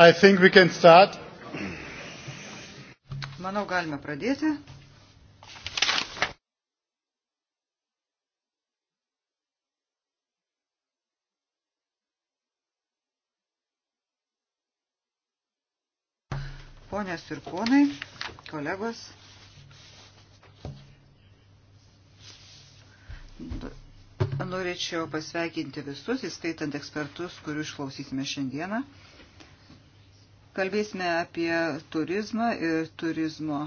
I think we can start. Manau, galime pradėti. Ponės ir ponai, kolegos, norėčiau pasveikinti visus, įskaitant ekspertus, kurių išklausysime šiandieną. Kalbėsime apie turizmą ir turizmo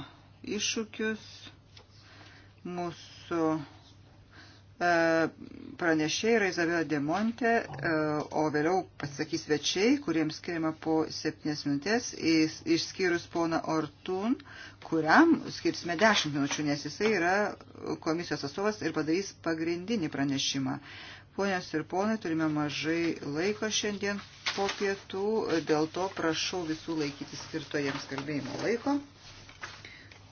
iššūkius. Mūsų e, pranešėjai yra Izabela Demonte, e, o vėliau pasakys svečiai, kuriems skiriama po septynės minutės, išskyrus poną Ortun, kuriam skirsime dešimt minučių, nes jisai yra komisijos atstovas ir padarys pagrindinį pranešimą. Ponios ir ponai, turime mažai laiko šiandien, po pietų, dėl to prašau visų laikyti skirto jiems kalbėjimo laiko,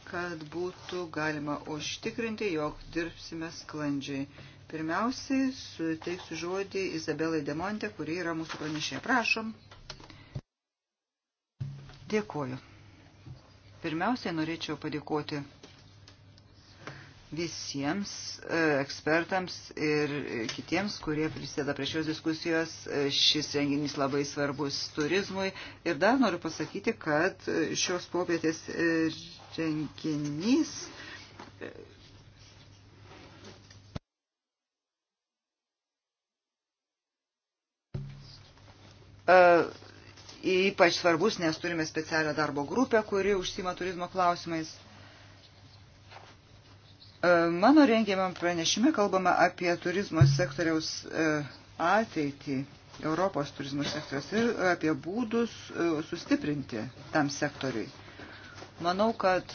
kad būtų galima užtikrinti, jog dirbsime sklandžiai. Pirmiausiai suteiksiu žodį Izabelai Demonte, kuri yra mūsų pranešė. Prašom. Dėkuoju. Pirmiausiai norėčiau padėkoti visiems e, ekspertams ir kitiems, kurie prisėda prie šios diskusijos. E, šis renginys labai svarbus turizmui. Ir dar noriu pasakyti, kad e, šios popietės renginys. Ypač svarbus, nes turime specialią darbo grupę, kuri užsima turizmo klausimais. E, mano rengiamam pranešime kalbama apie turizmo sektoriaus e, ateitį, Europos turizmo sektoriaus ir apie būdus e, sustiprinti tam sektoriui. Manau, kad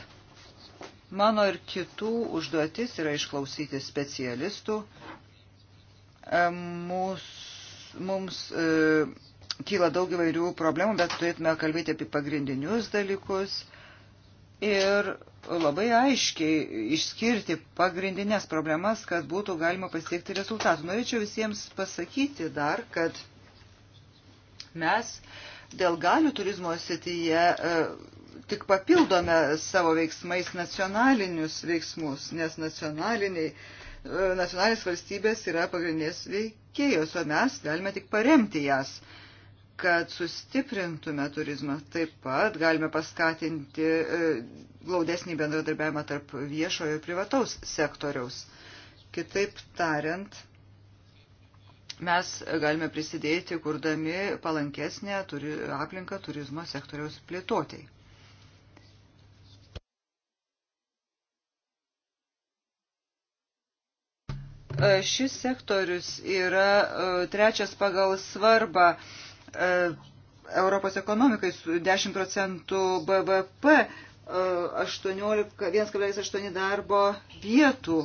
mano ir kitų užduotis yra išklausyti specialistų. Mūs, mums kyla daug įvairių problemų, bet turėtume kalbėti apie pagrindinius dalykus ir labai aiškiai išskirti pagrindinės problemas, kad būtų galima pasiekti rezultatų. Norėčiau visiems pasakyti dar, kad mes dėl galių turizmo sityje e, tik papildome savo veiksmais nacionalinius veiksmus, nes nacionaliniai, e, nacionalinės valstybės yra pagrindinės veikėjos, o mes galime tik paremti jas kad sustiprintume turizmą. Taip pat galime paskatinti e, glaudesnį bendradarbiavimą tarp viešojo ir privataus sektoriaus. Kitaip tariant, mes galime prisidėti, kurdami palankesnę turi, aplinką turizmo sektoriaus plėtotei. E, šis sektorius yra e, trečias pagal svarbą E, Europos ekonomikai su 10 procentų BVP, 1,8 e, darbo vietų.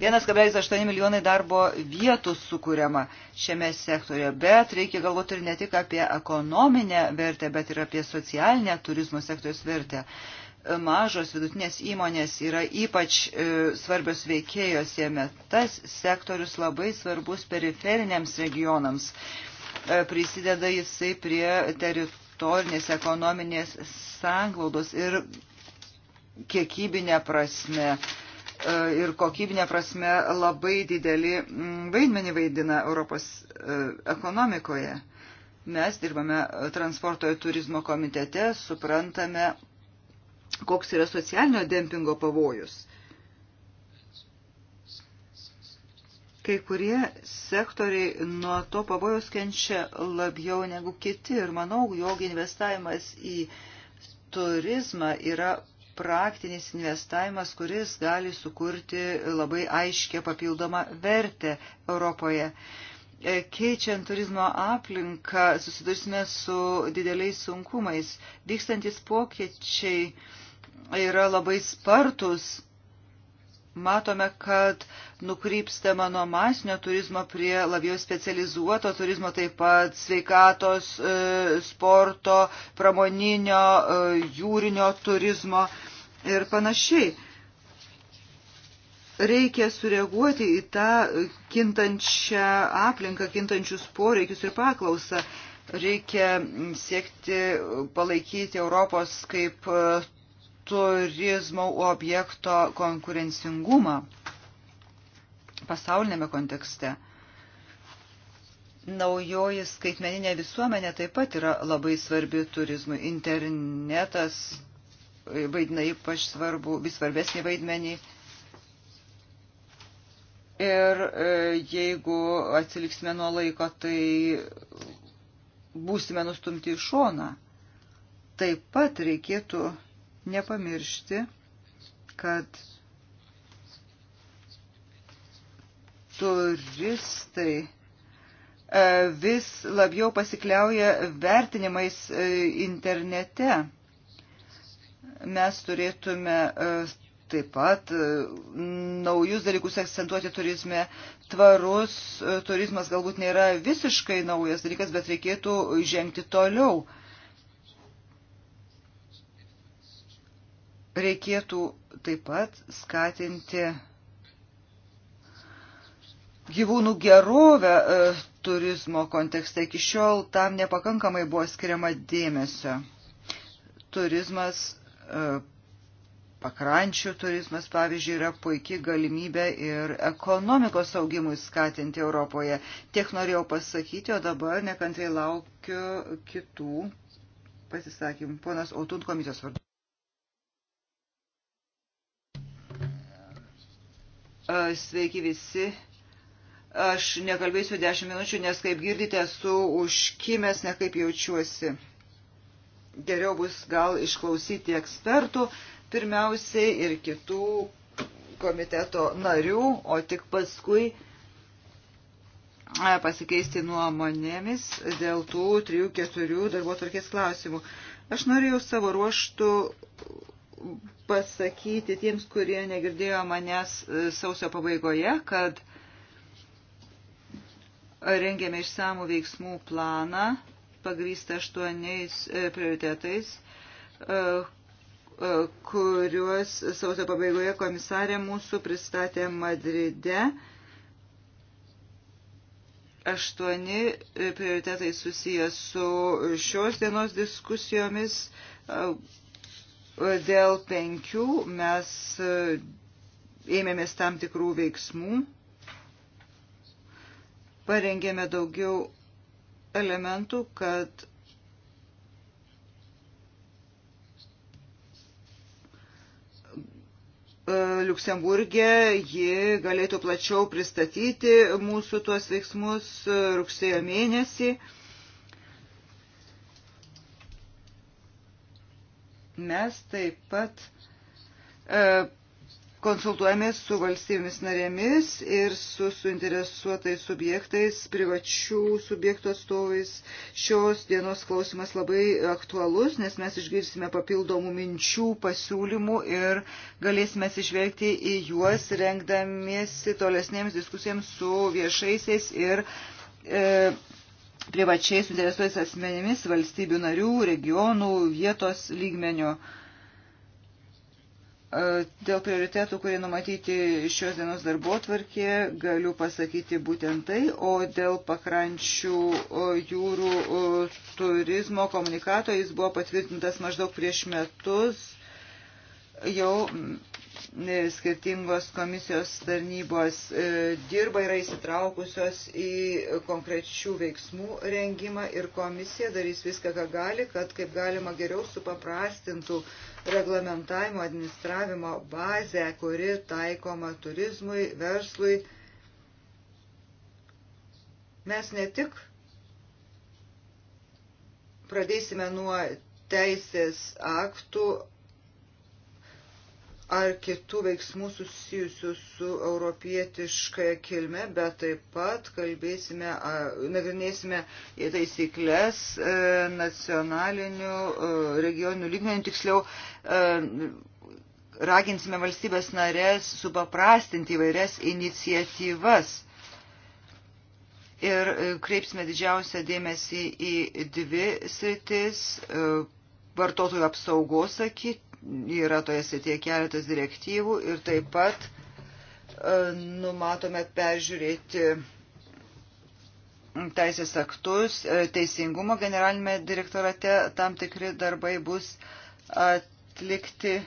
1,8 milijonai darbo vietų sukūriama šiame sektorioje, bet reikia galvoti ir ne tik apie ekonominę vertę, bet ir apie socialinę turizmo sektoriaus vertę. Uh, mažos vidutinės įmonės yra ypač e, svarbios veikėjos jame. Tas sektorius labai svarbus periferiniams regionams. E, prisideda jisai prie teritorinės ekonominės sanglaudos ir kiekybinė prasme e, ir kokybinė prasme labai didelį mm, vaidmenį vaidina Europos ekonomikoje. Mes dirbame transporto ir turizmo komitete, suprantame koks yra socialinio dempingo pavojus. Kai kurie sektoriai nuo to pavojus kenčia labiau negu kiti ir manau, jog investavimas į turizmą yra praktinis investavimas, kuris gali sukurti labai aiškę papildomą vertę Europoje. E, keičiant turizmo aplinką susidursime su dideliais sunkumais. Vykstantis pokėčiai yra labai spartus. Matome, kad nukrypstama nuo masinio turizmo prie labiau specializuoto turizmo, taip pat sveikatos, e, sporto, pramoninio, e, jūrinio turizmo ir panašiai reikia sureaguoti į tą kintančią aplinką, kintančius poreikius ir paklausą. Reikia siekti palaikyti Europos kaip e, turizmo objekto konkurencingumą pasaulinėme kontekste. Naujoji skaitmeninė visuomenė taip pat yra labai svarbi turizmui. Internetas vaidina ypač svarbu, vis svarbesnį vaidmenį. Ir e, jeigu atsiliksime nuo laiko, tai būsime nustumti į šoną. Taip pat reikėtų nepamiršti, kad turistai e, vis labiau pasikliauja vertinimais e, internete. Mes turėtume e, taip pat naujus dalykus akcentuoti turizme. Tvarus turizmas galbūt nėra visiškai naujas dalykas, bet reikėtų žengti toliau. reikėtų taip pat skatinti gyvūnų gerovę e, turizmo kontekste. Iki šiol tam nepakankamai buvo skiriama dėmesio. Turizmas, e, pakrančių turizmas, pavyzdžiui, yra puikiai galimybė ir ekonomikos augimui skatinti Europoje. Tiek norėjau pasakyti, o dabar nekantrai laukiu kitų pasisakymų. Ponas Autun komisijos vardu. Sveiki visi. Aš nekalbėsiu dešimt minučių, nes kaip girdite, esu užkimęs, nekaip jaučiuosi. Geriau bus gal išklausyti ekspertų pirmiausiai ir kitų komiteto narių, o tik paskui pasikeisti nuomonėmis dėl tų trijų, keturių darbo tvarkės klausimų. Aš norėjau savo ruoštų pasakyti tiems, kurie negirdėjo manęs e, sausio pabaigoje, kad rengėme išsamų veiksmų planą pagrįstą aštuoniais e, prioritetais, e, kuriuos sausio pabaigoje komisarė mūsų pristatė Madride. Aštuoni prioritetai susijęs su šios dienos diskusijomis Dėl penkių mes e, ėmėmės tam tikrų veiksmų, parengėme daugiau elementų, kad e, Liuksemburgė ji galėtų plačiau pristatyti mūsų tuos veiksmus e, rugsėjo mėnesį. Mes taip pat e, konsultuojamės su valstybėmis narėmis ir su suinteresuotais subjektais, privačių subjektų atstovais. Šios dienos klausimas labai aktualus, nes mes išgirsime papildomų minčių, pasiūlymų ir galėsime išvelgti į juos, rengdamiesi tolesnėms diskusijams su viešaisiais ir e, privačiai suinteresuojais asmenimis valstybių narių, regionų, vietos lygmenių. E, dėl prioritėtų, kurie numatyti šios dienos darbo tvarkė, galiu pasakyti būtent tai, o dėl pakrančių jūrų turizmo komunikato jis buvo patvirtintas maždaug prieš metus jau e, skirtingos komisijos tarnybos e, dirba, yra įsitraukusios į konkrečių veiksmų rengimą ir komisija darys viską, ką gali, kad kaip galima geriau supaprastintų reglamentavimo administravimo bazę, kuri taikoma turizmui, verslui. Mes ne tik pradėsime nuo teisės aktų ar kitų veiksmų susijusių su europietiškąją kilme, bet taip pat kalbėsime, nagrinėsime taisyklės e, nacionalinių, e, regioninių lygmenių, tiksliau e, raginsime valstybės narės supaprastinti įvairias iniciatyvas. Ir kreipsime didžiausią dėmesį į dvi sritis vartotojų apsaugos yra toje srityje keletas direktyvų ir taip pat e, numatome peržiūrėti teisės aktus, e, teisingumo generalinėme direktorate tam tikri darbai bus atlikti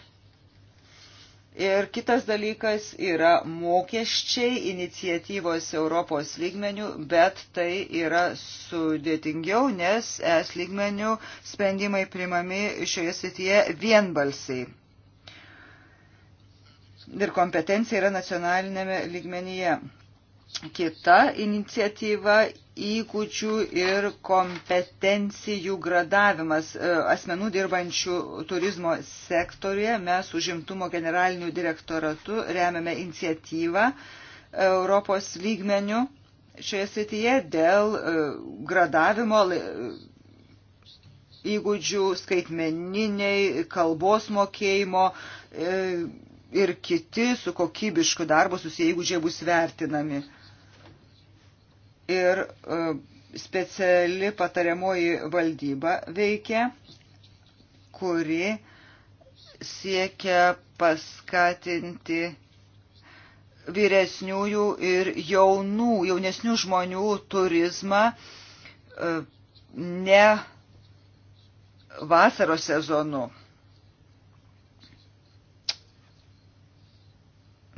Ir kitas dalykas yra mokesčiai iniciatyvos Europos lygmenių, bet tai yra sudėtingiau, nes es lygmenių sprendimai primami šioje srityje vienbalsiai. Ir kompetencija yra nacionalinėme lygmenyje kita iniciatyva įgūdžių ir kompetencijų gradavimas e, asmenų dirbančių turizmo sektoriuje. Mes užimtumo generaliniu direktoratu remiame iniciatyvą Europos lygmenių šioje srityje dėl e, gradavimo e, įgūdžių skaitmeniniai, kalbos mokėjimo ir kiti su kokybišku darbu susiję įgūdžiai bus vertinami ir e, speciali patariamoji valdyba veikia, kuri siekia paskatinti vyresniųjų ir jaunų, jaunesnių žmonių turizmą e, ne vasaros sezonu.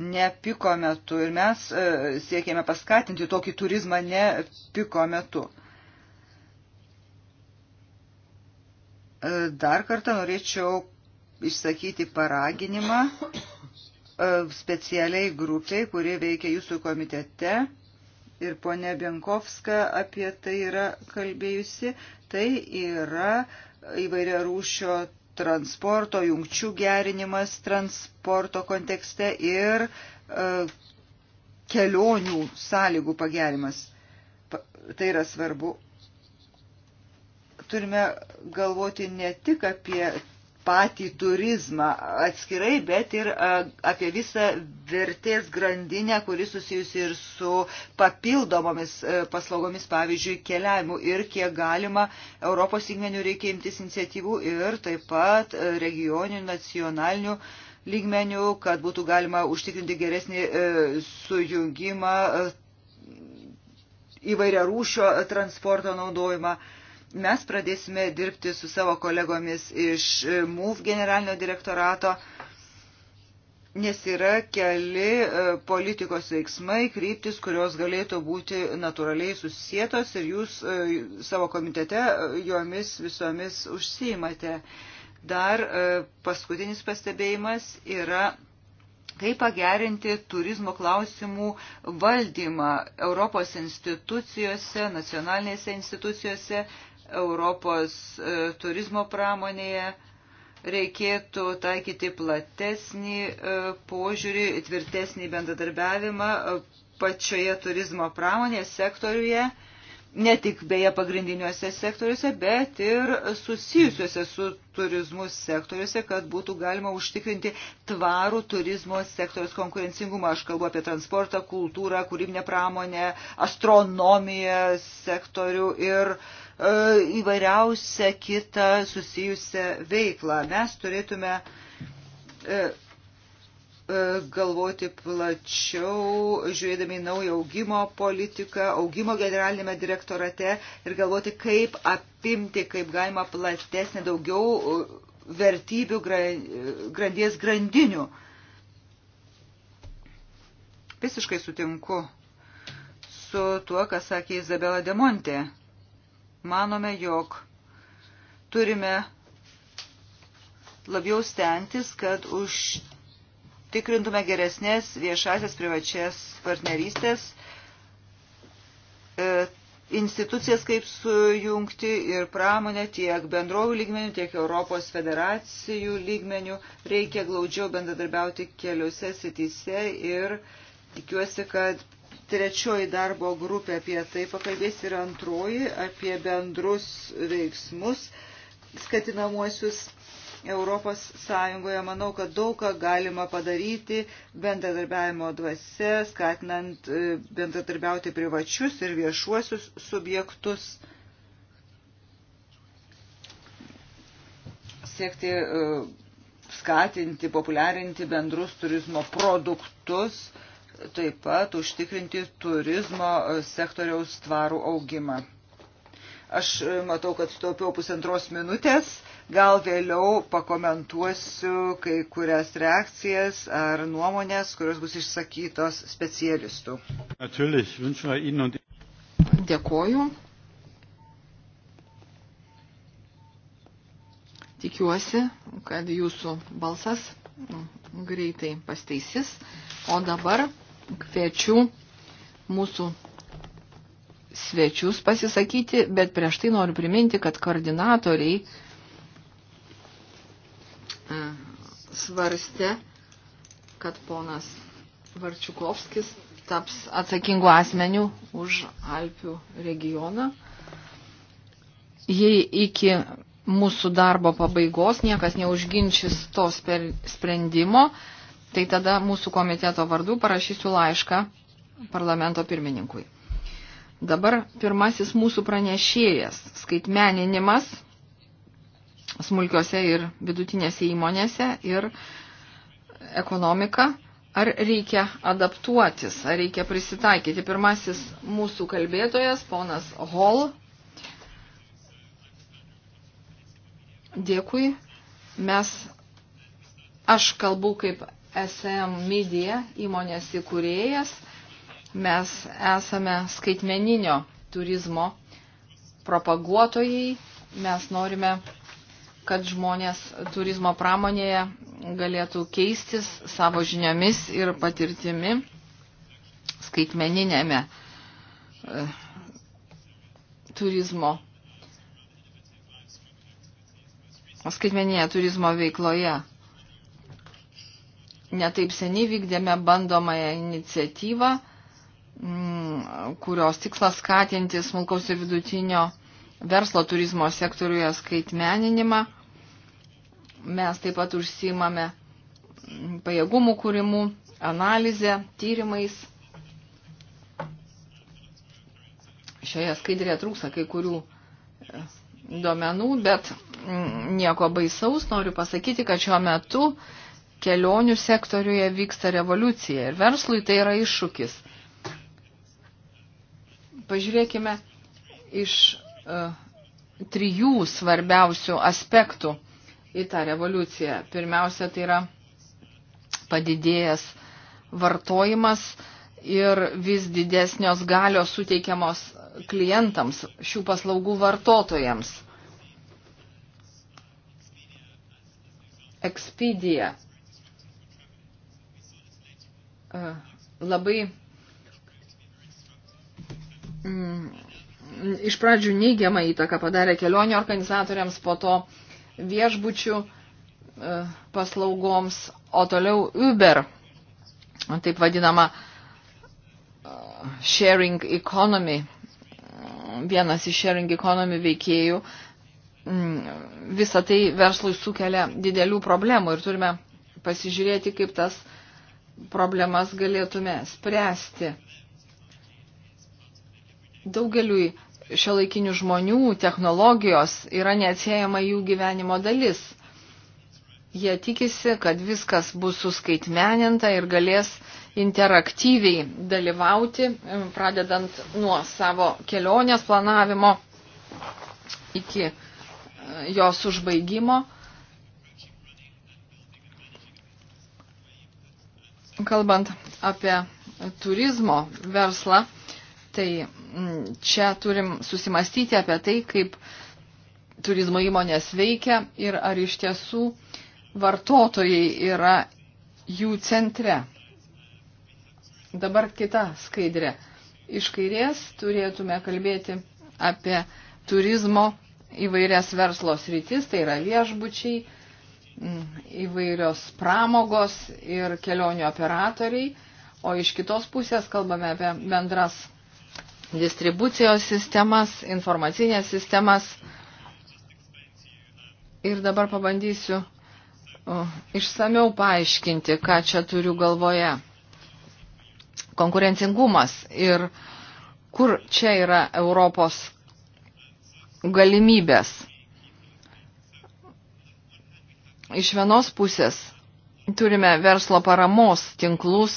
ne piko metu ir mes e, siekėme paskatinti tokį turizmą ne piko metu. E, dar kartą norėčiau išsakyti paraginimą e, specialiai grupiai, kurie veikia jūsų komitete ir ponė Bienkovska apie tai yra kalbėjusi, tai yra įvairia rūšio transporto jungčių gerinimas transporto kontekste ir e, kelionių sąlygų pagerimas. Tai yra svarbu. Turime galvoti ne tik apie patį turizmą atskirai, bet ir e, apie visą vertės grandinę, kuris susijusi ir su papildomomis e, paslaugomis, pavyzdžiui, keliavimu ir kiek galima Europos lygmenių reikia imtis iniciatyvų ir taip pat e, regioninių, nacionalinių lygmenių, kad būtų galima užtikrinti geresnį sujungimą įvairia rūšio transporto naudojimą. Mes pradėsime dirbti su savo kolegomis iš MUF generalinio direktorato, nes yra keli e, politikos veiksmai, kryptis, kurios galėtų būti natūraliai susietos ir jūs e, savo komitete e, jomis visomis užsiimate. Dar paskutinis pastebėjimas yra kaip pagerinti turizmo klausimų valdymą Europos institucijose, nacionalinėse institucijose Europos e, turizmo pramonėje reikėtų taikyti platesnį e, požiūrį, tvirtesnį bendradarbiavimą e, pačioje turizmo pramonėje sektoriuje, ne tik beje pagrindiniuose sektoriuose, bet ir susijusiuose su turizmu sektoriuose, kad būtų galima užtikrinti tvarų turizmo sektoriaus konkurencingumą. Aš kalbu apie transportą, kultūrą, kūrybinę pramonę, astronomiją sektorių ir uh, E, įvairiausią kitą susijusią veiklą. Mes turėtume e, e, galvoti plačiau, žiūrėdami į naują augimo politiką, augimo generalinėme direktorate ir galvoti, kaip apimti, kaip galima platesnį daugiau vertybių grandies grandinių. Visiškai sutinku su tuo, ką sakė Izabela Demontė manome, jog turime labiau stengtis, kad užtikrintume geresnės viešasias privačias partnerystės e, institucijas kaip sujungti ir pramonę tiek bendrovų lygmenių, tiek Europos federacijų lygmenių. Reikia glaudžiau bendradarbiauti keliose sityse ir tikiuosi, kad Trečioji darbo grupė apie tai pakalbės ir antroji apie bendrus veiksmus skatinamuosius Europos Sąjungoje. Manau, kad daug ką galima padaryti bendradarbiavimo dvasia, skatinant e, bendradarbiauti privačius ir viešuosius subjektus, siekti e, skatinti, populiarinti bendrus turizmo produktus, taip pat užtikrinti turizmo e, sektoriaus tvarų augimą. Aš e, matau, kad sutaupiau pusantros minutės, gal vėliau pakomentuosiu kai kurias reakcijas ar nuomonės, kurios bus išsakytos specialistų. Dėkoju. Tikiuosi, kad jūsų balsas greitai pasteisys. O dabar kviečiu mūsų svečius pasisakyti, bet prieš tai noriu priminti, kad koordinatoriai e, svarstė, kad ponas Varčiukovskis taps atsakingu asmeniu už Alpių regioną. Jei iki mūsų darbo pabaigos niekas neužginčys to sprendimo, tai tada mūsų komiteto vardu parašysiu laišką parlamento pirmininkui. Dabar pirmasis mūsų pranešėjas - skaitmeninimas smulkiose ir vidutinėse įmonėse ir ekonomika. Ar reikia adaptuotis, ar reikia prisitaikyti? Pirmasis mūsų kalbėtojas, ponas Hall. Dėkui. Mes, aš kalbu kaip SM Media įmonės įkūrėjas. Mes esame skaitmeninio turizmo propaguotojai. Mes norime, kad žmonės turizmo pramonėje galėtų keistis savo žiniomis ir patirtimi skaitmeninėme e, turizmo skaitmeninėje turizmo veikloje netaip seniai vykdėme bandomąją iniciatyvą, mm, kurios tikslas skatinti smulkaus ir vidutinio verslo turizmo sektoriuje skaitmeninimą. Mes taip pat užsimame pajėgumų kūrimų, analizę, tyrimais. Šioje skaidrėje trūksa kai kurių e, duomenų, bet mm, nieko baisaus. Noriu pasakyti, kad šiuo metu kelionių sektoriuje vyksta revoliucija ir verslui tai yra iššūkis. Pažiūrėkime iš uh, trijų svarbiausių aspektų į tą revoliuciją. Pirmiausia, tai yra padidėjęs vartojimas ir vis didesnios galios suteikiamos klientams, šių paslaugų vartotojams. Expedia labai mm, iš pradžių neigiamą įtaką padarė kelionių organizatoriams, po to viešbučių paslaugoms, o toliau Uber, taip vadinama sharing economy, vienas iš sharing economy veikėjų, mm, visą tai verslui sukelia didelių problemų ir turime pasižiūrėti, kaip tas uh, problemas galėtume spręsti. Daugeliui šio laikinių žmonių technologijos yra neatsiejama jų gyvenimo dalis. Jie tikisi, kad viskas bus suskaitmeninta ir galės interaktyviai dalyvauti, pradedant nuo savo kelionės planavimo iki e, jos užbaigimo. kalbant apie turizmo verslą, tai mm, čia turim susimastyti apie tai, kaip turizmo įmonės veikia ir ar iš tiesų vartotojai yra jų centre. Dabar kita skaidrė. Iš kairės turėtume kalbėti apie turizmo įvairias verslo sritis, tai yra viešbučiai, įvairios pramogos ir kelionių operatoriai, o iš kitos pusės kalbame apie bendras distribucijos sistemas, informacinės sistemas. Ir dabar pabandysiu išsameu paaiškinti, ką čia turiu galvoje. Konkurencingumas ir kur čia yra Europos galimybės iš vienos pusės turime verslo paramos tinklus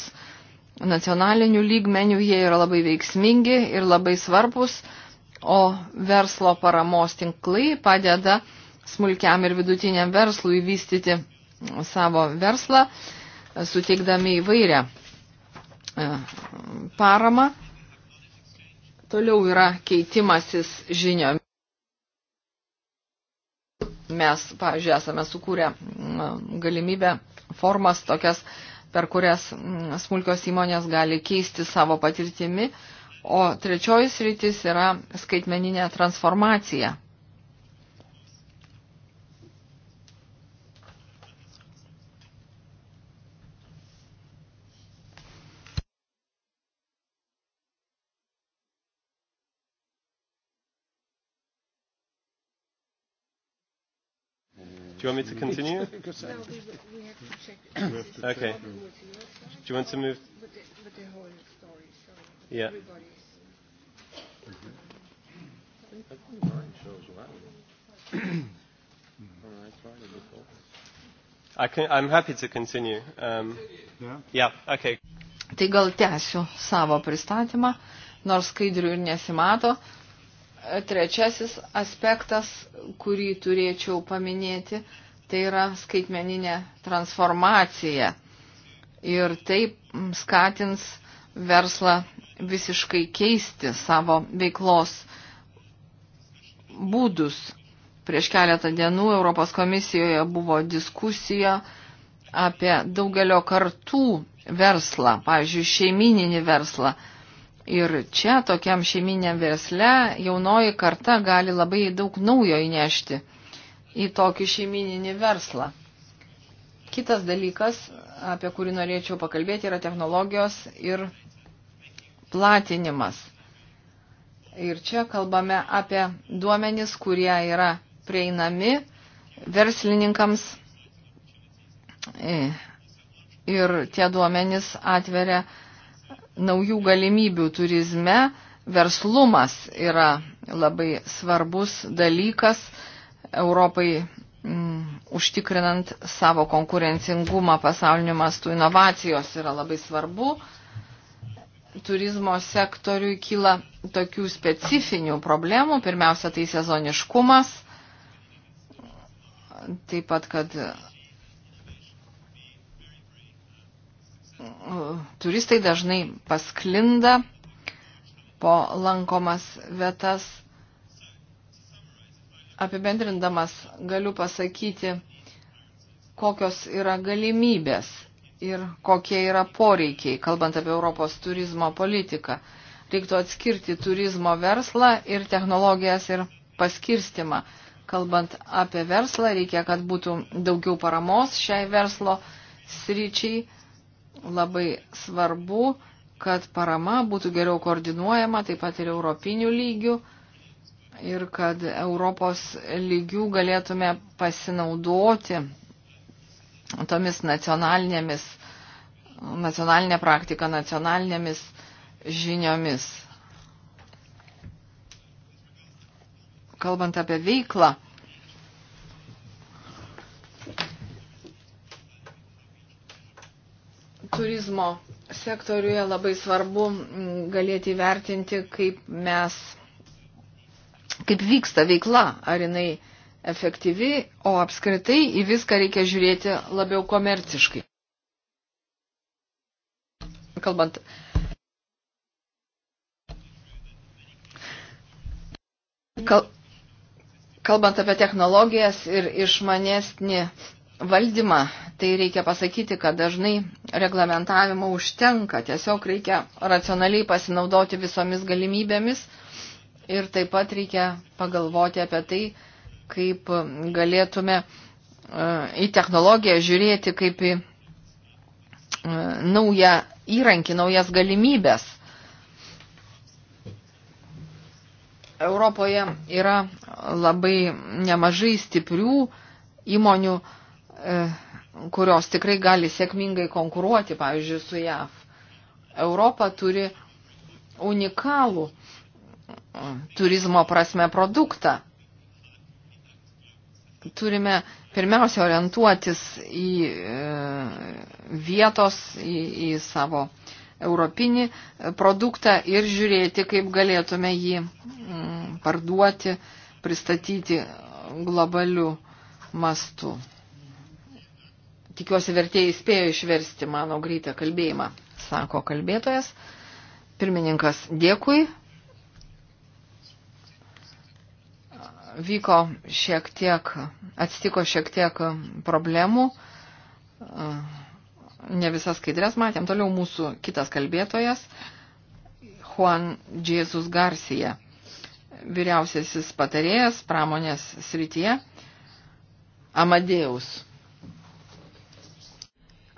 nacionalinių lygmenių, jie yra labai veiksmingi ir labai svarbus, o verslo paramos tinklai padeda smulkiam ir vidutiniam verslui vystyti savo verslą, suteikdami įvairią e, paramą. Toliau yra keitimasis žiniomis. Mes, pavyzdžiui, esame sukūrę galimybę formas tokias, per kurias smulkios įmonės gali keisti savo patirtimi. O trečioji sritis yra skaitmeninė transformacija. you want me to continue? no, we, we have to check. okay. Do you want to move? But the, but the whole story, sorry. Yeah. Everybody's. Mm-hmm. Mine shows well. I can, I'm happy to continue. Um, yeah. yeah, okay. Tai gal tęsiu savo pristatymą, nors skaidrių ir nesimato. Uh, Trečiasis aspektas, kurį turėčiau paminėti, tai yra skaitmeninė transformacija. Ir taip skatins verslą visiškai keisti savo veiklos būdus. Prieš keletą dienų Europos komisijoje buvo diskusija apie daugelio kartų verslą, pavyzdžiui, šeimininį verslą. Ir čia tokiam šeiminiam versle jaunoji karta gali labai daug naujo įnešti į tokį šeimininį verslą. Kitas dalykas, apie kurį norėčiau pakalbėti, yra technologijos ir platinimas. Ir čia kalbame apie duomenis, kurie yra prieinami verslininkams. E, ir tie duomenys atveria naujų galimybių turizme verslumas yra labai svarbus dalykas Europai m, mm, užtikrinant savo konkurencingumą pasauliniu mastu. Inovacijos yra labai svarbu. Turizmo sektoriui kyla tokių specifinių problemų. Pirmiausia, tai sezoniškumas. Taip pat, kad turistai dažnai pasklinda po lankomas vietas. Apibendrindamas galiu pasakyti, kokios yra galimybės ir kokie yra poreikiai, kalbant apie Europos turizmo politiką. Reiktų atskirti turizmo verslą ir technologijas ir paskirstimą. Kalbant apie verslą, reikia, kad būtų daugiau paramos šiai verslo sryčiai labai svarbu, kad parama būtų geriau koordinuojama, taip pat ir europinių lygių, ir kad Europos lygių galėtume pasinaudoti tomis nacionalinėmis, nacionalinė praktika, nacionalinėmis žiniomis. Kalbant apie veiklą, turizmo sektoriuje labai svarbu mm, galėti vertinti, kaip mes, kaip vyksta veikla, ar jinai efektyvi, o apskritai į viską reikia žiūrėti labiau komerciškai. Kalbant. Kal, kalbant apie technologijas ir išmanesnį valdymą, tai reikia pasakyti, kad dažnai reglamentavimo užtenka, tiesiog reikia racionaliai pasinaudoti visomis galimybėmis ir taip pat reikia pagalvoti apie tai, kaip galėtume e, į technologiją žiūrėti kaip į e, naują įrankį, naujas galimybės. Europoje yra labai nemažai stiprių įmonių, E, kurios tikrai gali sėkmingai konkuruoti, pavyzdžiui, su JAV. Europa turi unikalų e, turizmo prasme produktą. Turime pirmiausia orientuotis į e, vietos, į, į savo europinį produktą ir žiūrėti, kaip galėtume jį parduoti, pristatyti globaliu mastu. Tikiuosi vertėjai spėjo išversti mano greitą kalbėjimą, sako kalbėtojas. Pirmininkas, dėkui. Vyko šiek tiek, atsitiko šiek tiek problemų. Ne visas skaidrės matėm. Toliau mūsų kitas kalbėtojas, Juan Jesus Garcia, vyriausiasis patarėjas pramonės srityje, Amadeus.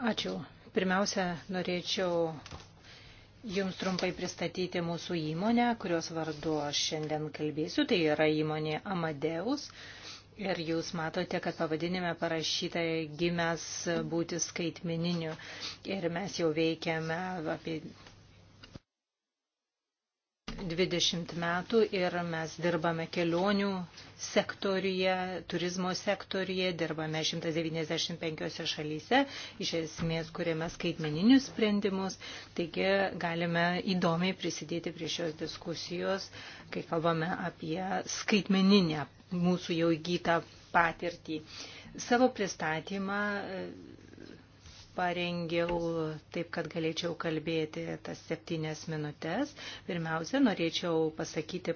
Ačiū. Pirmiausia, norėčiau Jums trumpai pristatyti mūsų įmonę, kurios vardu aš šiandien kalbėsiu. Tai yra įmonė Amadeus. Ir jūs matote, kad pavadinime parašyta gimęs būti skaitmeniniu. Ir mes jau veikiame apie 20 metų ir mes dirbame kelionių sektorija, turizmo sektorija, dirbame 195 šalyse, iš esmės kuriame skaitmeninius sprendimus, taigi galime įdomiai prisidėti prie šios diskusijos, kai kalbame apie skaitmeninę mūsų jau įgytą patirtį. Savo pristatymą parengiau taip, kad galėčiau kalbėti tas septynias minutės. Pirmiausia, norėčiau pasakyti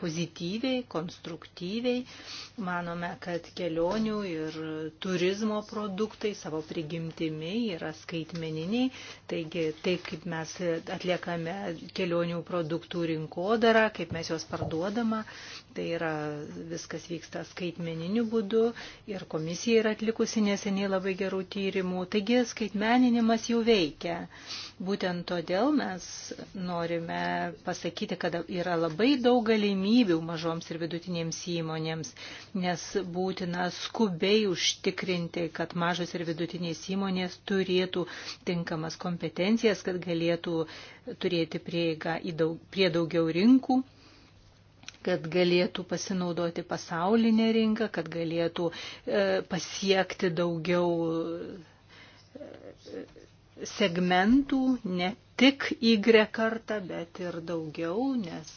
pozityviai, konstruktyviai. Manome, kad kelionių ir turizmo produktai savo prigimtimi yra skaitmeniniai. Taigi, taip kaip mes atliekame kelionių produktų rinkodarą, kaip mes juos parduodama, tai yra viskas vyksta skaitmeniniu būdu ir komisija yra atlikusi neseniai labai gerų tyrimų. Taigi, skaitmeninimas jau veikia. Būtent todėl mes norime pasakyti, kad yra labai daug galimybių mažoms ir vidutinėms įmonėms, nes būtina skubiai užtikrinti, kad mažos ir vidutinės įmonės turėtų tinkamas kompetencijas, kad galėtų turėti prieigą daug, prie daugiau rinkų kad galėtų pasinaudoti pasaulinę rinką, kad galėtų e, pasiekti daugiau segmentų, ne tik Y kartą, bet ir daugiau, nes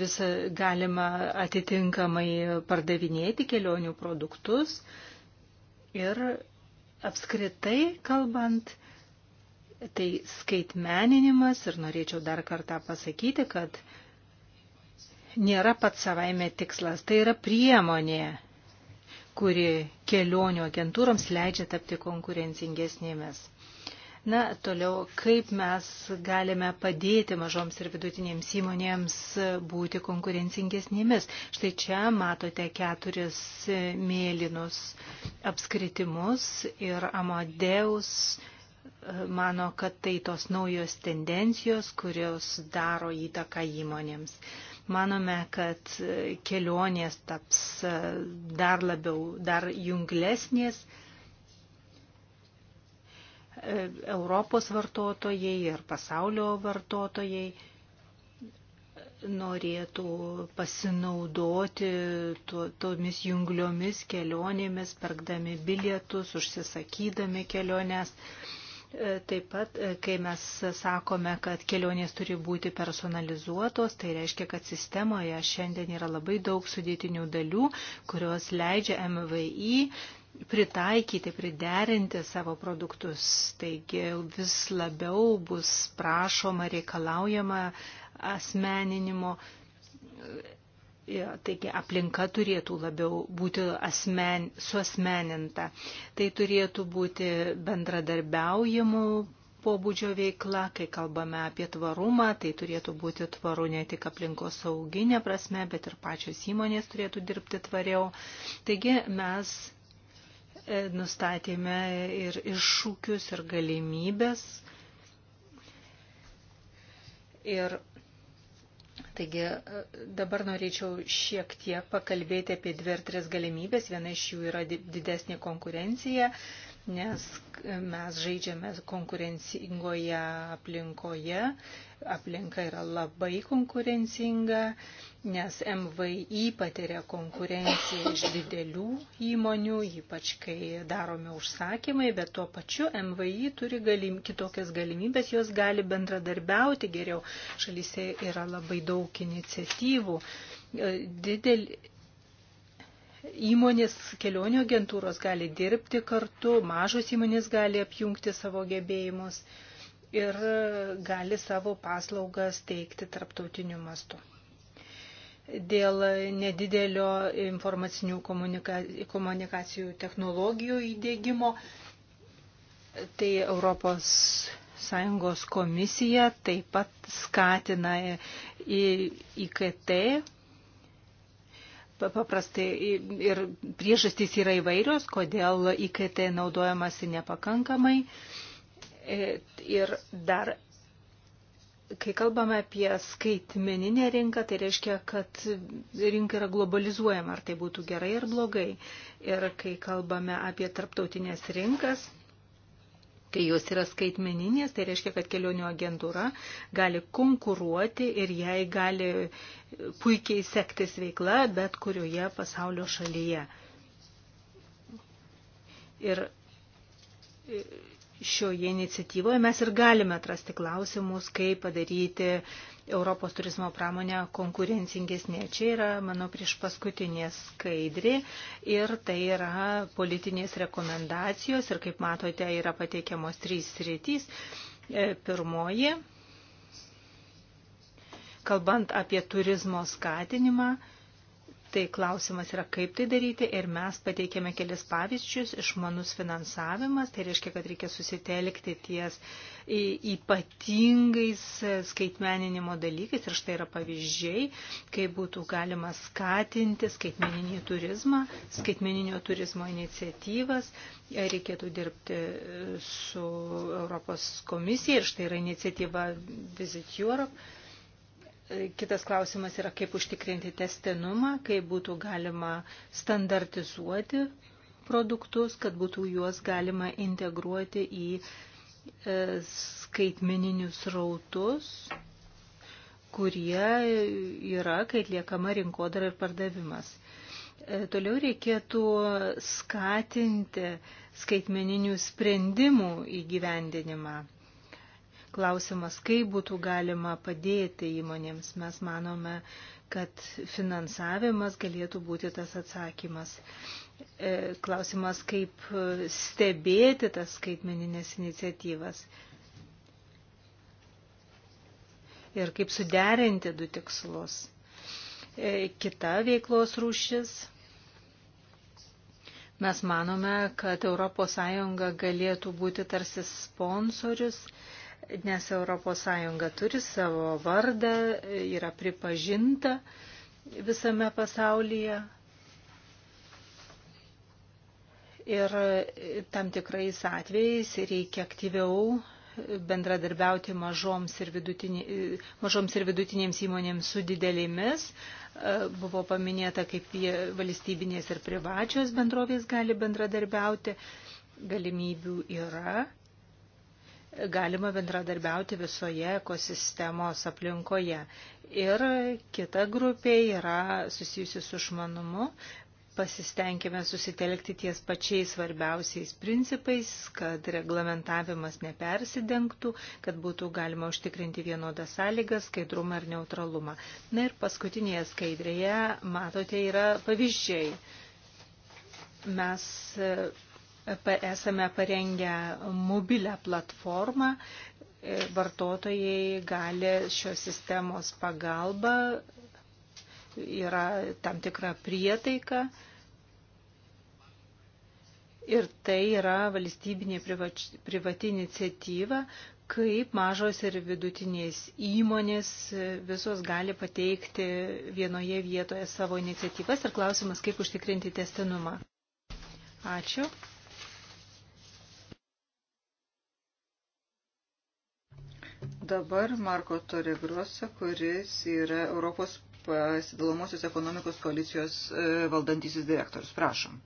visą galima atitinkamai pardavinėti kelionių produktus ir apskritai kalbant, tai skaitmeninimas ir norėčiau dar kartą pasakyti, kad nėra pats savaime tikslas, tai yra priemonė kuri kelionių agentūroms leidžia tapti konkurencingesnėmis. Na, toliau, kaip mes galime padėti mažoms ir vidutinėms įmonėms būti konkurencingesnėmis. Štai čia matote keturis mėlynus apskritimus ir Amadeus e, mano, kad tai tos naujos tendencijos, kurios daro įtaką įmonėms. Manome, kad kelionės taps e, dar labiau, dar junglesnės. E, Europos vartotojai ir pasaulio vartotojai norėtų pasinaudoti to, tomis jungliomis kelionėmis, perkdami bilietus, užsisakydami keliones. E, E, taip pat, e, kai mes sakome, kad kelionės turi būti personalizuotos, tai reiškia, kad sistemoje šiandien yra labai daug sudėtinių dalių, kurios leidžia MVI pritaikyti, priderinti savo produktus. Taigi vis labiau bus prašoma, reikalaujama asmeninimo Taigi aplinka turėtų labiau būti asmen, suasmeninta. Tai turėtų būti bendradarbiaujimų pobūdžio veikla, kai kalbame apie tvarumą, tai turėtų būti tvaru ne tik aplinkos sauginė prasme, bet ir pačios įmonės turėtų dirbti tvariau. Taigi mes e, nustatėme ir iššūkius, ir galimybės. Ir Taigi dabar norėčiau šiek tiek pakalbėti apie dvi ar tris galimybės. Viena iš jų yra didesnė konkurencija, nes mes žaidžiame konkurencingoje aplinkoje, aplinka yra labai konkurencinga, nes MVI patiria konkurenciją iš didelių įmonių, ypač kai darome užsakymai, bet tuo pačiu MVI turi galim, kitokias galimybės, jos gali bendradarbiauti geriau. Šalyse yra labai daug iniciatyvų. Didel, Įmonės kelionių agentūros gali dirbti kartu, mažos įmonės gali apjungti savo gebėjimus ir gali savo paslaugas teikti tarptautiniu mastu. Dėl nedidelio informacinių komunika komunikacijų technologijų įdėgymo, tai Europos Sąjungos komisija taip pat skatina IKT paprastai ir priežastys yra įvairios, kodėl IKT naudojamasi nepakankamai. E, ir dar, kai kalbame apie skaitmeninę rinką, tai reiškia, kad rinka yra globalizuojama, ar tai būtų gerai ar blogai. Ir kai kalbame apie tarptautinės rinkas, Kai jos yra skaitmeninės, tai reiškia, kad kelionių agentūra gali konkuruoti ir jai gali puikiai sektis veikla bet kurioje pasaulio šalyje. Ir šioje iniciatyvoje mes ir galime atrasti klausimus, kaip padaryti uh, Europos turizmo pramonę konkurencingesnė. Čia yra mano prieš paskutinė skaidri ir tai yra politinės rekomendacijos ir kaip matote yra pateikiamos trys sritys. E, pirmoji, kalbant apie turizmo skatinimą, Tai klausimas yra, kaip tai daryti ir mes pateikėme kelis pavyzdžius, išmanus finansavimas, tai reiškia, kad reikia susitelkti ties ypatingais skaitmeninimo dalykais ir štai yra pavyzdžiai, kaip būtų galima skatinti skaitmeninį turizmą, skaitmeninio turizmo iniciatyvas, reikėtų dirbti su Europos komisija ir štai yra iniciatyva Visit Europe Kitas klausimas yra, kaip užtikrinti testinumą, kaip būtų galima standartizuoti produktus, kad būtų juos galima integruoti į e, skaitmeninius rautus, kurie yra, kai atliekama rinkodara ir pardavimas. E, toliau reikėtų skatinti skaitmeninių sprendimų įgyvendinimą. Klausimas, kaip būtų galima padėti įmonėms. Mes manome, kad finansavimas galėtų būti tas atsakymas. E, klausimas, kaip stebėti tas skaitmeninės iniciatyvas. Ir kaip suderinti du tikslus. E, kita veiklos rūšis Mes manome, kad ES galėtų būti tarsi sponsorius nes ES turi savo vardą, yra pripažinta visame pasaulyje. Ir tam tikrais atvejais reikia aktyviau bendradarbiauti mažoms ir, vidutinė, mažoms ir vidutinėms įmonėms su didelėmis. Buvo paminėta, kaip valstybinės ir privačios bendrovės gali bendradarbiauti. Galimybių yra galima bendradarbiauti visoje ekosistemos aplinkoje. Ir kita grupė yra susijusi su išmanumu. Pasistengime susitelkti ties pačiais svarbiausiais principais, kad reglamentavimas nepersidengtų, kad būtų galima užtikrinti vienodas sąlygas, skaidrumą ir neutralumą. Na ir paskutinėje skaidrėje, matote, yra pavyzdžiai. Mes esame parengę mobilę platformą. E, vartotojai gali šios sistemos pagalba, yra tam tikra prietaika. Ir tai yra valstybinė privati iniciatyva, kaip mažos ir vidutinės įmonės e, visos gali pateikti vienoje vietoje savo iniciatyvas ir klausimas, kaip užtikrinti testinumą. Ačiū. Dabar Marko Toregrosa, kuris yra Europos pasidalomosios ekonomikos koalicijos e, valdantysis direktorius. Prašom.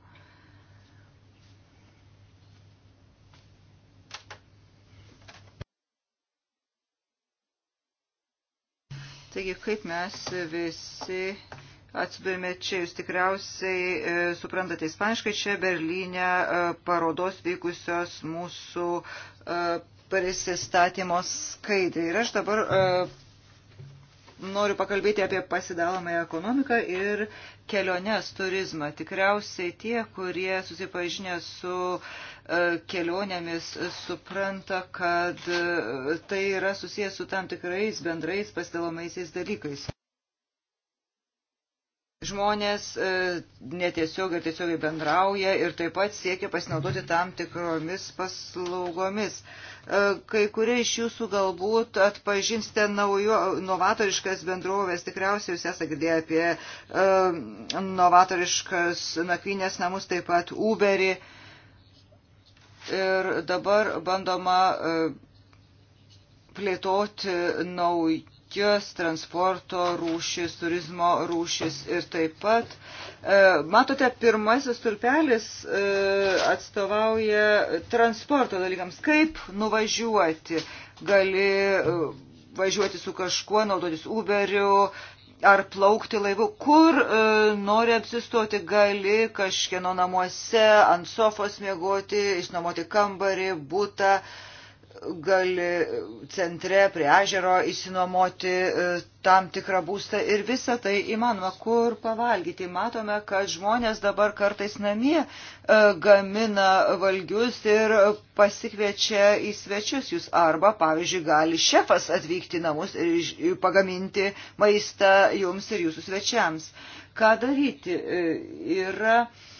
Taigi, kaip mes visi atsidurime čia, jūs tikriausiai e, suprantate ispaniškai, čia Berlyne e, parodos vykusios mūsų e, prisistatymo skaidrį. Ir aš dabar e, noriu pakalbėti apie pasidalomąją ekonomiką ir keliones, turizmą. Tikriausiai tie, kurie susipažinę su e, kelionėmis, supranta, kad e, tai yra susijęs su tam tikrais bendrais pasidalomaisiais dalykais žmonės e, netiesiog ir tiesiogiai bendrauja ir taip pat siekia pasinaudoti tam tikromis paslaugomis. E, kai kurie iš jūsų galbūt atpažinsite naujo, novatoriškas bendrovės, tikriausiai jūs esate girdėję apie uh, novatoriškas nakvynės namus, taip pat Uberį. Ir dabar bandoma uh, plėtoti nauj kokios transporto rūšis, turizmo rūšis ir taip pat. E, matote, pirmasis stulpelis e, atstovauja transporto dalykams. Kaip nuvažiuoti? Gali e, važiuoti su kažkuo, naudotis Uberiu, ar plaukti laivu, kur e, nori apsistoti, gali kažkieno namuose, ant sofos mėgoti, išnuomoti kambarį, būtą, gali centre prie ežero įsinomoti e, tam tikrą būstą ir visą tai įmanoma, kur pavalgyti. Matome, kad žmonės dabar kartais namie e, gamina valgius ir pasikviečia į svečius jūs arba, pavyzdžiui, gali šefas atvykti į namus ir pagaminti maistą jums ir jūsų svečiams. Ką daryti? E, yra. E,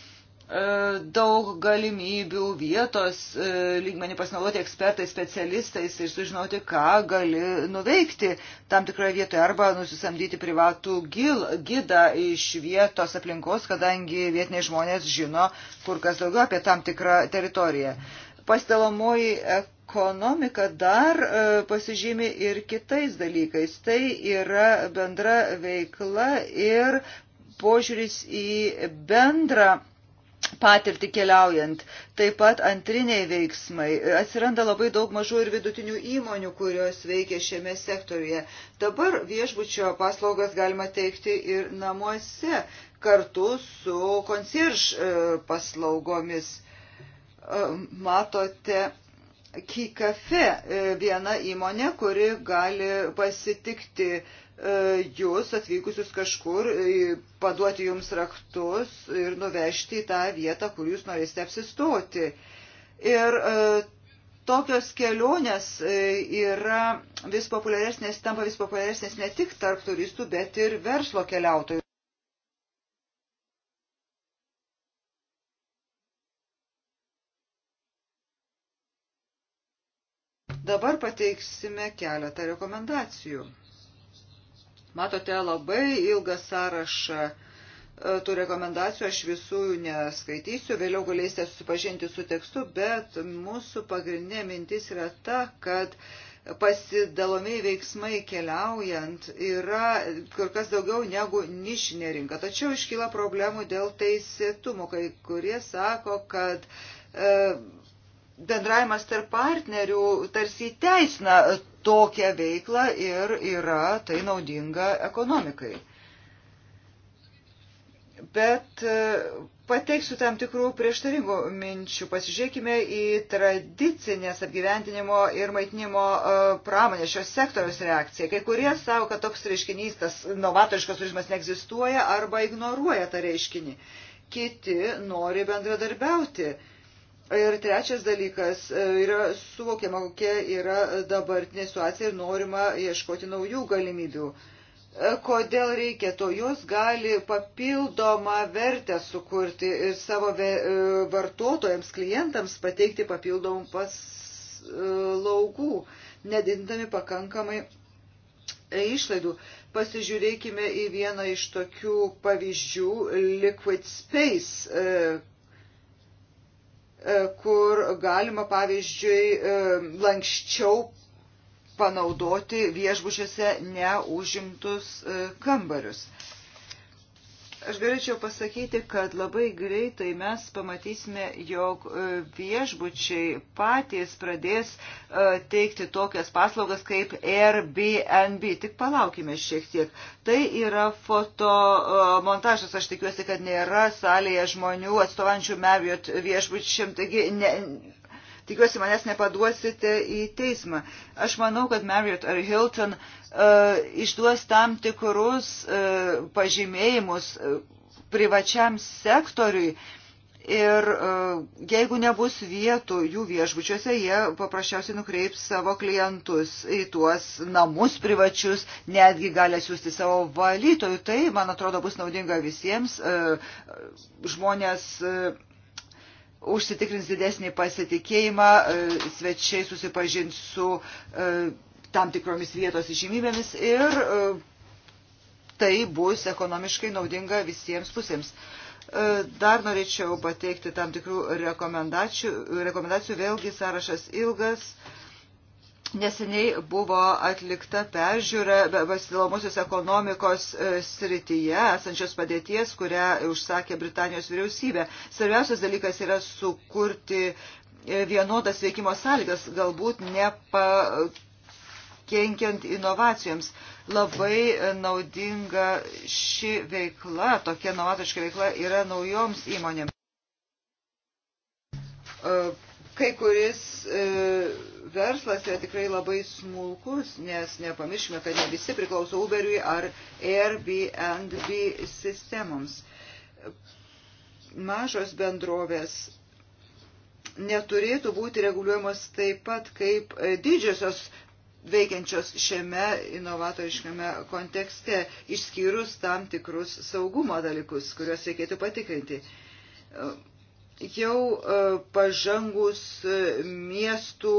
E, daug galimybių vietos e, lygmenį pasinaudoti ekspertais, specialistais ir sužinoti, ką gali nuveikti tam tikroje vietoje arba nusisamdyti privatų gil, gidą iš vietos aplinkos, kadangi vietiniai žmonės žino kur kas daugiau apie tam tikrą teritoriją. Pastelomoji ekonomika dar e, pasižymi ir kitais dalykais. Tai yra bendra veikla ir požiūris į bendrą patirtį keliaujant. Taip pat antriniai veiksmai. Atsiranda labai daug mažų ir vidutinių įmonių, kurios veikia šiame sektoriuje. Dabar viešbučio paslaugas galima teikti ir namuose kartu su konsirž e, paslaugomis. E, matote, Kykafe e, viena įmonė, kuri gali pasitikti uh, E, jūs atvykusius kažkur, e, paduoti jums raktus ir nuvežti į tą vietą, kur jūs norėsite apsistoti. Ir e, tokios kelionės yra vis populiaresnės, tampa vis populiaresnės ne tik tarp turistų, bet ir verslo keliautojų. Dabar pateiksime keletą rekomendacijų. Matote labai ilgą sąrašą e, tų rekomendacijų, aš visų neskaitysiu, vėliau galėsite susipažinti su tekstu, bet mūsų pagrindinė mintis yra ta, kad pasidalomiai veiksmai keliaujant yra kur kas daugiau negu nišinė rinka. Tačiau iškyla problemų dėl teisėtumo, kai kurie sako, kad e, bendravimas tarp partnerių tarsi teisina tokią veiklą ir yra tai naudinga ekonomikai. Bet e, pateiksiu tam tikrų prieštaringų minčių. Pasižiūrėkime į tradicinės apgyventinimo ir maitinimo e, pramonės šios sektoriaus reakciją. Kai kurie savo, kad toks reiškinys, tas novatoriškas turizmas neegzistuoja arba ignoruoja tą reiškinį. Kiti nori bendradarbiauti Ir trečias dalykas e, yra suvokiama, kokia yra dabartinė situacija ir norima ieškoti naujų galimybių. E, kodėl reikia to? Jos gali papildomą vertę sukurti ir savo e, vartotojams, klientams pateikti papildomų paslaugų, nedindami pakankamai išlaidų. Pasižiūrėkime į vieną iš tokių pavyzdžių Liquid Space E, kur galima, pavyzdžiui, e, lankščiau panaudoti viešbučiuose neužimtus e, kambarius. Aš galėčiau pasakyti, kad labai greitai mes pamatysime, jog e, viešbučiai patys pradės e, teikti tokias paslaugas kaip Airbnb. Tik palaukime šiek tiek. Tai yra fotomontažas. E, Aš tikiuosi, kad nėra salėje žmonių atstovančių Marriott viešbučiam. Taigi ne, tikiuosi manęs nepaduosite į teismą. Aš manau, kad Marriott ar Hilton uh, išduos tam tikrus uh, pažymėjimus uh, privačiam sektoriui. Ir uh, jeigu nebus vietų jų viešbučiuose, jie paprasčiausiai nukreips savo klientus į tuos namus privačius, netgi gali siūsti savo valytojų. Tai, man atrodo, bus naudinga visiems. Uh, žmonės uh, užsitikrins didesnį pasitikėjimą, e, svečiai susipažins su e, tam tikromis vietos žymybėmis ir e, tai bus ekonomiškai naudinga visiems pusėms. Dar norėčiau pateikti tam tikrų rekomendacijų. Rekomendacijų vėlgi sąrašas ilgas. Neseniai buvo atlikta peržiūra vasilomosios ekonomikos e, srityje esančios padėties, kurią užsakė Britanijos vyriausybė. Svarbiausias dalykas yra sukurti e, vienodas veikimo sąlygas, galbūt nepakenkiant inovacijoms. Labai e, naudinga ši veikla, tokia novatoriška veikla yra naujoms įmonėms kai kuris e, verslas yra tikrai labai smulkus, nes nepamirškime, kad ne visi priklauso Uberiui ar Airbnb sistemoms. Mažos bendrovės neturėtų būti reguliuojamos taip pat kaip didžiosios veikiančios šiame inovatoriškame kontekste, išskyrus tam tikrus saugumo dalykus, kuriuos reikėtų patikrinti jau e, pažangus e, miestų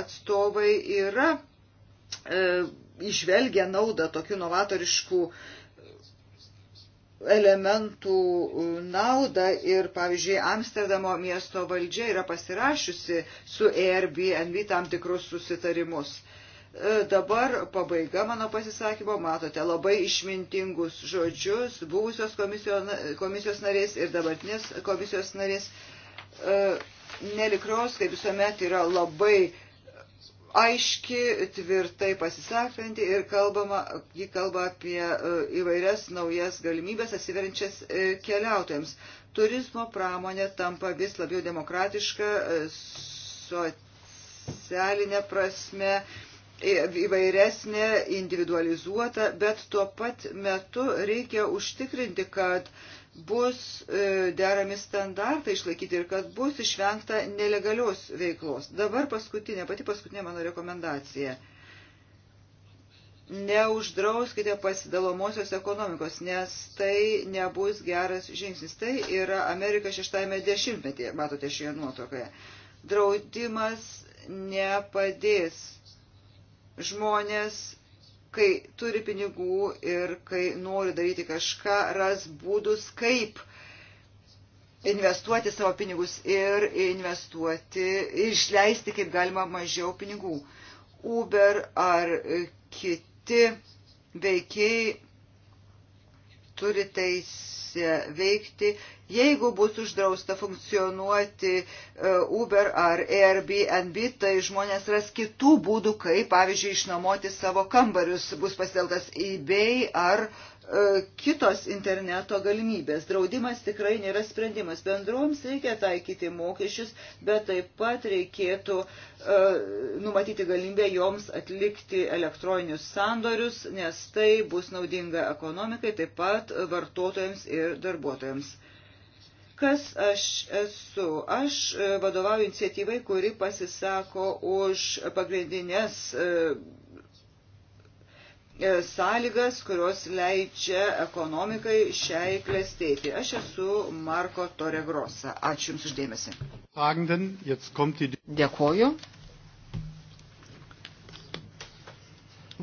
atstovai yra išvelgia e, naudą tokių novatoriškų elementų naudą ir, pavyzdžiui, Amsterdamo miesto valdžia yra pasirašiusi su Airbnb tam tikrus susitarimus. E, dabar pabaiga mano pasisakymo, matote labai išmintingus žodžius buvusios komisijos narės ir dabartinės komisijos narės. E, Nelikros, kaip visuomet, yra labai aiški, tvirtai pasisakanti ir kalbama, ji kalba apie e, įvairias naujas galimybės atsiverinčias keliautojams. Turizmo pramonė tampa vis labiau demokratiška socialinė prasme, įvairesnė, individualizuota, bet tuo pat metu reikia užtikrinti, kad bus e, derami standartai išlaikyti ir kad bus išvengta nelegalios veiklos. Dabar paskutinė, pati paskutinė mano rekomendacija. Neuždrauskite pasidalomosios ekonomikos, nes tai nebus geras žingsnis. Tai yra Amerika šeštame dešimtmetyje, matote šioje nuotraukoje. Draudimas nepadės Žmonės, kai turi pinigų ir kai nori daryti kažką, ras būdus, kaip investuoti savo pinigus ir investuoti, išleisti kaip galima mažiau pinigų. Uber ar kiti veikiai turi teisę veikti, jeigu bus uždrausta funkcionuoti e, Uber ar Airbnb, tai žmonės ras kitų būdų, kaip, pavyzdžiui, išnuomoti savo kambarius, bus pasiteltas eBay ar uh, E, kitos interneto galimybės. Draudimas tikrai nėra sprendimas. Bendroms reikia taikyti mokesčius, bet taip pat reikėtų uh, numatyti galimybę joms atlikti elektroninius sandorius, nes tai bus naudinga ekonomikai, taip pat vartotojams ir darbuotojams. Kas aš esu? Aš e, vadovauju iniciatyvai, kuri pasisako už pagrindinės uh, E, sąlygas, kurios leidžia ekonomikai šiai klestėti. Aš esu Marko Toregrosa. Ačiū Jums uždėmesi. Dėkoju.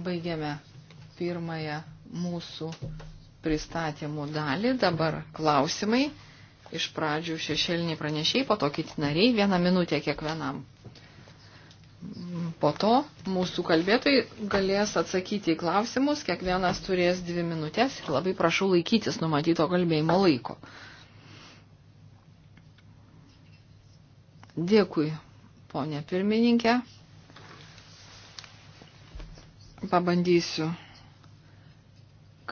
Baigėme pirmąją mūsų pristatymų dalį. Dabar klausimai. Iš pradžių šešėliniai pranešiai, po to kiti nariai, vieną minutę kiekvienam. Po to mūsų kalbėtojai galės atsakyti į klausimus, kiekvienas turės dvi minutės ir labai prašau laikytis numatyto kalbėjimo laiko. Dėkui, ponė pirmininkė. Pabandysiu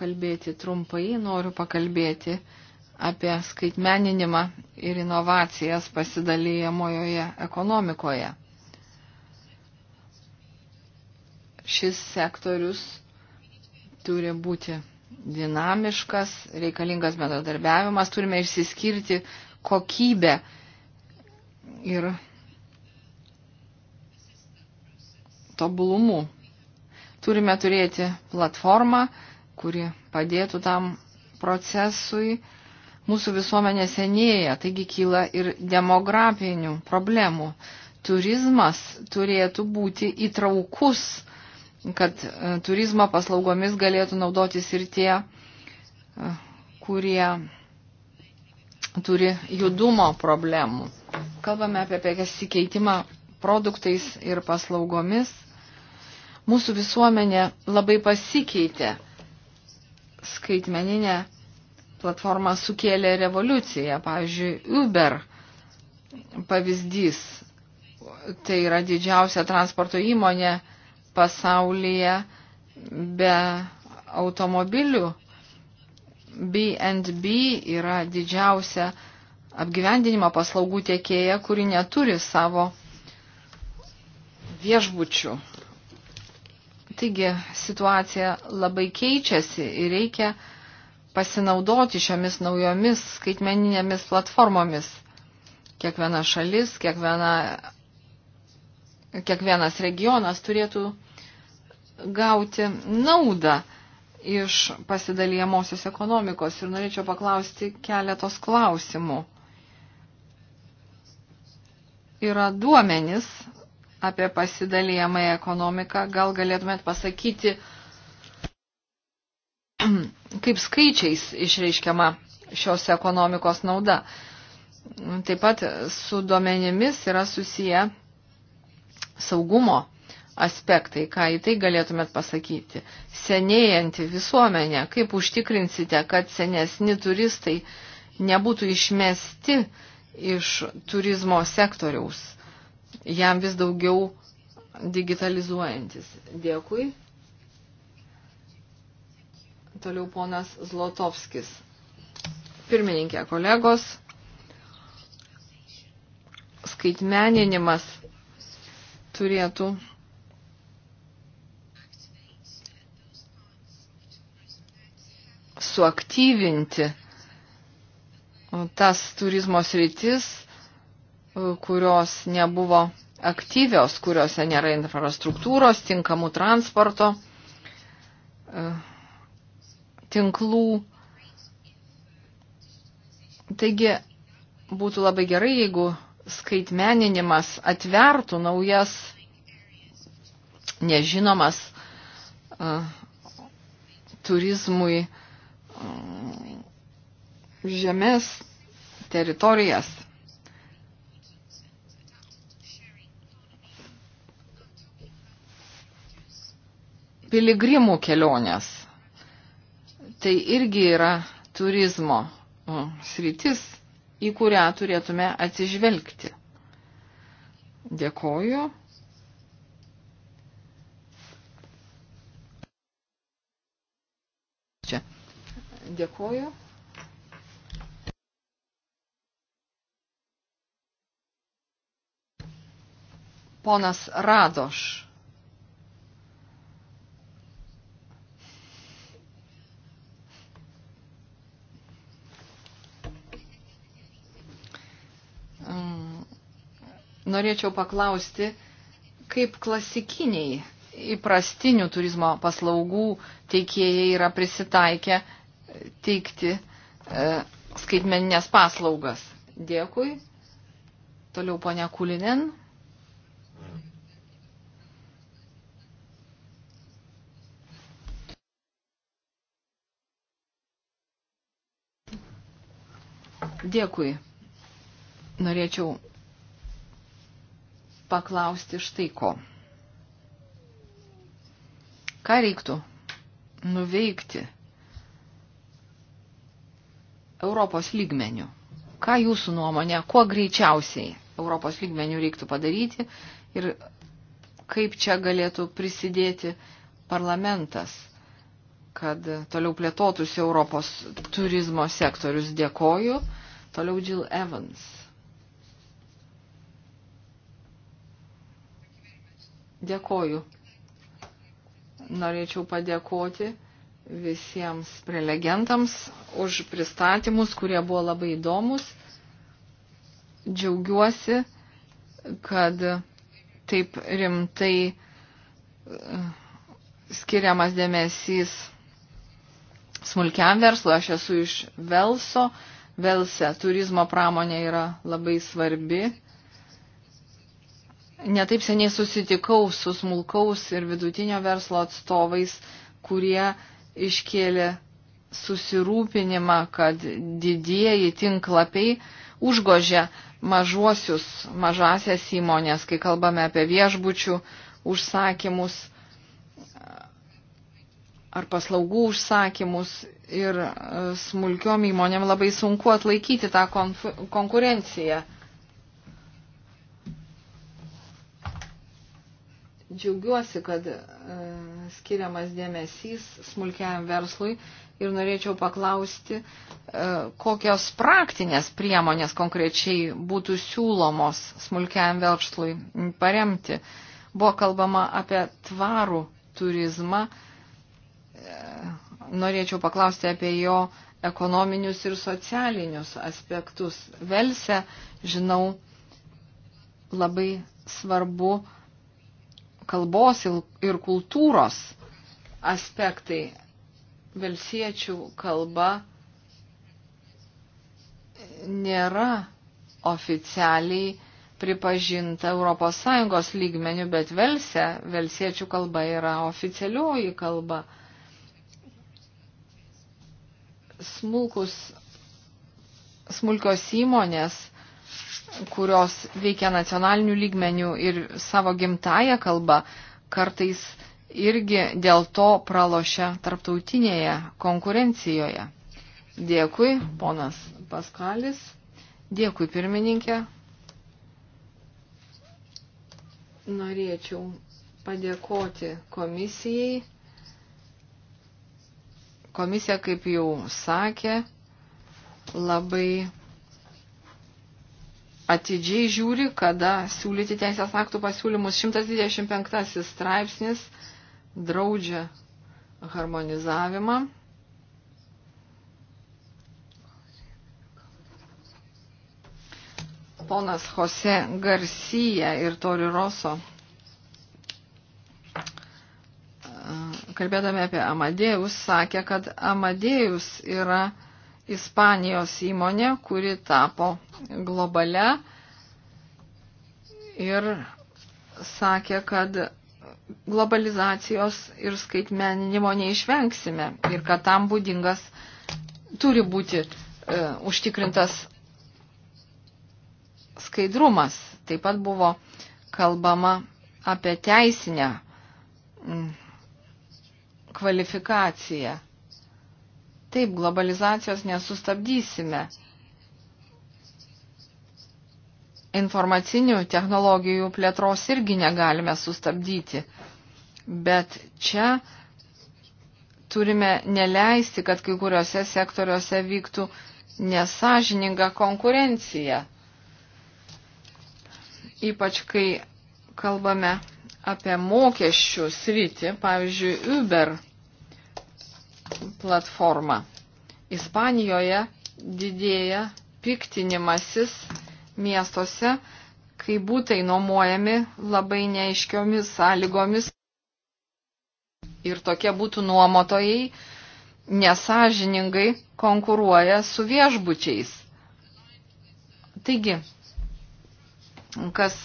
kalbėti trumpai, noriu pakalbėti apie skaitmeninimą ir inovacijas pasidalyjamojoje ekonomikoje. šis sektorius turi būti dinamiškas, reikalingas bendradarbiavimas, turime išsiskirti kokybę ir tobulumu. Turime turėti platformą, kuri padėtų tam procesui. Mūsų visuomenė senėja, taigi kyla ir demografinių problemų. Turizmas turėtų būti įtraukus kad e, turizmo paslaugomis galėtų naudotis ir tie, e, kurie turi judumo problemų. Kalbame apie pasikeitimą produktais ir paslaugomis. Mūsų visuomenė labai pasikeitė. Skaitmeninė platforma sukėlė revoliuciją. Pavyzdžiui, Uber pavyzdys. Tai yra didžiausia transporto įmonė pasaulyje be automobilių. B&B yra didžiausia apgyvendinimo paslaugų tiekėja, kuri neturi savo viešbučių. Taigi situacija labai keičiasi ir reikia pasinaudoti šiomis naujomis skaitmeninėmis platformomis. Kiekviena šalis, kiekviena, kiekvienas regionas turėtų gauti naudą iš pasidalijamosios ekonomikos ir norėčiau paklausti keletos klausimų. Yra duomenis apie pasidalijamąją ekonomiką. Gal galėtumėt pasakyti, kaip skaičiais išreiškiama šios ekonomikos nauda. Taip pat su duomenimis yra susiję saugumo aspektai, ką į tai galėtumėt pasakyti. Senėjanti visuomenė, kaip užtikrinsite, kad senesni turistai nebūtų išmesti iš turizmo sektoriaus, jam vis daugiau digitalizuojantis. Dėkui. Toliau ponas Zlotovskis. Pirmininkė, kolegos, skaitmeninimas turėtų suaktyvinti tas turizmo sritis, kurios nebuvo aktyvios, kuriuose nėra infrastruktūros, tinkamų transporto tinklų. Taigi būtų labai gerai, jeigu skaitmeninimas atvertų naujas nežinomas turizmui uh, žemės teritorijas. Piligrimų kelionės. Tai irgi yra turizmo sritis, į kurią turėtume atsižvelgti. Dėkoju. Dėkuoju. Ponas Radoš. Mm, norėčiau paklausti, kaip klasikiniai įprastinių turizmo paslaugų teikėjai yra prisitaikę teikti e, skaitmeninės paslaugas. Dėkui. Toliau ponia Kulinen. Dėkui. Norėčiau paklausti štai ko. Ką reiktų nuveikti, Europos lygmenių. Ką jūsų nuomonė, kuo greičiausiai Europos lygmenių reiktų padaryti ir kaip čia galėtų prisidėti parlamentas, kad toliau plėtotųsi Europos turizmo sektorius. Dėkoju. Toliau Jill Evans. Dėkoju. Norėčiau padėkoti visiems prelegentams už pristatymus, kurie buvo labai įdomus. Džiaugiuosi, kad taip rimtai e, skiriamas dėmesys smulkiam verslui. Aš esu iš Velso. Velse turizmo pramonė yra labai svarbi. Netaip seniai susitikau su smulkaus ir vidutinio verslo atstovais, kurie iškėlė susirūpinimą, kad didieji tinklapiai užgožia mažuosius, mažasias įmonės, kai kalbame apie viešbučių užsakymus ar paslaugų užsakymus ir smulkiom įmonėm labai sunku atlaikyti tą konkurenciją. Džiaugiuosi, kad e, skiriamas dėmesys smulkiam verslui ir norėčiau paklausti, e, kokios praktinės priemonės konkrečiai būtų siūlomos smulkiam verslui paremti. Buvo kalbama apie tvarų turizmą. E, norėčiau paklausti apie jo ekonominius ir socialinius aspektus. Velse, žinau, labai svarbu kalbos ir kultūros aspektai. Velsiečių kalba nėra oficialiai pripažinta ES lygmenių, bet Velse, Velsiečių kalba yra oficialioji kalba. Smulkus, smulkios įmonės kurios veikia nacionalinių lygmenių ir savo gimtają kalbą, kartais irgi dėl to pralošia tarptautinėje konkurencijoje. Dėkui, ponas Paskalis. Dėkui, pirmininkė. Norėčiau padėkoti komisijai. Komisija, kaip jau sakė, labai atidžiai žiūri, kada siūlyti teisės aktų pasiūlymus. 125 straipsnis draudžia harmonizavimą. Ponas Jose Garcia ir Tori Roso, kalbėdami apie Amadėjus, sakė, kad Amadėjus yra Ispanijos įmonė, kuri tapo globale ir sakė, kad globalizacijos ir skaitmeninimo neišvengsime ir kad tam būdingas turi būti e, užtikrintas skaidrumas. Taip pat buvo kalbama apie teisinę kvalifikaciją. Taip, globalizacijos nesustabdysime. Informacinių technologijų plėtros irgi negalime sustabdyti. Bet čia turime neleisti, kad kai kuriuose sektoriuose vyktų nesažininga konkurencija. Ypač kai kalbame apie mokesčių sritį, pavyzdžiui, Uber platformą. Ispanijoje didėja piktinimasis miestuose, kai būtai nuomojami labai neaiškiomis sąlygomis ir tokie būtų nuomotojai nesažiningai konkuruoja su viešbučiais. Taigi, kas,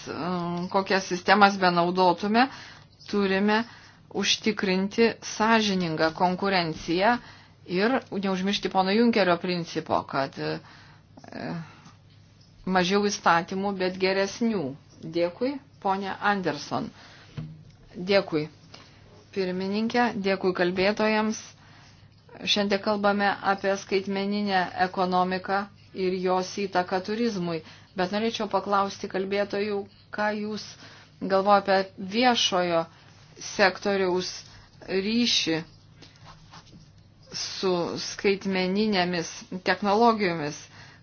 kokias sistemas benaudotume, turime užtikrinti sąžiningą konkurenciją ir neužmiršti pono Junkerio principo, kad e, mažiau įstatymų, bet geresnių. Dėkui, ponė Anderson. Dėkui, pirmininkė, dėkui kalbėtojams. Šiandien kalbame apie skaitmeninę ekonomiką ir jos įtaką turizmui, bet norėčiau paklausti kalbėtojų, ką jūs galvojate apie viešojo sektoriaus ryšį su skaitmeninėmis technologijomis.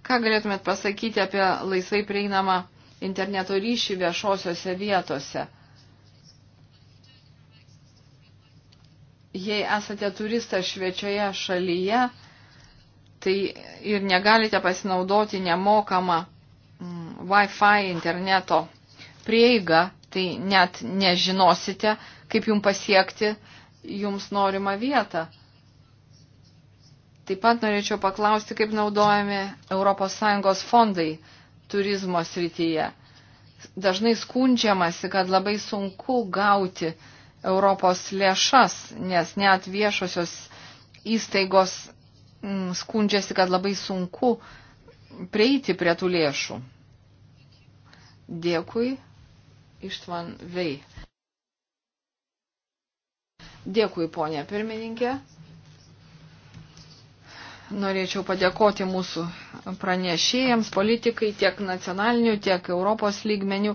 Ką galėtumėt pasakyti apie laisvai prieinamą interneto ryšį viešosiose vietose? Jei esate turistas švečioje šalyje, tai ir negalite pasinaudoti nemokamą mm, Wi-Fi interneto prieigą, tai net nežinosite, kaip jums pasiekti jums norimą vietą. Taip pat norėčiau paklausti, kaip naudojami ES fondai turizmo srityje. Dažnai skundžiamasi, kad labai sunku gauti Europos lėšas, nes net viešosios įstaigos mm, skundžiasi, kad labai sunku prieiti prie tų lėšų. Dėkui, Ištvan Vei. Dėkui, ponė pirmininkė. Norėčiau padėkoti mūsų pranešėjams, politikai tiek nacionalinių, tiek Europos lygmenių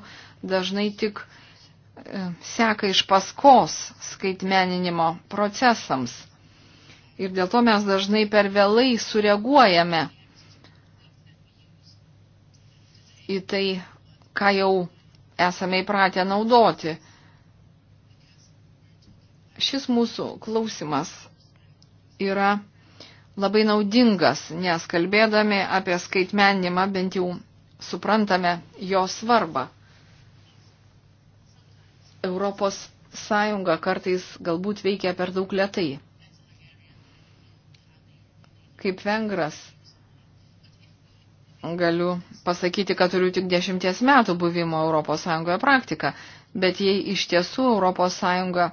dažnai tik e, seka iš paskos skaitmeninimo procesams. Ir dėl to mes dažnai per vėlai sureaguojame į tai, ką jau esame įpratę naudoti. Šis mūsų klausimas yra labai naudingas, nes kalbėdami apie skaitmenimą bent jau suprantame jo svarbą. Europos Sąjunga kartais galbūt veikia per daug lietai. Kaip vengras galiu pasakyti, kad turiu tik dešimties metų buvimo Europos Sąjungoje praktiką, bet jei iš tiesų Europos Sąjunga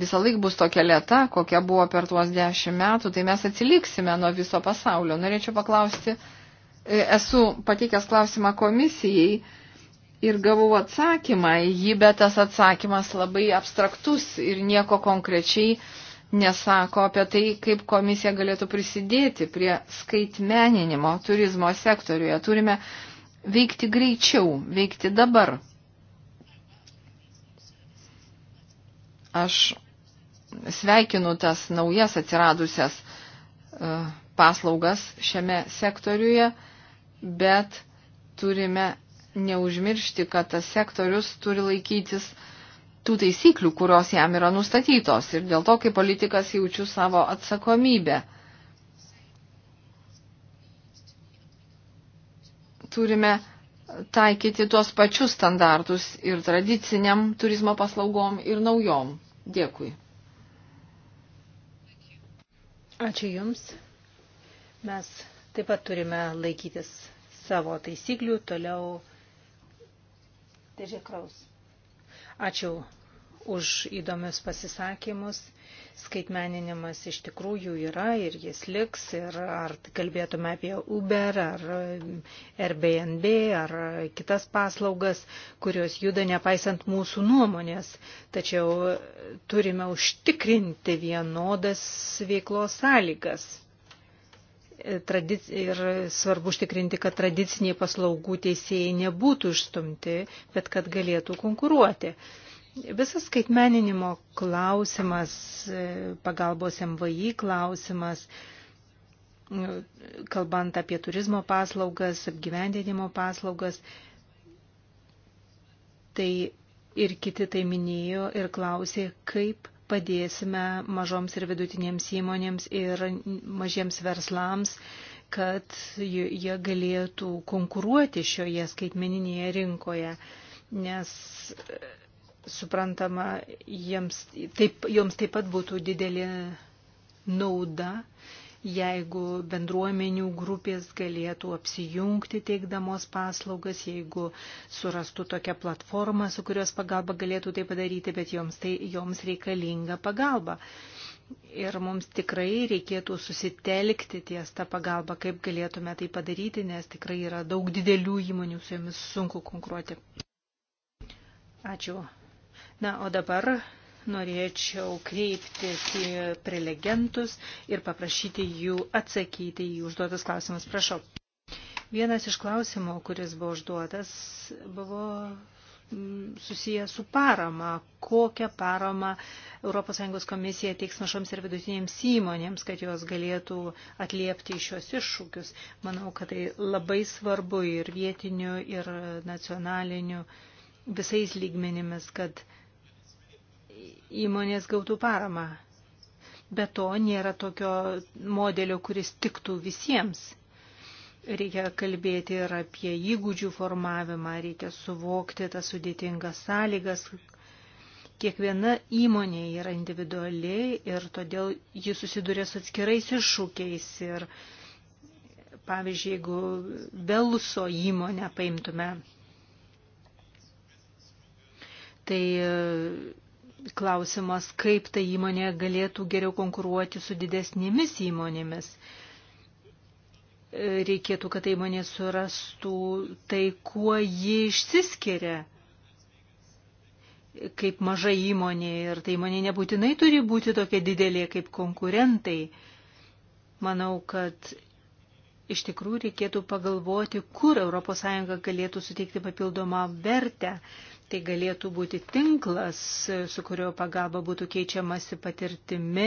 visą laik bus tokia lėta, kokia buvo per tuos dešimt metų, tai mes atsiliksime nuo viso pasaulio. Norėčiau paklausti, e, esu pateikęs klausimą komisijai ir gavau atsakymą į jį, bet tas atsakymas labai abstraktus ir nieko konkrečiai nesako apie tai, kaip komisija galėtų prisidėti prie skaitmeninimo turizmo sektoriuje. Turime veikti greičiau, veikti dabar. Aš sveikinu tas naujas atsiradusias e, paslaugas šiame sektoriuje, bet turime neužmiršti, kad tas sektorius turi laikytis tų taisyklių, kurios jam yra nustatytos. Ir dėl to, kaip politikas, jaučiu savo atsakomybę. Turime taikyti tuos pačius standartus ir tradiciniam turizmo paslaugom, ir naujom. Dėkui. Ačiū Jums. Mes taip pat turime laikytis savo taisyklių. Toliau Težė Kraus. Ačiū už įdomius pasisakymus. Skaitmeninimas iš tikrųjų yra ir jis liks. Ir ar kalbėtume apie Uber, ar e, Airbnb, ar e, kitas paslaugas, kurios juda nepaisant mūsų nuomonės. Tačiau e, turime užtikrinti vienodas veiklos sąlygas tradic, ir svarbu užtikrinti, kad tradiciniai paslaugų teisėjai nebūtų išstumti, bet kad galėtų konkuruoti. Visas skaitmeninimo klausimas, e, pagalbos MVI klausimas, e, kalbant apie turizmo paslaugas, apgyvendinimo paslaugas, tai ir kiti tai minėjo ir klausė, kaip padėsime mažoms ir vidutinėms įmonėms ir mažiems verslams, kad jie galėtų konkuruoti šioje skaitmeninėje rinkoje, nes suprantama, jiems, taip, joms taip pat būtų didelė nauda, jeigu bendruomenių grupės galėtų apsijungti teikdamos paslaugas, jeigu surastų tokią platformą, su kurios pagalba galėtų tai padaryti, bet joms, tai, joms reikalinga pagalba. Ir mums tikrai reikėtų susitelkti ties tą pagalbą, kaip galėtume tai padaryti, nes tikrai yra daug didelių įmonių, su jomis sunku konkuruoti. Ačiū Na, o dabar norėčiau kreiptis į prelegentus ir paprašyti jų atsakyti į užduotas klausimus. Prašau. Vienas iš klausimų, kuris buvo užduotas, buvo mm, susiję su parama, kokią paramą ES komisija teiks mažoms ir vidutinėms įmonėms, kad jos galėtų atliepti šios iššūkius. Manau, kad tai labai svarbu ir vietiniu, ir nacionaliniu, visais lygmenimis, kad uh, įmonės gautų paramą. Be to nėra tokio modelio, kuris tiktų visiems. Reikia kalbėti ir apie įgūdžių formavimą, reikia suvokti tas sudėtingas sąlygas. Kiekviena įmonė yra individuali ir todėl ji susiduria su atskirais iššūkiais. Ir, pavyzdžiui, jeigu Beluso įmonę paimtume, tai klausimas, kaip ta įmonė galėtų geriau konkuruoti su didesnėmis įmonėmis. Reikėtų, kad ta įmonė surastų tai, kuo ji išsiskiria kaip maža įmonė ir ta įmonė nebūtinai turi būti tokia didelė kaip konkurentai. Manau, kad iš tikrųjų reikėtų pagalvoti, kur ES galėtų suteikti papildomą vertę. Tai galėtų būti tinklas, su kurio pagalba būtų keičiamasi patirtimi,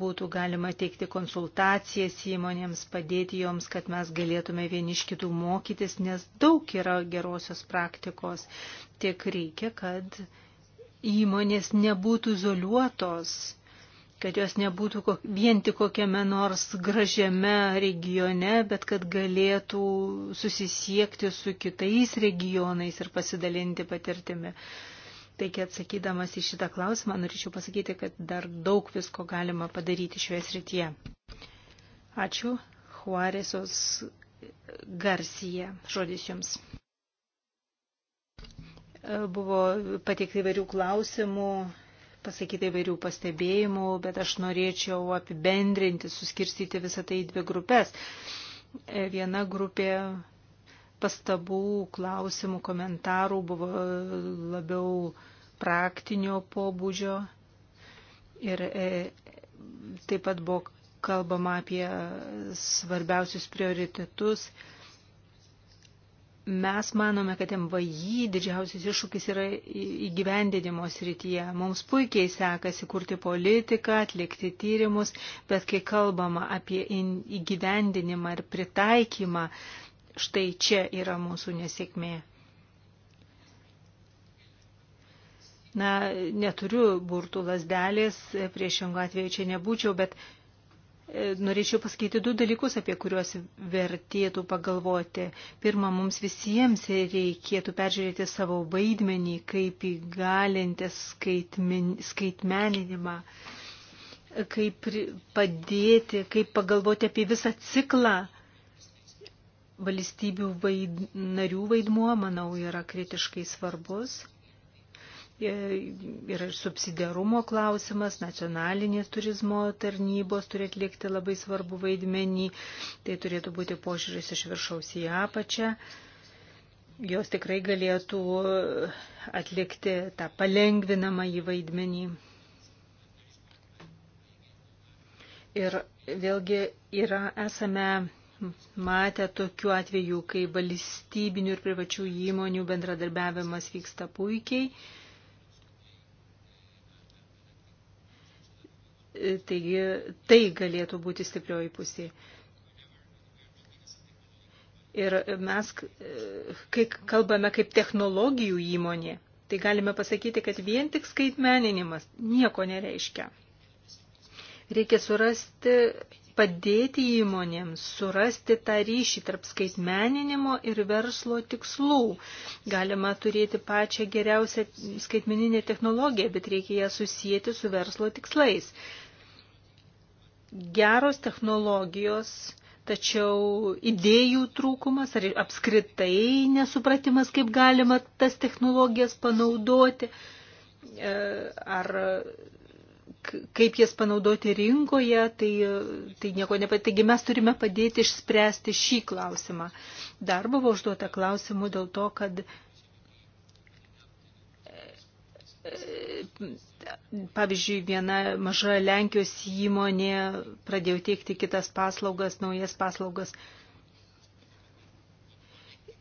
būtų galima teikti konsultacijas įmonėms, padėti joms, kad mes galėtume vieni iš kitų mokytis, nes daug yra gerosios praktikos. Tiek reikia, kad įmonės nebūtų izoliuotos kad jos nebūtų vien tik kokiame nors gražiame regione, bet kad galėtų susisiekti su kitais regionais ir pasidalinti patirtimi. Taigi atsakydamas į šitą klausimą, norėčiau pasakyti, kad dar daug visko galima padaryti šioje srityje. Ačiū. Juaresos Garcija. Žodis jums. Buvo pateikti įvairių klausimų pasakyti įvairių pastebėjimų, bet aš norėčiau apibendrinti, suskirstyti visą tai į dvi grupės. E, viena grupė pastabų, klausimų, komentarų buvo labiau praktinio pobūdžio ir e, taip pat buvo kalbama apie svarbiausius prioritetus Mes manome, kad MVI didžiausias iššūkis yra įgyvendinimo srityje. Mums puikiai sekasi kurti politiką, atlikti tyrimus, bet kai kalbama apie įgyvendinimą ir pritaikymą, štai čia yra mūsų nesėkmė. Na, neturiu burtų lasdelės, priešingų atveju čia nebūčiau, bet E, norėčiau pasakyti du dalykus, apie kuriuos vertėtų pagalvoti. Pirma, mums visiems reikėtų peržiūrėti savo vaidmenį, kaip įgalinti skaitmen, skaitmeninimą, kaip padėti, kaip pagalvoti apie visą ciklą. Valstybių vaid, narių vaidmuo, manau, yra kritiškai svarbus. E, yra subsidiarumo klausimas, nacionalinės turizmo tarnybos turi atlikti labai svarbu vaidmenį, tai turėtų būti požiūris iš viršaus į apačią. Jos tikrai galėtų atlikti tą palengvinamą į vaidmenį. Ir vėlgi yra, esame matę tokių atvejų, kai valstybinių ir privačių įmonių bendradarbiavimas vyksta puikiai. Taigi tai galėtų būti stiprioji pusė. Ir mes, kai kalbame kaip technologijų įmonė, tai galime pasakyti, kad vien tik skaitmeninimas nieko nereiškia. Reikia surasti, padėti įmonėms surasti tą ryšį tarp skaitmeninimo ir verslo tikslų. Galima turėti pačią geriausią skaitmeninę technologiją, bet reikia ją susijęti su verslo tikslais geros technologijos, tačiau idėjų trūkumas ar apskritai nesupratimas, kaip galima tas technologijas panaudoti, e, ar kaip jas panaudoti rinkoje, tai, tai nieko nepat. Taigi mes turime padėti išspręsti šį klausimą. Dar buvo užduota klausimų dėl to, kad pavyzdžiui, viena maža Lenkijos įmonė pradėjo teikti kitas paslaugas, naujas paslaugas.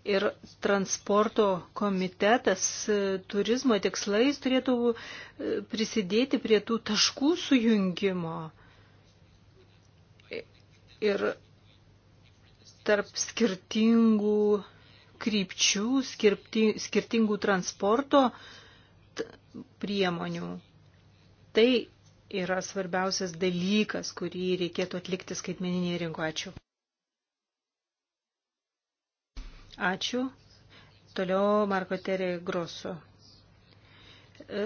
Ir transporto komitetas e, turizmo tikslais turėtų e, prisidėti prie tų taškų sujungimo. Ir tarp skirtingų krypčių, skirtingų transporto uh, priemonių. Tai yra svarbiausias dalykas, kurį reikėtų atlikti skaitmeninėje rinkoje. Ačiū. Ačiū. Toliau Marko Terė Grosso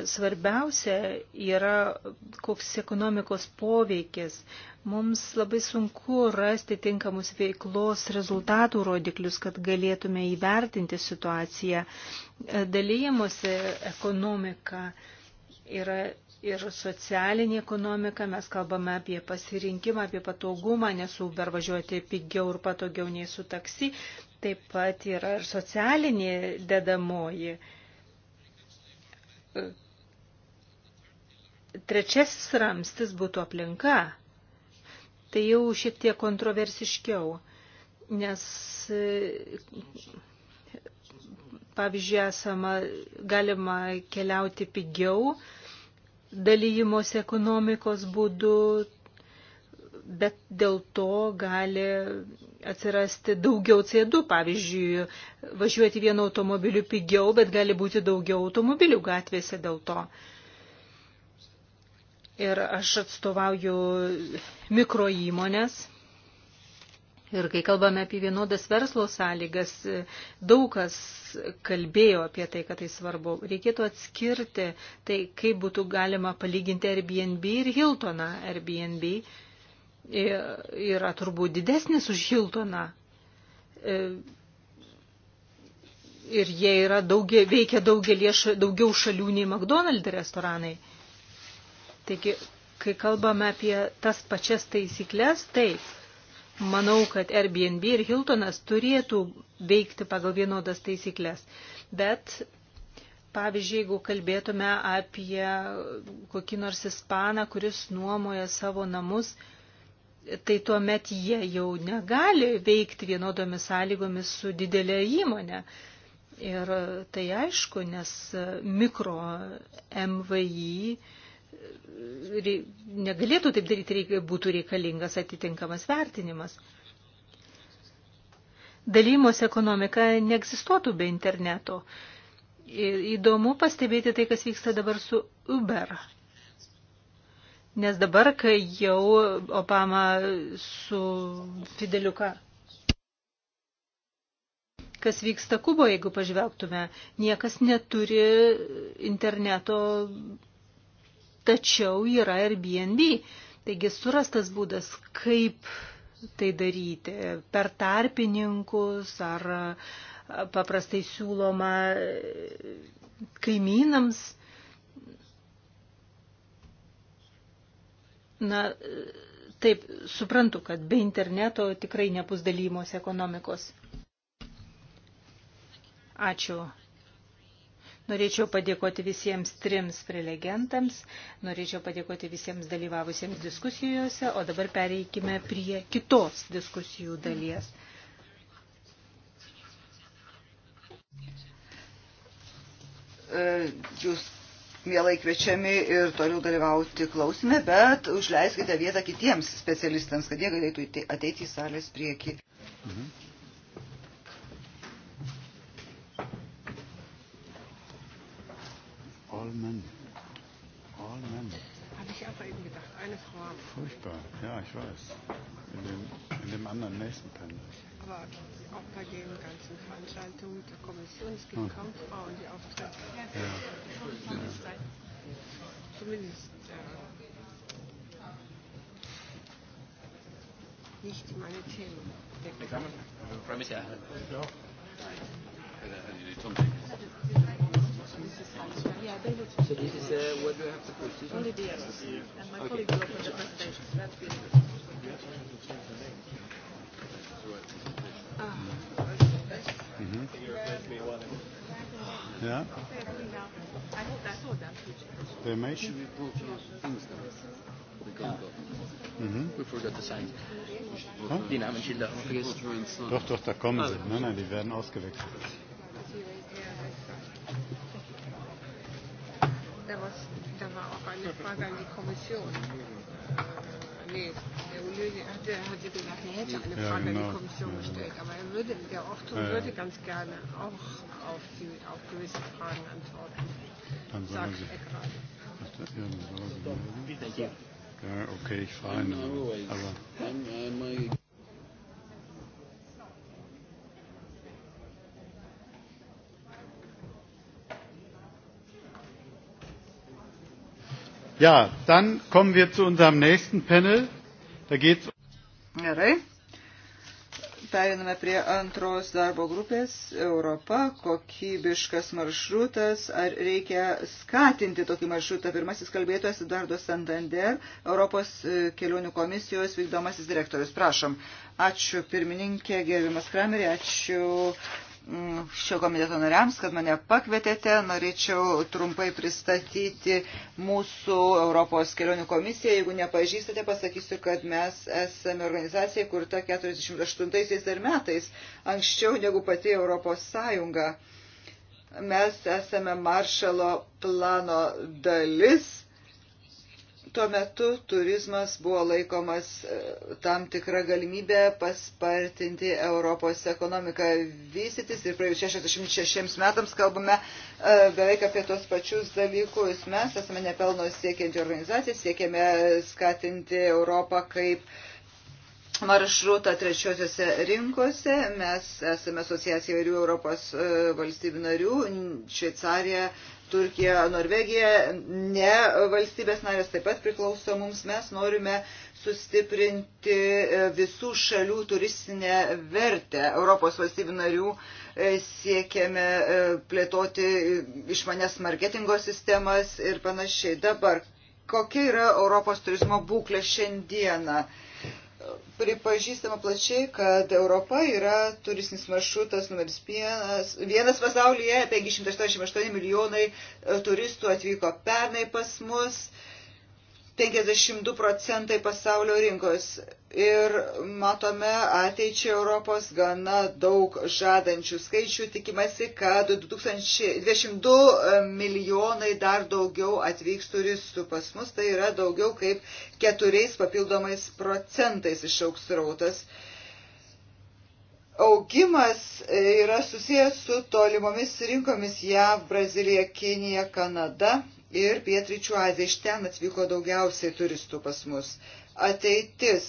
svarbiausia yra koks ekonomikos poveikis. Mums labai sunku rasti tinkamus veiklos rezultatų rodiklius, kad galėtume įvertinti situaciją. Dalyjimuose ekonomika yra ir socialinė ekonomika, mes kalbame apie pasirinkimą, apie patogumą, nes Uber važiuoti pigiau ir patogiau nei su taksi, taip pat yra ir socialinė dedamoji trečiasis ramstis būtų aplinka, tai jau šiek tiek kontroversiškiau, nes pavyzdžiui, esama, galima keliauti pigiau, dalyjimos ekonomikos būdu, bet dėl to gali atsirasti daugiau C2. Pavyzdžiui, važiuoti vienu automobiliu pigiau, bet gali būti daugiau automobilių gatvėse dėl to. Ir aš atstovauju mikro įmonės. Ir kai kalbame apie vienodas verslo sąlygas, daug kas kalbėjo apie tai, kad tai svarbu. Reikėtų atskirti tai, kaip būtų galima palyginti Airbnb ir Hiltoną Airbnb yra turbūt didesnis už Hiltoną. E, ir jie yra daugia, veikia daugelie, daugiau šalių nei McDonald's restoranai. Taigi, kai kalbame apie tas pačias taisyklės, taip, manau, kad Airbnb ir Hiltonas turėtų veikti pagal vienodas taisyklės. Bet pavyzdžiui, jeigu kalbėtume apie kokį nors ispaną, kuris nuomoja savo namus, tai tuomet jie jau negali veikti vienodomis sąlygomis su didelė įmonė. Ir tai aišku, nes mikro MVI negalėtų taip daryti, būtų reikalingas atitinkamas vertinimas. Dalymos ekonomika neegzistuotų be interneto. Įdomu pastebėti tai, kas vyksta dabar su Uber Nes dabar, kai jau Obama su Fideliu ką? Kas vyksta Kuboje, jeigu pažvelgtume, niekas neturi interneto, tačiau yra Airbnb. Taigi surastas būdas, kaip tai daryti per tarpininkus ar paprastai siūloma kaimynams Na, taip, suprantu, kad be interneto tikrai nebus dalymos ekonomikos. Ačiū. Norėčiau padėkoti visiems trims prelegentams, norėčiau padėkoti visiems dalyvavusiems diskusijose, o dabar pereikime prie kitos diskusijų dalies. Jūs mielai kviečiami ir toliau dalyvauti klausime, bet užleiskite vietą kitiems specialistams, kad jie galėtų ateiti į salės priekį. Mhm. All men. All men ich auch eben gedacht. Eine Frau habe ich. Furchtbar, ja, ich weiß. In dem, in dem anderen nächsten Panel. Aber auch bei den ganzen Veranstaltungen der Kommission, es gibt hm. kaum Frauen, die auftreten. Ja. ja. ja. Zumindest äh, nicht meine Themen. Willkommen. Promise, äh, ja. Ja. Äh, Yeah, they would. So this is uh, what do I have to put? This Only the arrows. And my okay. colleague will open the presentation. So that's good. Ah. Mm-hmm. Yeah. I hope I saw that. They may. Should mhm. we vote on Instagram? Mhm. Huh? Die Namen Schilder. Doch, doch, da kommen sie. Ah. Nein, nein, die werden ausgewechselt. da, was, da war auch eine Frage an die Kommission. Nee, der Ulöge hatte, hatte gesagt, er hätte eine ja, Frage ja, genau. an die Kommission ja, gestellt, aber er würde, der Orto ja, ja. würde ganz gerne auch auf, die, auf gewisse Fragen antworten, dann sagt er gerade. Ja, dann soll er sie. Ja, okay, ich fahre ihn. Aber. Äh, Ja, dann kommen wir zu unserem nächsten Panel. Da geht's Gerai. Periname prie antros darbo grupės Europa, kokybiškas maršrutas, ar reikia skatinti tokį maršrutą. Pirmasis kalbėtojas Dardo Santander, Europos e, kelionių komisijos vykdomasis direktorius. Prašom. Ačiū pirmininkė, gerbimas Kramerė, ačiū šio komiteto nariams, kad mane pakvietėte. Norėčiau trumpai pristatyti mūsų Europos kelionių komisiją. Jeigu nepažįstate, pasakysiu, kad mes esame organizacija, kurta 48 dar metais, anksčiau negu pati Europos Sąjunga. Mes esame maršalo plano dalis Tuo metu turizmas buvo laikomas e, tam tikrą galimybę paspartinti Europos ekonomiką vystytis ir praėjus 66 metams kalbame e, beveik apie tos pačius dalykus. Mes esame nepelno siekianti organizacija, siekiame skatinti Europą kaip maršrutą trečiosiuose rinkose. Mes esame asociacija įvairių Europos e, valstybių narių. Šveicarija, Turkija, Norvegija, ne valstybės narės taip pat priklauso mums. Mes norime sustiprinti e, visų šalių turistinę vertę. Europos valstybių narių e, siekiame e, plėtoti išmanės marketingo sistemas ir panašiai. Dabar, kokia yra Europos turizmo būklė šiandieną? pripažįstama plačiai, kad Europa yra turistinis maršrutas numeris vienas, vienas pasaulyje, 588 milijonai e, turistų atvyko pernai pas mus. E, 52 procentai pasaulio rinkos. Ir matome ateičiai Europos gana daug žadančių skaičių. Tikimasi, kad 2022 milijonai dar daugiau atvyks turistų pas mus. Tai yra daugiau kaip keturiais papildomais procentais išauks rautas augimas yra susijęs su tolimomis rinkomis JAV, Brazilija, Kinija, Kanada ir Pietryčių Aziją. Iš ten atvyko daugiausiai turistų pas mus. Ateitis.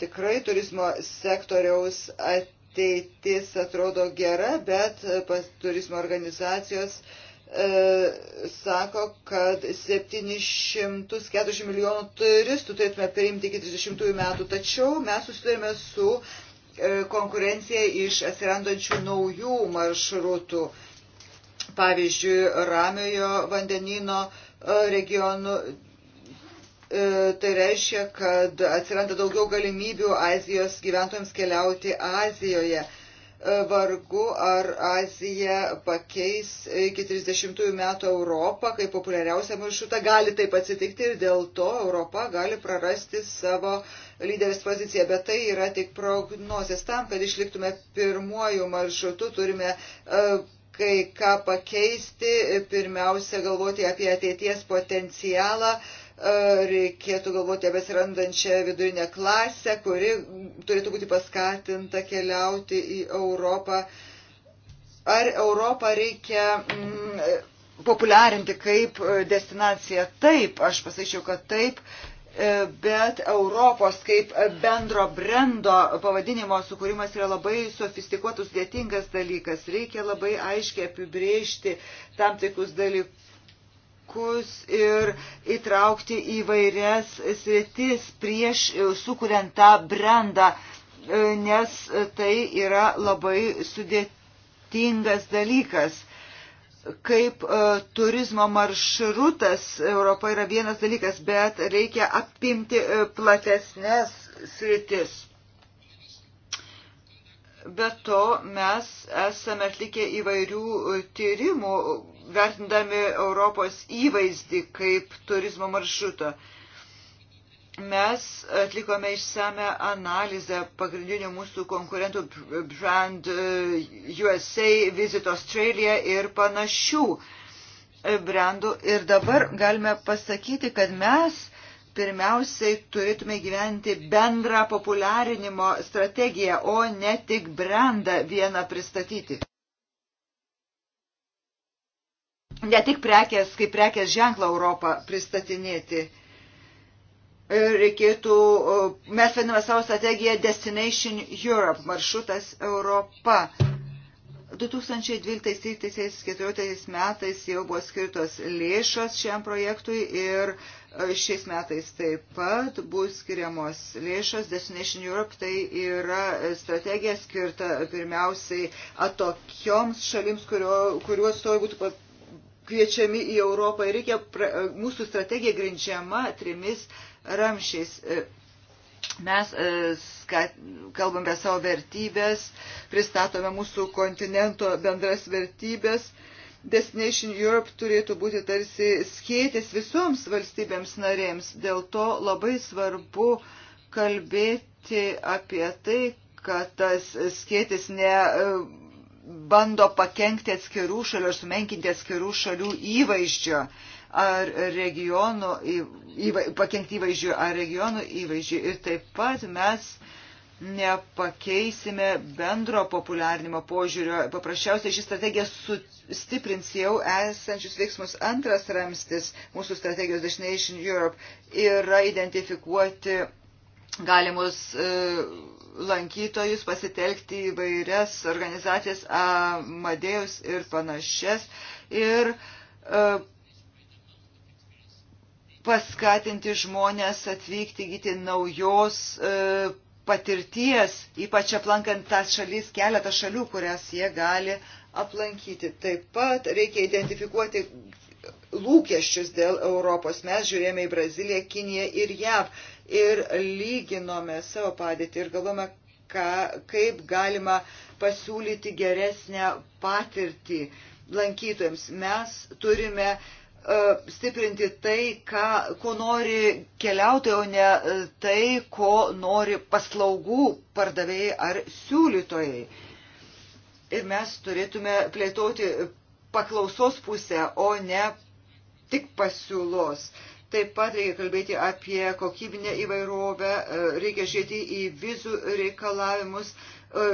Tikrai turizmo sektoriaus ateitis atrodo gera, bet pas turizmo organizacijos e, sako, kad 740 milijonų turistų turėtume priimti iki 30 metų, tačiau mes susidurime su e, konkurencija iš atsirandančių naujų maršrutų. E, pavyzdžiui, Ramiojo vandenino e, regionų. E, tai reiškia, kad atsiranda daugiau galimybių Azijos gyventojams keliauti Azijoje e, vargu ar Azija pakeis iki 30 metų Europą kaip populiariausią maršrutą. Gali taip atsitikti ir dėl to Europa gali prarasti savo lyderės poziciją, bet tai yra tik prognozės. Tam, kad išliktume pirmuoju maršrutu, turime uh, kai ką pakeisti, pirmiausia galvoti apie ateities potencialą, e, reikėtų galvoti apie atsirandančią vidurinę klasę, kuri turėtų būti paskatinta keliauti į Europą. Ar Europą reikia mm, populiarinti kaip e, destinaciją? Taip, aš pasakyčiau, kad taip, E, bet Europos kaip bendro brendo pavadinimo sukūrimas yra labai sofistikuotus, dėtingas dalykas. Reikia labai aiškiai apibriežti tam tikrus dalykus ir įtraukti įvairias sritis prieš sukuriant tą brendą, e, nes tai yra labai sudėtingas dalykas kaip e, turizmo maršrutas Europa yra vienas dalykas, bet reikia apimti e, platesnės sritis. Be to mes esame atlikę įvairių tyrimų, vertindami Europos įvaizdį kaip turizmo maršruto mes atlikome išsame analizę pagrindinių mūsų konkurentų brand eh, USA, Visit Australia ir panašių eh, brandų. Ir dabar galime pasakyti, kad mes pirmiausiai turėtume gyventi bendrą populiarinimo strategiją, o ne tik brandą vieną pristatyti. Ne tik prekės, kaip prekės ženklą Europą pristatinėti E, reikėtų, mes vadiname savo strategiją Destination Europe, maršrutas Europa. 2012-2014 metais jau buvo skirtos lėšos šiam projektui ir e, šiais metais taip pat bus skiriamos lėšos. Destination Europe tai yra strategija skirta pirmiausiai atokioms šalims, kurių atstovai būtų kviečiami į Europą. Ir reikia, pra, mūsų strategija grindžiama trimis ramšiais. E, mes e, kalbam apie savo vertybės, pristatome mūsų kontinento bendras vertybės. Destination Europe turėtų būti tarsi skėtis visoms valstybėms narėms. Dėl to labai svarbu kalbėti apie tai, kad tas skėtis ne e, bando pakengti atskirų šalių ar sumenkinti atskirų šalių įvaizdžio. Uh, ar regionų įva, pakengti įvaizdžių, ar regionų įvaizdžių. Ir taip pat mes nepakeisime bendro populiarnimo požiūrio. Paprasčiausiai ši strategija sustiprins jau esančius veiksmus. Antras ramstis mūsų strategijos Destination Europe yra identifikuoti galimus e, lankytojus, pasitelkti įvairias organizacijas, Amadėjus ir panašias. Ir e, paskatinti žmonės atvykti gyti naujos e, patirties, ypač aplankant tas šalis, keletą šalių, kurias jie gali aplankyti. Taip pat reikia identifikuoti lūkesčius dėl Europos. Mes žiūrėjome į Braziliją, Kiniją ir JAV ir lyginome savo padėtį ir galvome, ka, kaip galima pasiūlyti geresnę patirtį lankytojams. Mes turime uh, E, stiprinti tai, ką, ko nori keliautojai, o ne e, tai, ko nori paslaugų pardavėjai ar siūlytojai. Ir mes turėtume plėtoti paklausos pusę, o ne tik pasiūlos. Taip pat reikia kalbėti apie kokybinę įvairovę, e, reikia žiūrėti į vizų reikalavimus,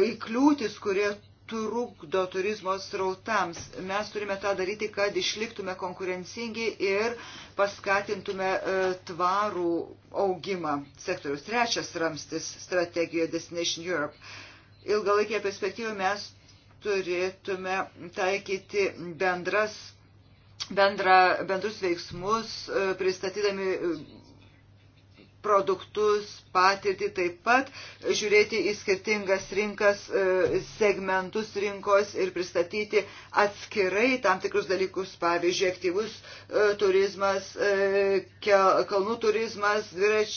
į kliūtis, kurie trukdo turizmo srautams. Mes turime tą daryti, kad išliktume konkurencingi ir paskatintume e, tvarų augimą sektoriaus. Trečias ramstis strategijoje Destination Europe. Ilgalaikėje perspektyvoje mes turėtume taikyti bendras, bendra, bendrus veiksmus, e, pristatydami produktus, patirtį, taip pat žiūrėti į skirtingas rinkas, e, segmentus rinkos ir pristatyti atskirai tam tikrus dalykus, pavyzdžiui, aktyvus e, turizmas, e, kalnų turizmas, dvirač,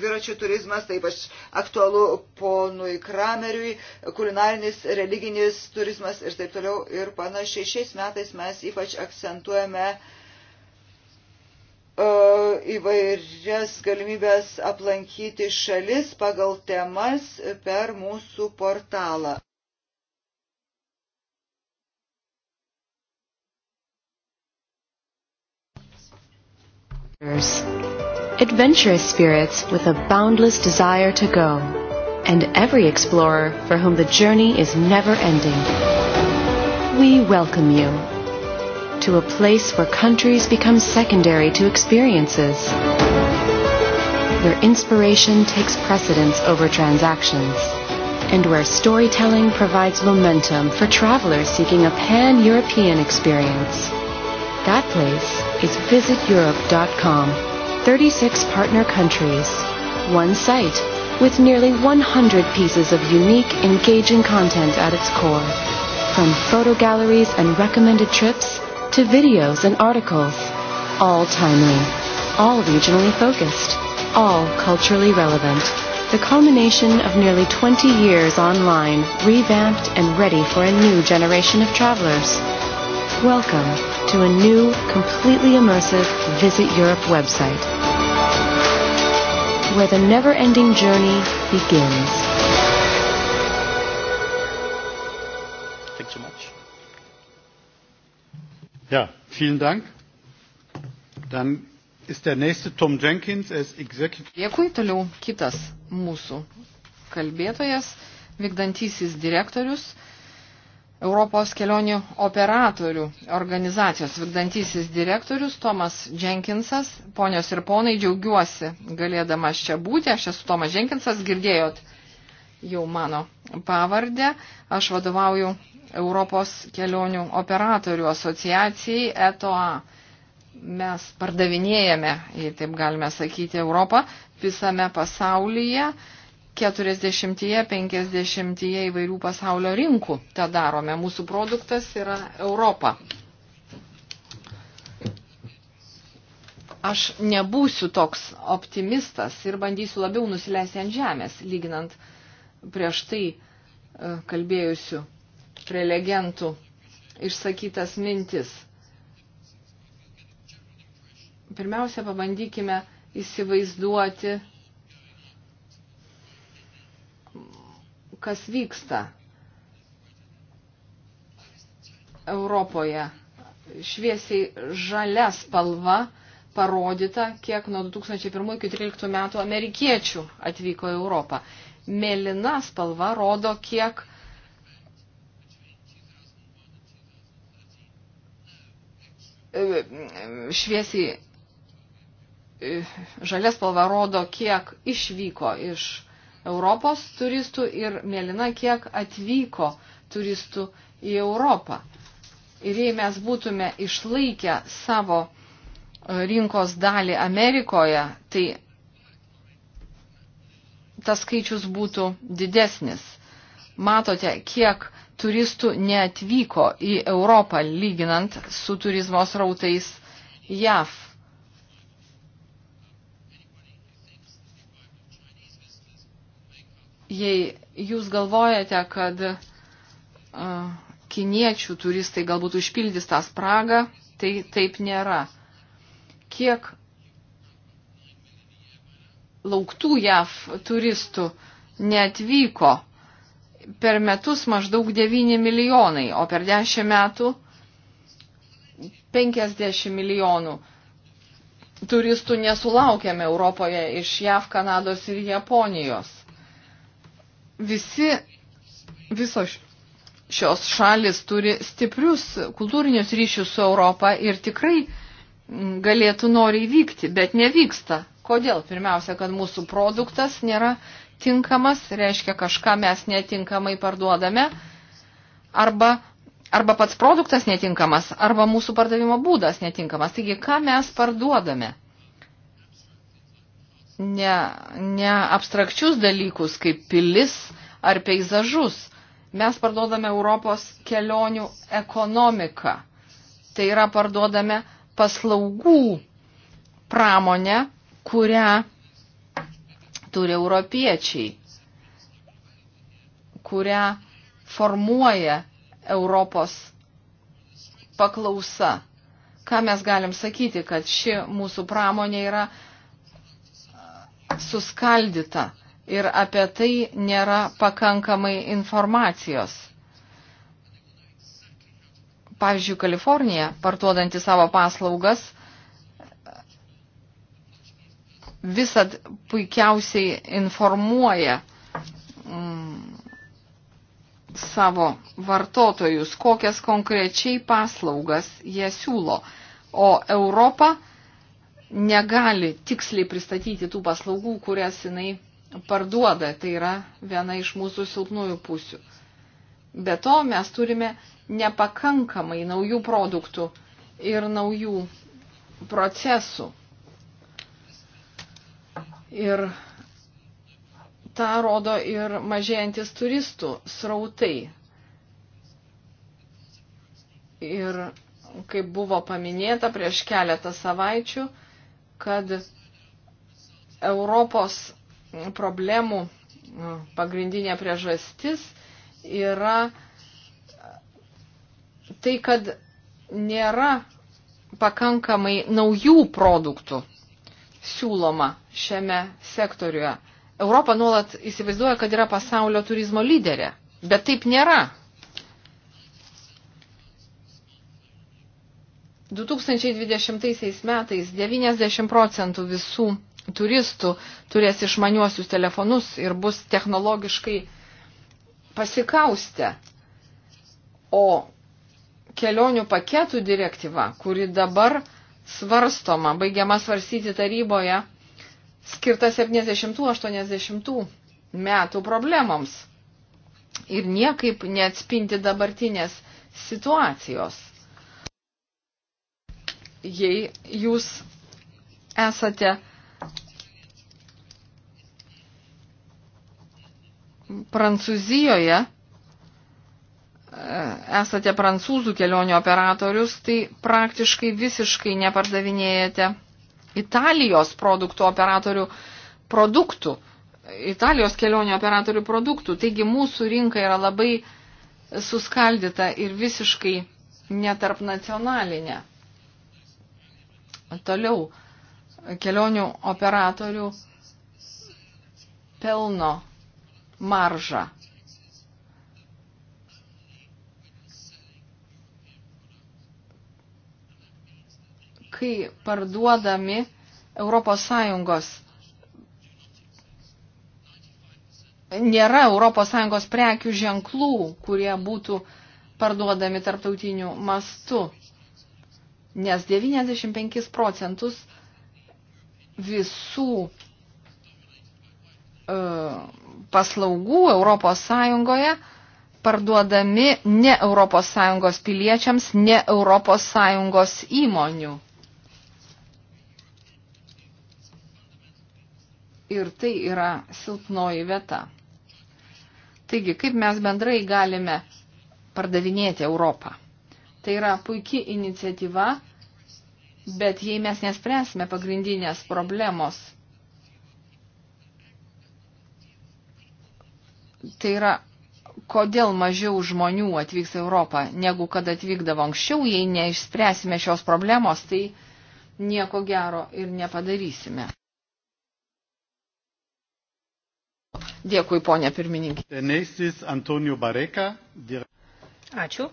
dviračių turizmas, taip aš aktualu ponui Krameriui, kulinarinis, religinis turizmas ir taip toliau ir panašiai. Šiais metais mes ypač akcentuojame uh, E, įvairias galimybės aplankyti šalis pagal temas per mūsų portalą. Adventurous spirits with a boundless desire to go, and every explorer for whom the journey is never ending. We welcome you to a place where countries become secondary to experiences, where inspiration takes precedence over transactions, and where storytelling provides momentum for travelers seeking a pan-European experience. That place is visiteurope.com. 36 partner countries, one site with nearly 100 pieces of unique, engaging content at its core. From photo galleries and recommended trips to videos and articles, all timely, all regionally focused, all culturally relevant. The culmination of nearly 20 years online, revamped and ready for a new generation of travelers. Welcome to a new, completely immersive Visit Europe website, where the never-ending journey begins. Ja, vielen Dank. Dann ist der nächste Tom Jenkins, er ist Executive. Dėkui, toliau kitas mūsų kalbėtojas, vykdantysis direktorius Europos kelionių operatorių organizacijos vykdantysis direktorius Tomas Jenkinsas. Ponios ir ponai, džiaugiuosi galėdamas čia būti. Aš esu Tomas Jenkinsas, girdėjot jau mano pavardę. Aš vadovauju Europos kelionių operatorių asociacijai ETOA. Mes pardavinėjame, jei taip galime sakyti, Europą visame pasaulyje. 40-50 įvairių pasaulio rinkų tą darome. Mūsų produktas yra Europa. Aš nebūsiu toks optimistas ir bandysiu labiau nusileisti ant žemės, lyginant prieš tai e, kalbėjusiu prelegentų išsakytas mintis. Pirmiausia, pabandykime įsivaizduoti, kas vyksta Europoje. Šviesiai žalia spalva parodyta, kiek nuo 2001 iki 2013 metų amerikiečių atvyko į Europą. Mėlyna spalva rodo, kiek uh, E, šviesiai e, žalės spalva rodo, kiek išvyko iš Europos turistų ir mėlyna, kiek atvyko turistų į Europą. Ir jei mes būtume išlaikę savo e, rinkos dalį Amerikoje, tai tas skaičius būtų didesnis. Matote, kiek turistų neatvyko į Europą, lyginant su turizmo srautais JAV. Jei jūs galvojate, kad uh, kiniečių turistai galbūt užpildys tą spragą, tai taip nėra. Kiek lauktų JAV turistų neatvyko per metus maždaug 9 milijonai, o per 10 metų 50 milijonų turistų nesulaukėme Europoje iš JAV, Kanados ir Japonijos. Visi, visos šios šalis turi stiprius kultūrinius ryšius su Europa ir tikrai mm, galėtų noriai vykti, bet nevyksta. Kodėl? Pirmiausia, kad mūsų produktas nėra tinkamas, reiškia kažką mes netinkamai parduodame, arba, arba pats produktas netinkamas, arba mūsų pardavimo būdas netinkamas. Taigi, ką mes parduodame? Ne, ne abstrakčius dalykus kaip pilis ar peizažus. Mes parduodame Europos kelionių ekonomiką. Tai yra parduodame paslaugų pramonę, kurią turi europiečiai, kurią formuoja Europos paklausa. Ką mes galim sakyti, kad ši mūsų pramonė yra suskaldyta ir apie tai nėra pakankamai informacijos. Pavyzdžiui, Kalifornija, partuodanti savo paslaugas, visat puikiausiai informuoja mm, savo vartotojus, kokias konkrečiai paslaugas jie siūlo. O Europa negali tiksliai pristatyti tų paslaugų, kurias jinai parduoda. Tai yra viena iš mūsų silpnųjų pusių. Be to mes turime nepakankamai naujų produktų ir naujų procesų. Ir tą rodo ir mažėjantis turistų srautai. Ir kaip buvo paminėta prieš keletą savaičių, kad Europos problemų pagrindinė priežastis yra tai, kad nėra pakankamai naujų produktų siūloma šiame sektoriuje. Europa nuolat įsivaizduoja, kad yra pasaulio turizmo lyderė, bet taip nėra. 2020 metais 90 procentų visų turistų turės išmaniuosius telefonus ir bus technologiškai pasikaustę. O kelionių paketų direktyva, kuri dabar svarstoma, baigiama svarstyti taryboje, skirta 70-80 metų problemoms ir niekaip neatspinti dabartinės situacijos. Jei jūs esate Prancūzijoje, esate prancūzų kelionių operatorius, tai praktiškai visiškai nepardavinėjate Italijos produktų operatorių produktų, Italijos kelionių operatorių produktų. Taigi mūsų rinka yra labai suskaldyta ir visiškai netarp nacionalinė. Toliau kelionių operatorių pelno maržą. kai parduodami ES nėra ES prekių ženklų, kurie būtų parduodami tarptautiniu mastu, nes 95 procentus visų e, paslaugų ES parduodami ne ES piliečiams, ne ES įmonių. ir tai yra silpnoji vieta. Taigi, kaip mes bendrai galime pardavinėti Europą? Tai yra puikiai iniciatyva, bet jei mes nespręsime pagrindinės problemos, tai yra kodėl mažiau žmonių atvyks į Europą, negu kad atvykdavo anksčiau, jei neišspręsime šios problemos, tai nieko gero ir nepadarysime. Dėkui, ponė pirmininkė. Ačiū.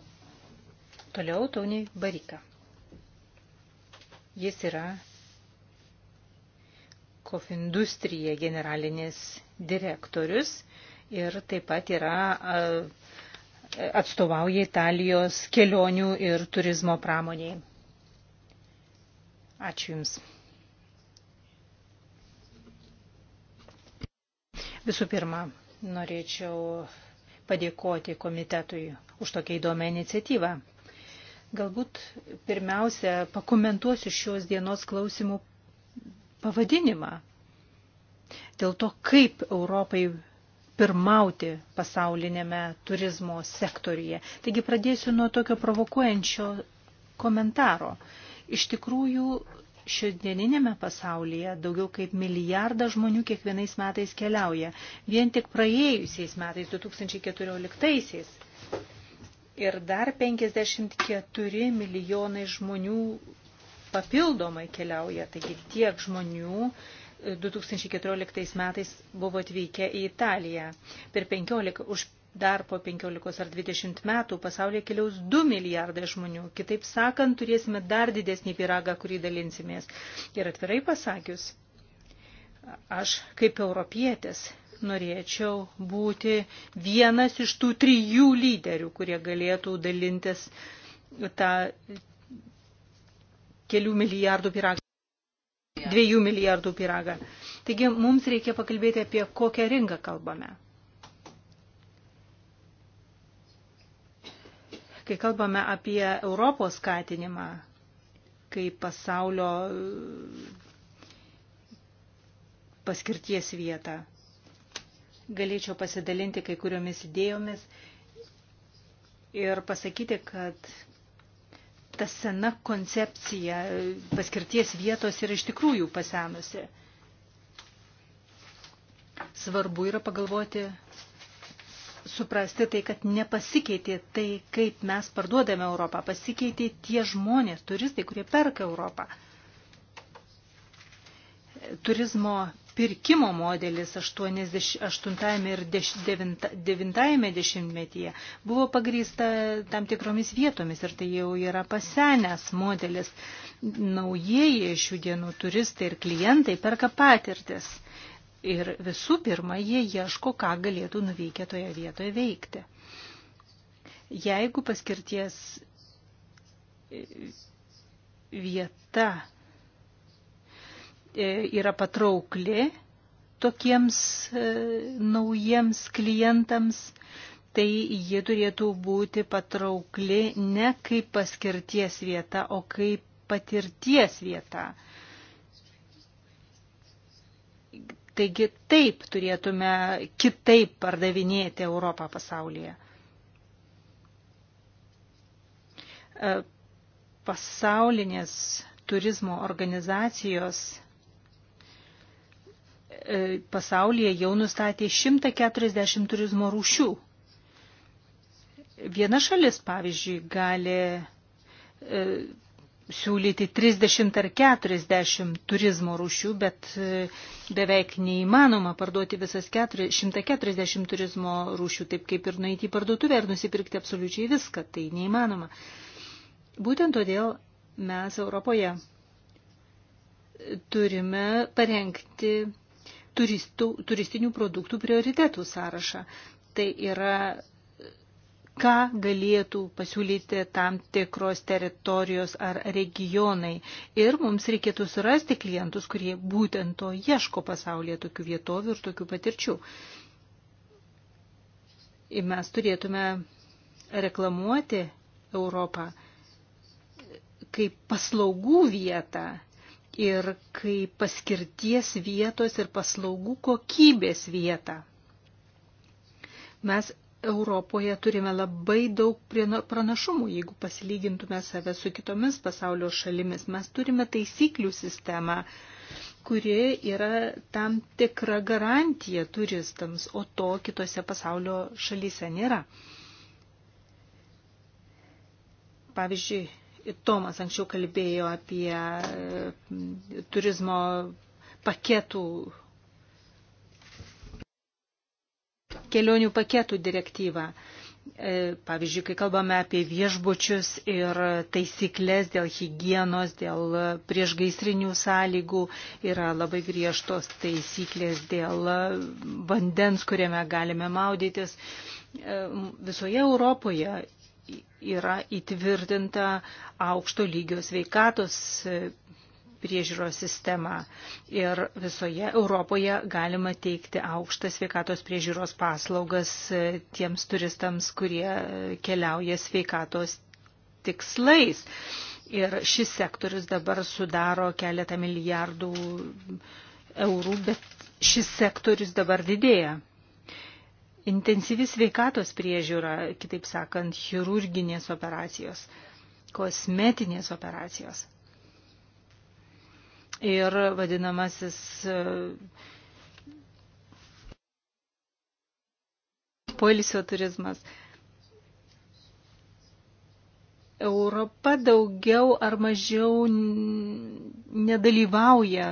Toliau Tony Barika. Jis yra Kofindustrija generalinis direktorius ir taip pat yra atstovauja Italijos kelionių ir turizmo pramoniai. Ačiū Jums. Visų pirma, norėčiau padėkoti komitetui už tokią įdomią iniciatyvą. Galbūt pirmiausia pakomentuosiu šios dienos klausimų pavadinimą. Dėl to, kaip Europai pirmauti pasaulinėme turizmo sektoriuje. Taigi pradėsiu nuo tokio provokuojančio komentaro. Iš tikrųjų, šiandieninėme pasaulyje daugiau kaip milijardas žmonių kiekvienais metais keliauja. Vien tik praėjusiais metais, 2014-aisiais. Ir dar 54 milijonai žmonių papildomai keliauja. Taigi tiek žmonių 2014 e, metais buvo atvykę į Italiją. Per 15, už dar po 15 ar 20 metų pasaulyje keliaus 2 milijardai žmonių. Kitaip sakant, turėsime dar didesnį piragą, kurį dalinsimės. Ir atvirai pasakius, aš kaip europietis norėčiau būti vienas iš tų trijų lyderių, kurie galėtų dalintis tą kelių milijardų piragą, dviejų milijardų piragą. Taigi mums reikia pakalbėti apie kokią rinką kalbame. Kai kalbame apie Europos skatinimą, kaip pasaulio e, paskirties vietą, galėčiau pasidalinti kai kuriomis idėjomis ir pasakyti, kad ta sena koncepcija e, paskirties vietos yra iš tikrųjų pasenusi svarbu yra pagalvoti suprasti tai, kad nepasikeitė tai, kaip mes parduodame Europą, pasikeitė tie žmonės, turistai, kurie perka Europą. Turizmo pirkimo modelis 88 ir 9 dešimtmetyje buvo pagrįsta tam tikromis vietomis ir tai jau yra pasenęs modelis. Naujieji šių dienų turistai ir klientai perka patirtis. Ir visų pirma, jie ieško, ką galėtų nuveikę toje vietoje veikti. Jeigu paskirties vieta e, yra patraukli tokiems e, naujiems klientams, tai ji turėtų būti patraukli ne kaip paskirties vieta, o kaip patirties vieta. Taigi taip turėtume kitaip pardavinėti Europą pasaulyje. E, pasaulinės turizmo organizacijos e, pasaulyje jau nustatė 140 turizmo rūšių. Viena šalis, pavyzdžiui, gali e, siūlyti 30 ar 40 turizmo rūšių, bet e, beveik neįmanoma parduoti visas 140 turizmo rūšių, taip kaip ir nueiti į parduotuvę ir nusipirkti absoliučiai viską. Tai neįmanoma. Būtent todėl mes Europoje e, turime parengti turistų, turistinių produktų prioritetų sąrašą. Tai yra ką galėtų pasiūlyti tam tikros teritorijos ar regionai. Ir mums reikėtų surasti klientus, kurie būtent to ieško pasaulyje tokių vietovių ir tokių patirčių. Ir mes turėtume reklamuoti Europą kaip paslaugų vietą ir kaip paskirties vietos ir paslaugų kokybės vietą. Mes Europoje turime labai daug pranašumų, jeigu pasilygintume save su kitomis pasaulio šalimis. Mes turime taisyklių sistemą, kuri yra tam tikra garantija turistams, o to kitose pasaulio šalyse nėra. Pavyzdžiui, Tomas anksčiau kalbėjo apie mm, turizmo paketų kelionių paketų direktyvą. E, pavyzdžiui, kai kalbame apie viešbučius ir taisyklės dėl hygienos, dėl priešgaisrinių sąlygų, yra labai griežtos taisyklės dėl vandens, kuriame galime maudytis. E, visoje Europoje yra įtvirtinta aukšto lygio sveikatos priežiūros sistemą ir visoje Europoje galima teikti aukštą sveikatos priežiūros paslaugas e, tiems turistams, kurie keliauja sveikatos tikslais. Ir šis sektorius dabar sudaro keletą milijardų eurų, bet šis sektorius dabar didėja. Intensyvi sveikatos priežiūra, kitaip sakant, chirurginės operacijos, kosmetinės operacijos ir vadinamasis e, poilsio turizmas. Europa daugiau ar mažiau nedalyvauja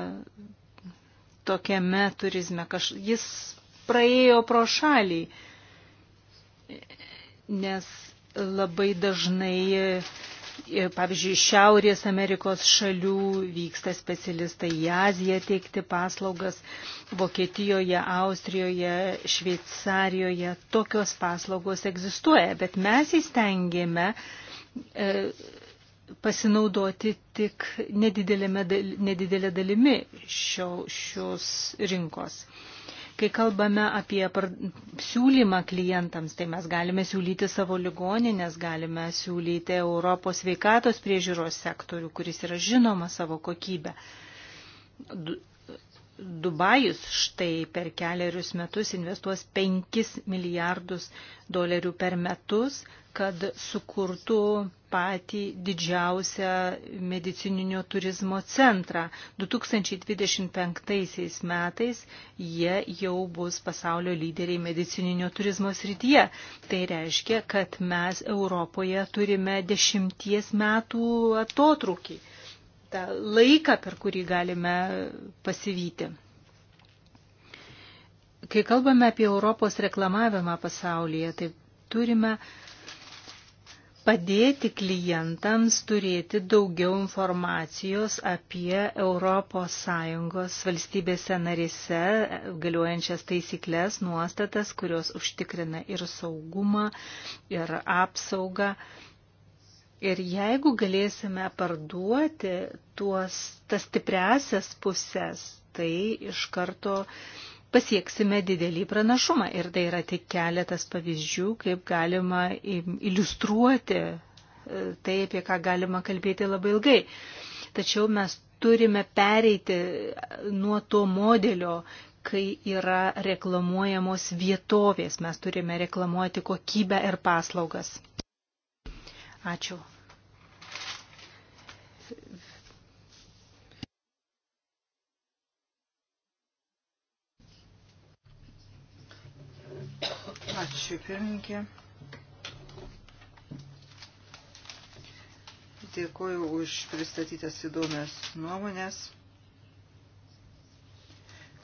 tokiame turizme. Kaž, jis praėjo pro šalį, nes labai dažnai E, pavyzdžiui, Šiaurės Amerikos šalių vyksta specialistai į Aziją teikti paslaugas, Vokietijoje, Austrijoje, Šveicarijoje tokios paslaugos egzistuoja, bet mes įstengėme e, pasinaudoti tik nedidelė dalimi šio, šios rinkos. Kai kalbame apie siūlymą klientams, tai mes galime siūlyti savo ligoninės, galime siūlyti Europos sveikatos priežiūros sektorių, kuris yra žinoma savo kokybę. Du Dubajus štai per keliarius metus investuos 5 milijardus dolerių per metus kad sukurtų patį didžiausią medicininio turizmo centrą. 2025 metais jie jau bus pasaulio lyderiai medicininio turizmo srityje. Tai reiškia, kad mes Europoje turime dešimties metų atotrukį, tą laiką, per kurį galime pasivyti. Kai kalbame apie Europos reklamavimą pasaulyje, tai turime uh, padėti klientams turėti daugiau informacijos apie ES valstybėse narėse galiojančias taisyklės, nuostatas, kurios užtikrina ir saugumą, ir apsaugą. Ir jeigu galėsime parduoti tuos, tas stipresias pusės, tai iš karto uh, pasieksime didelį pranašumą. Ir tai yra tik keletas pavyzdžių, kaip galima iliustruoti e, tai, apie ką galima kalbėti labai ilgai. Tačiau mes turime pereiti e, nuo to modelio, kai yra reklamuojamos vietovės. Mes turime reklamuoti kokybę ir paslaugas. Ačiū. Ačiū pirmininkė. Dėkuoju už pristatytas įdomias nuomonės.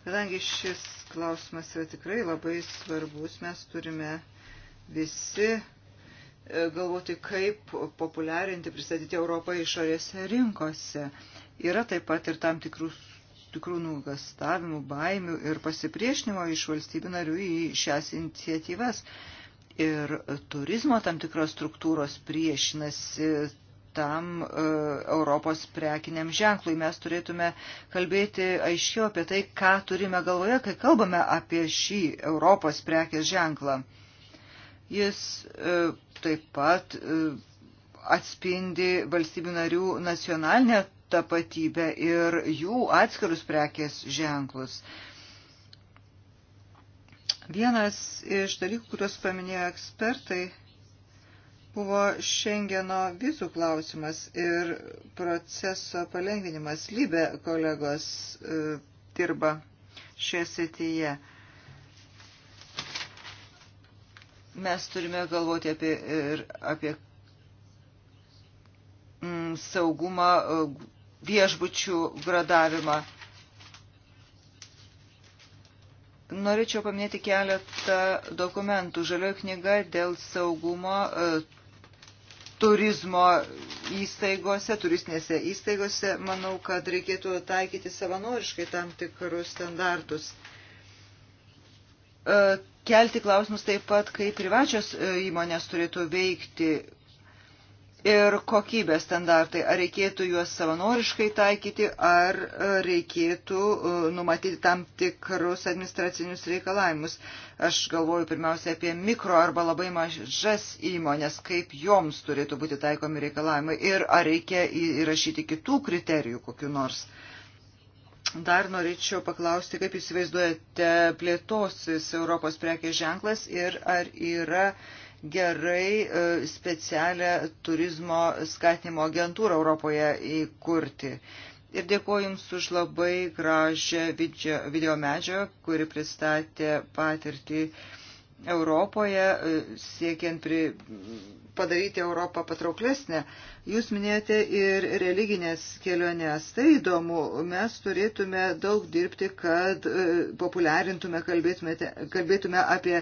Kadangi šis klausimas yra tikrai labai svarbus, mes turime visi e, galvoti, kaip populiarinti, pristatyti Europą išorėse rinkose. Yra taip pat ir tam tikrus tikrų nugastavimų, baimių ir pasipriešinimo iš valstybių narių į šias iniciatyvas. Ir turizmo tam tikros struktūros priešinasi tam e, Europos prekiniam ženklui. Mes turėtume kalbėti aiškiau apie tai, ką turime galvoje, kai kalbame apie šį Europos prekės ženklą. Jis e, taip pat e, atspindi valstybių narių nacionalinę tapatybę ir jų atskirus prekės ženklus. Vienas iš dalykų, kuriuos paminėjo ekspertai, buvo Šengeno vizų klausimas ir proceso palengvinimas. Lybė kolegos e, dirba šioje srityje. Mes turime galvoti apie, ir apie mm, saugumą. E, viešbučių gradavimą. Norėčiau paminėti keletą dokumentų. Žalioji knyga dėl saugumo e, turizmo įstaigose, turistinėse įstaigose, manau, kad reikėtų taikyti savanoriškai tam tikrus standartus. E, kelti klausimus taip pat, kaip privačios e, įmonės turėtų veikti, ir kokybės standartai. Ar reikėtų juos savanoriškai taikyti, ar e, reikėtų e, numatyti tam tikrus administracinius reikalavimus. Aš galvoju pirmiausia apie mikro arba labai mažas įmonės, kaip joms turėtų būti taikomi reikalavimai ir ar reikia įrašyti kitų kriterijų kokiu nors. Dar norėčiau paklausti, kaip įsivaizduojate plėtosis Europos prekės ženklas ir ar yra uh, gerai e, specialią turizmo skatinimo agentūrą Europoje įkurti. Ir dėkuoju Jums už labai gražią video medžiagą, kuri pristatė patirtį Europoje, e, siekiant pri, padaryti Europą patrauklesnę. Jūs minėjote ir religinės keliones. Tai įdomu, mes turėtume daug dirbti, kad e, populiarintume, kalbėtume, kalbėtume apie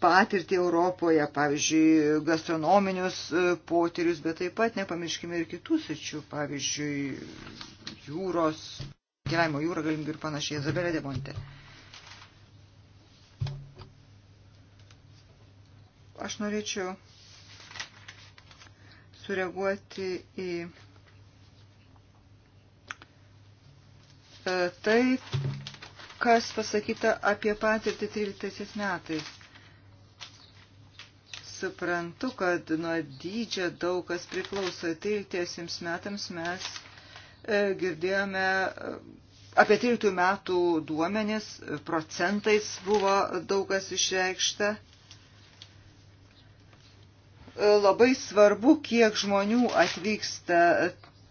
patirtį Europoje, pavyzdžiui, gastronominius e, potyrius, bet taip pat nepamirškime ir kitų sričių, pavyzdžiui, jūros, keliavimo jūrą galimybių ir panašiai. Izabelė Demonte. Aš norėčiau sureaguoti į e, tai, kas pasakyta apie patirtį 13 metais suprantu, kad nuo dydžio daug kas priklauso. 13 tai metams mes e, girdėjome e, apie 13 metų duomenis, e, procentais buvo daug kas išreikšta. Labai svarbu, kiek žmonių atvyksta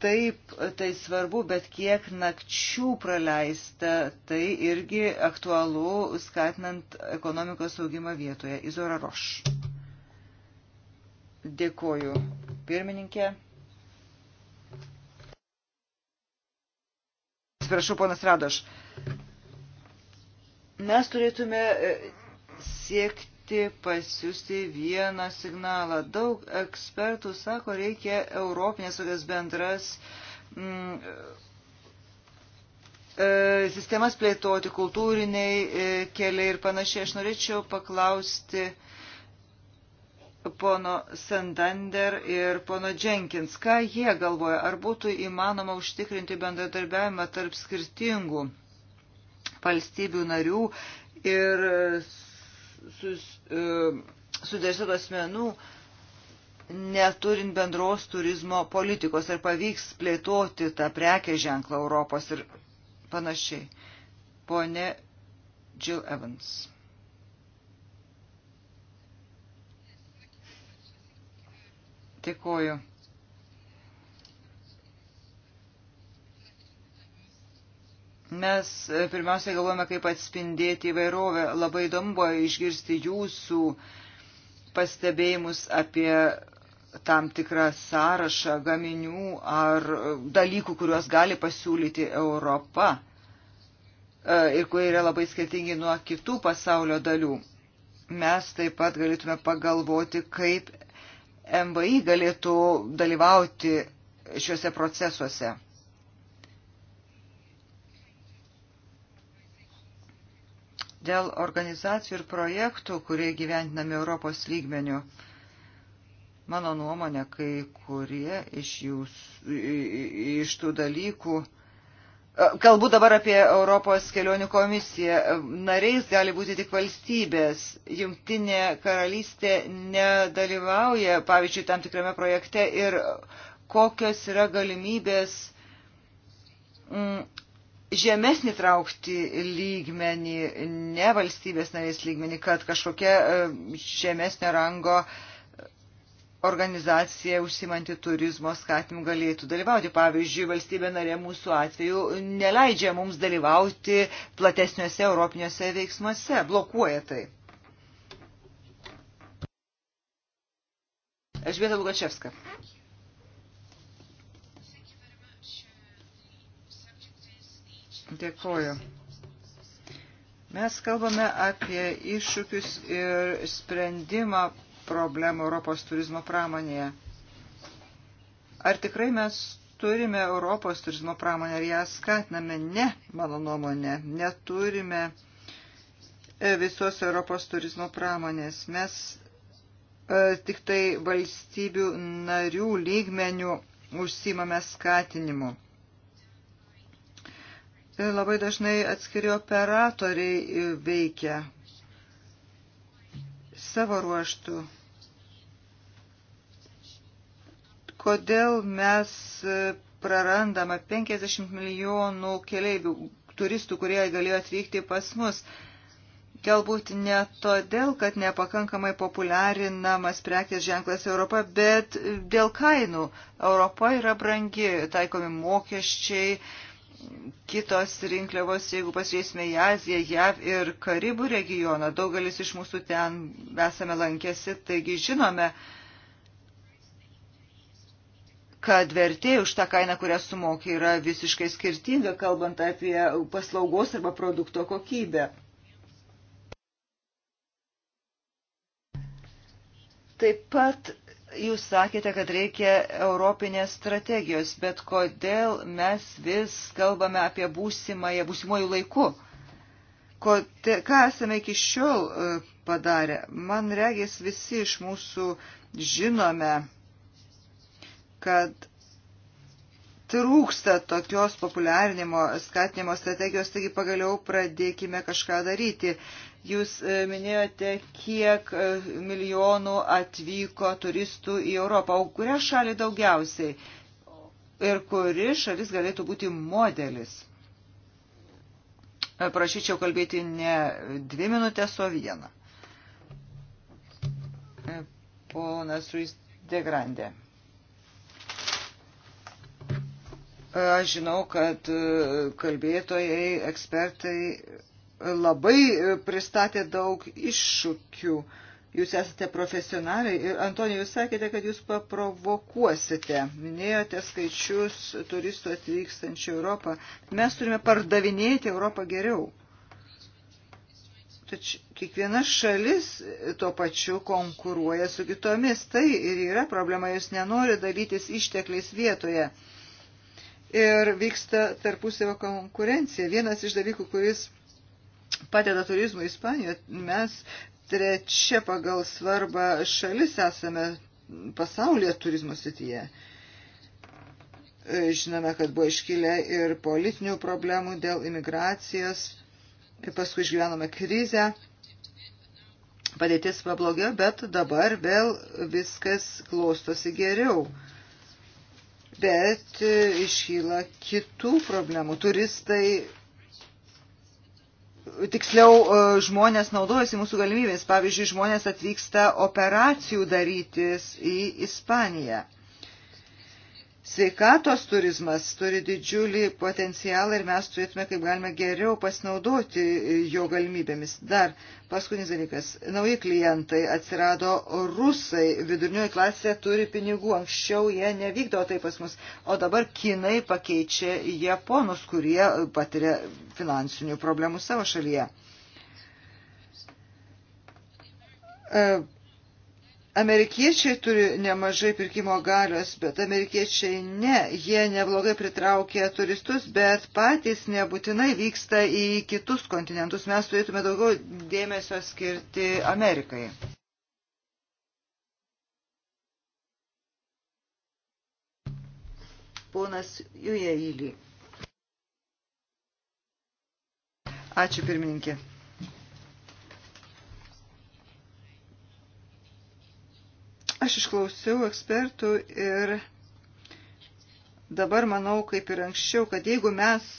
taip tai svarbu, bet kiek nakčių praleista, tai irgi aktualu skatinant ekonomikos augimą vietoje. Izora Roš. Dėkoju pirmininkė. Atsiprašau, ponas Radoš. Mes turėtume e, siekti pasiūsti vieną signalą. Daug ekspertų sako, reikia europinės tokias bendras mm, e, sistemas plėtoti, kultūriniai e, keliai ir panašiai. Aš norėčiau paklausti. E, pono Sandander ir pono Jenkins. Ką jie galvoja, ar būtų įmanoma užtikrinti bendradarbiavimą tarp skirtingų valstybių narių ir sus, sudėsėtų asmenų, neturint bendros turizmo politikos, ar pavyks plėtoti tą prekę ženklą Europos ir panašiai. Pone Jill Evans. Dėkoju. Mes e, pirmiausiai galvojame, kaip atspindėti įvairovę. Labai įdomu buvo išgirsti jūsų pastebėjimus apie tam tikrą sąrašą gaminių ar e, dalykų, kuriuos gali pasiūlyti Europa e, ir kurie yra labai skirtingi nuo kitų pasaulio dalių. Mes taip pat galėtume pagalvoti, kaip MVI galėtų dalyvauti šiuose procesuose. Dėl organizacijų ir projektų, kurie gyventinami Europos lygmenių, mano nuomonė, kai kurie iš, jūs, iš tų dalykų Kalbu dabar apie Europos kelionių komisiją. Nariais gali būti tik valstybės. Jungtinė karalystė nedalyvauja, pavyzdžiui, tam tikrame projekte ir kokios yra galimybės mm, žemesnį traukti lygmenį, ne valstybės narės lygmenį, kad kažkokia e, žemesnio rango uh, organizacija užsimanti turizmo skatimu galėtų dalyvauti. Pavyzdžiui, valstybė narė mūsų atveju neleidžia mums dalyvauti platesniuose europiniuose veiksmuose, blokuoja tai. Elžbieta Lugačevska. Dėkoju. Mes kalbame apie iššūkius ir sprendimą problemų Europos turizmo pramonėje. Ar tikrai mes turime Europos turizmo pramonę, ar ją skatiname? Ne, mano nuomonė, neturime e, visos Europos turizmo pramonės. Mes e, tik tai valstybių narių lygmenių užsimame skatinimu. Ir e, labai dažnai atskiri operatoriai veikia savo ruoštų Kodėl mes e, prarandama 50 milijonų keleivių, turistų, kurie galėjo atvykti pas mus? Galbūt ne todėl, kad nepakankamai populiarinamas prekės ženklas Europa, bet dėl kainų. Europa yra brangi, taikomi mokesčiai, kitos rinkliavos, jeigu pasižiūrėsime į Aziją, JAV ir Karibų regioną, daugelis iš mūsų ten esame lankėsi, taigi žinome, uh, kad vertė už tą kainą, kurią sumokė, yra visiškai skirtinga, kalbant apie paslaugos arba produkto kokybę. Taip pat jūs sakėte, kad reikia europinės strategijos, bet kodėl mes vis kalbame apie būsimąją, būsimuoju laiku? Ko, te, ką esame iki šiol e, padarę? Man regis visi iš mūsų žinome kad trūksta tokios populiarinimo, skatinimo strategijos, taigi pagaliau pradėkime kažką daryti. Jūs e, minėjote, kiek e, milijonų atvyko turistų į Europą, o kurią šalį daugiausiai ir kuri šalis galėtų būti modelis. E, prašyčiau kalbėti ne dvi minutės, o vieną. Ponas Ruiz de Grande. Aš žinau, kad e, kalbėtojai, ekspertai labai e, pristatė daug iššūkių. Jūs esate profesionaliai ir, Antonija, jūs sakėte, kad jūs paprovokuosite. Minėjote skaičius turistų atvykstančių Europą. Mes turime pardavinėti Europą geriau. Tačiau kiekviena šalis tuo pačiu konkuruoja su kitomis. Tai ir yra problema, jūs nenori dalytis ištekliais vietoje ir vyksta tarpusavio konkurencija. Vienas iš dalykų, kuris padeda turizmui Ispanijoje, mes trečia pagal svarbą šalis esame pasaulyje turizmo srityje. Žinome, kad buvo iškilę ir politinių problemų dėl imigracijos, paskui išgyvenome krizę, padėtis pablogėjo, bet dabar vėl viskas klostosi geriau bet e, iškyla kitų problemų. Turistai, tiksliau, e, žmonės naudojasi mūsų galimybės. Pavyzdžiui, žmonės atvyksta operacijų darytis į Ispaniją. Sveikatos turizmas turi didžiulį potencialą ir mes turėtume kaip galime geriau pasinaudoti jo galimybėmis. Dar paskutinis dalykas. Nauji klientai atsirado rusai. Vidurnioji klasė turi pinigų. Anksčiau jie nevykdavo tai pas mus. O dabar kinai pakeičia japonus, kurie patiria finansinių problemų savo šalyje. E, Amerikiečiai turi nemažai pirkimo galios, bet amerikiečiai ne, jie neblogai pritraukia turistus, bet patys nebūtinai vyksta į kitus kontinentus. Mes turėtume daugiau dėmesio skirti Amerikai. Ponas Jujailį. Ačiū pirmininkė. Aš išklausiau ekspertų ir dabar manau, kaip ir anksčiau, kad jeigu mes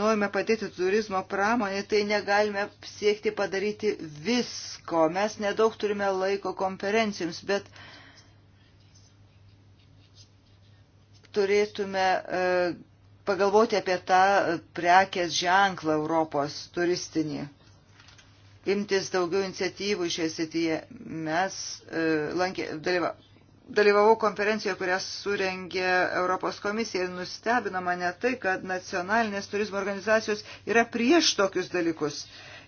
norime padėti turizmo pramonė, tai negalime siekti padaryti visko. Mes nedaug turime laiko konferencijoms, bet turėtume e, pagalvoti apie tą prekės ženklą Europos turistinį imtis daugiau iniciatyvų šioje srityje. Mes e, lankė, dalyva, dalyvavau konferencijoje, kurią surengė Europos komisija ir nustebino mane tai, kad nacionalinės turizmo organizacijos yra prieš tokius dalykus.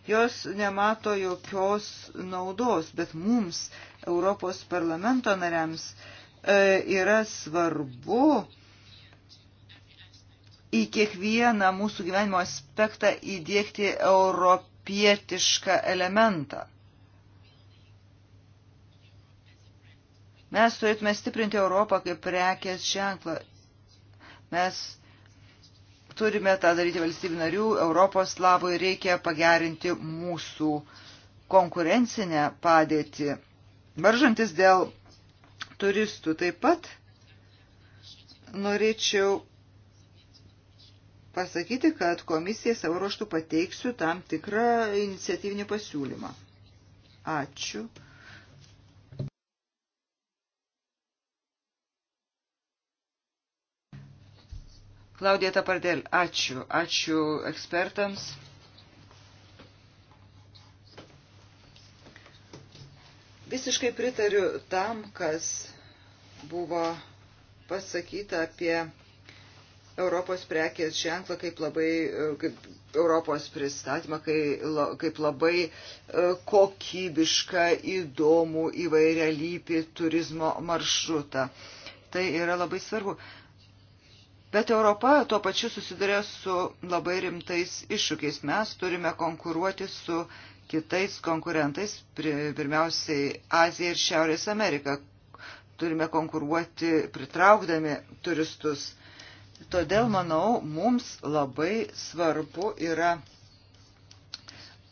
Jos nemato jokios naudos, bet mums, Europos parlamento nariams, e, yra svarbu į kiekvieną mūsų gyvenimo aspektą įdėkti Europą europietišką elementą. Mes turėtume stiprinti Europą kaip prekės ženklą. Mes turime tą daryti valstybių narių, Europos labui reikia pagerinti mūsų konkurencinę padėtį. Varžantis dėl turistų taip pat norėčiau pasakyti, kad komisija savo ruoštų pateiksiu tam tikrą iniciatyvinį pasiūlymą. Ačiū. Klaudija Tapardėl, ačiū. Ačiū ekspertams. Visiškai pritariu tam, kas buvo pasakyta apie Europos prekės ženklą kaip labai, e, kaip Europos pristatymą, kaip labai e, kokybišką, įdomų, įvairialypį turizmo maršrutą. Tai yra labai svarbu. Bet Europa tuo pačiu susiduria su labai rimtais iššūkiais. Mes turime konkuruoti su kitais konkurentais, pirmiausiai Azija ir Šiaurės Amerika. Turime konkuruoti pritraukdami turistus Todėl, manau, mums labai svarbu yra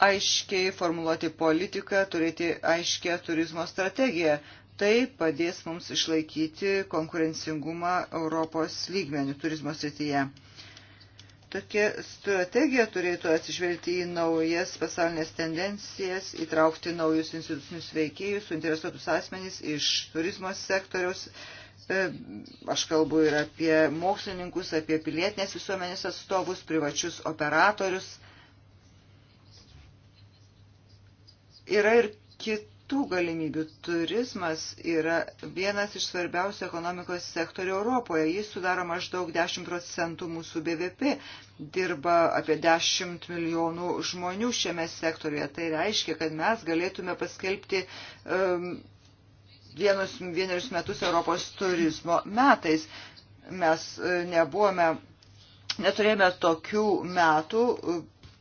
aiškiai formuluoti politiką, turėti aiškę turizmo strategiją. Tai padės mums išlaikyti konkurencingumą Europos lygmenių turizmo srityje. Tokia strategija turėtų atsižvelgti į naujas pasaulinės tendencijas, įtraukti naujus institucinius veikėjus, suinteresuotus asmenys iš turizmo sektoriaus, E, aš kalbu ir apie mokslininkus, apie pilietinės visuomenės atstovus, privačius operatorius. Yra ir kitų galimybių. Turizmas yra vienas iš svarbiausių ekonomikos sektorių Europoje. Jis sudaro maždaug 10 procentų mūsų BVP. Dirba apie 10 milijonų žmonių šiame sektoriuje. Tai reiškia, kad mes galėtume paskelbti um, vienus, vienerius metus Europos turizmo metais. Mes e, nebuvome, neturėjome tokių metų e,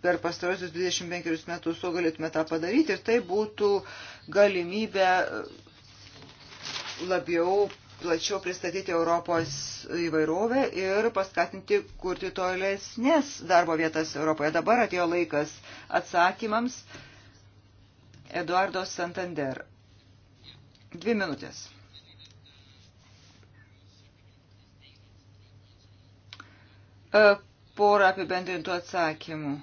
per pastarosius 25 metus, o galėtume tą padaryti ir tai būtų galimybė e, labiau plačiau pristatyti Europos įvairovę ir paskatinti kurti tolesnės darbo vietas Europoje. Dabar atėjo laikas atsakymams. Eduardo Santander Dvi minutės. E, porą apibendrintų atsakymų.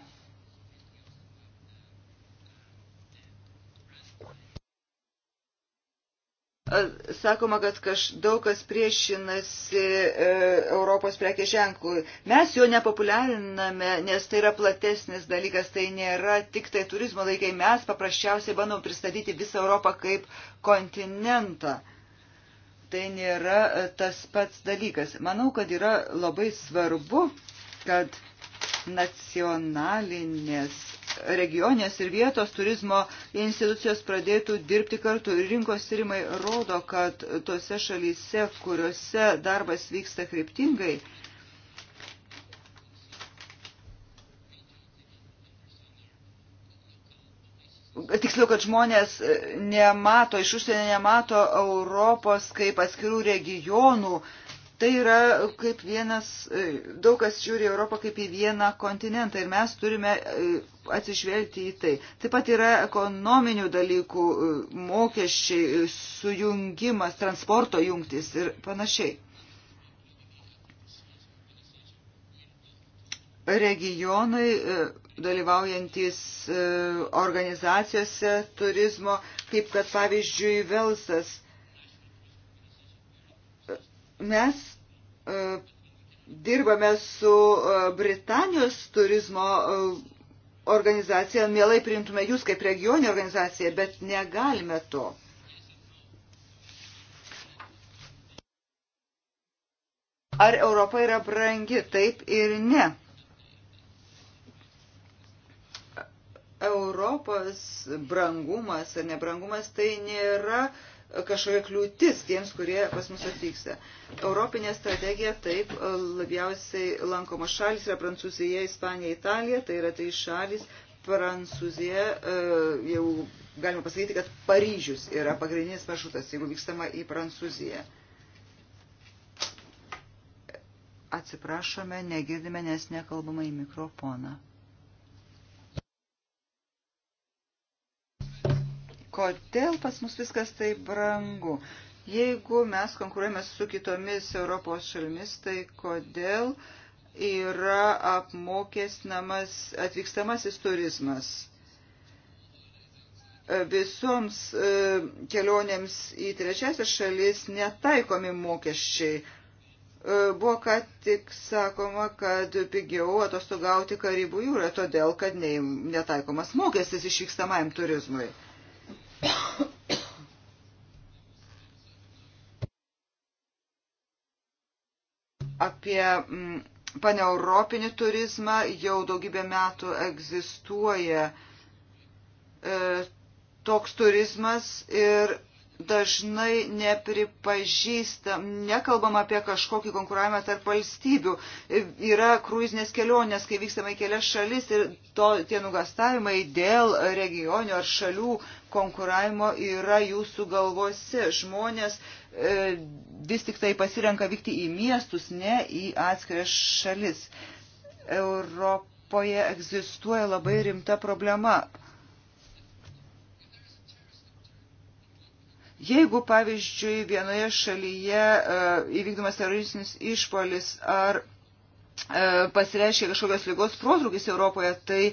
sakoma, kad kaž, daug kas priešinasi e, Europos prekės ženklui. Mes jo nepopuliariname, nes tai yra platesnis dalykas, tai nėra tik tai turizmo laikai. Mes paprasčiausiai bandom pristatyti visą Europą kaip kontinentą. Tai nėra e, tas pats dalykas. Manau, kad yra labai svarbu, kad nacionalinės regionės ir vietos turizmo institucijos pradėtų dirbti kartu. Ir rinkos tyrimai rodo, kad tose šalyse, kuriuose darbas vyksta kryptingai, tiksliau, kad žmonės nemato, iš užsienio nemato Europos kaip atskirų regionų Tai yra kaip vienas, e, daug kas žiūri Europą kaip į vieną kontinentą ir mes turime e, atsižvelgti į tai. Taip pat yra ekonominių dalykų, e, mokesčiai, sujungimas, transporto jungtis ir panašiai. Regionai dalyvaujantis organizacijose turizmo, kaip kad pavyzdžiui Velsas Mes e, dirbame su e, Britanijos turizmo e, organizacija, mielai priimtume jūs kaip regioninė organizacija, bet negalime to. Ar Europa yra brangi? Taip ir ne. Europos brangumas ar nebrangumas tai nėra kažkokia kliūtis tiems, kurie pas mus atvyksta. Europinė strategija taip labiausiai lankomos šalis yra Prancūzija, Ispanija, Italija, tai yra trys šalis. Prancūzija e, jau galima pasakyti, kad Paryžius yra pagrindinis maršrutas, jeigu vykstama į Prancūziją. Atsiprašome, negirdime, nes nekalbama į mikrofoną. Kodėl pas mus viskas taip brangu? Jeigu mes konkuruojame su kitomis Europos šalimis, tai kodėl yra apmokestinamas atvykstamasis turizmas? Visoms e, kelionėms į trečiasias šalis netaikomi mokesčiai. E, buvo ką tik sakoma, kad pigiau atostogauti Karibų jūroje, todėl kad netaikomas mokestis išvykstamajam turizmui. Apie mm, paneuropinį turizmą jau daugybę metų egzistuoja e, toks turizmas ir dažnai nepripažįstam, nekalbam apie kažkokį konkuravimą tarp valstybių. Yra kruizinės kelionės, kai vykstama į kelias šalis ir to, tie nugastavimai dėl regionio ar šalių konkuravimo yra jūsų galvose. Žmonės e, vis tik tai pasirenka vykti į miestus, ne į atskiras šalis. Europoje egzistuoja labai rimta problema Jeigu, pavyzdžiui, vienoje šalyje e, įvykdomas teroristinis išpolis ar e, pasireiškia kažkokios lygos protrūkis Europoje, tai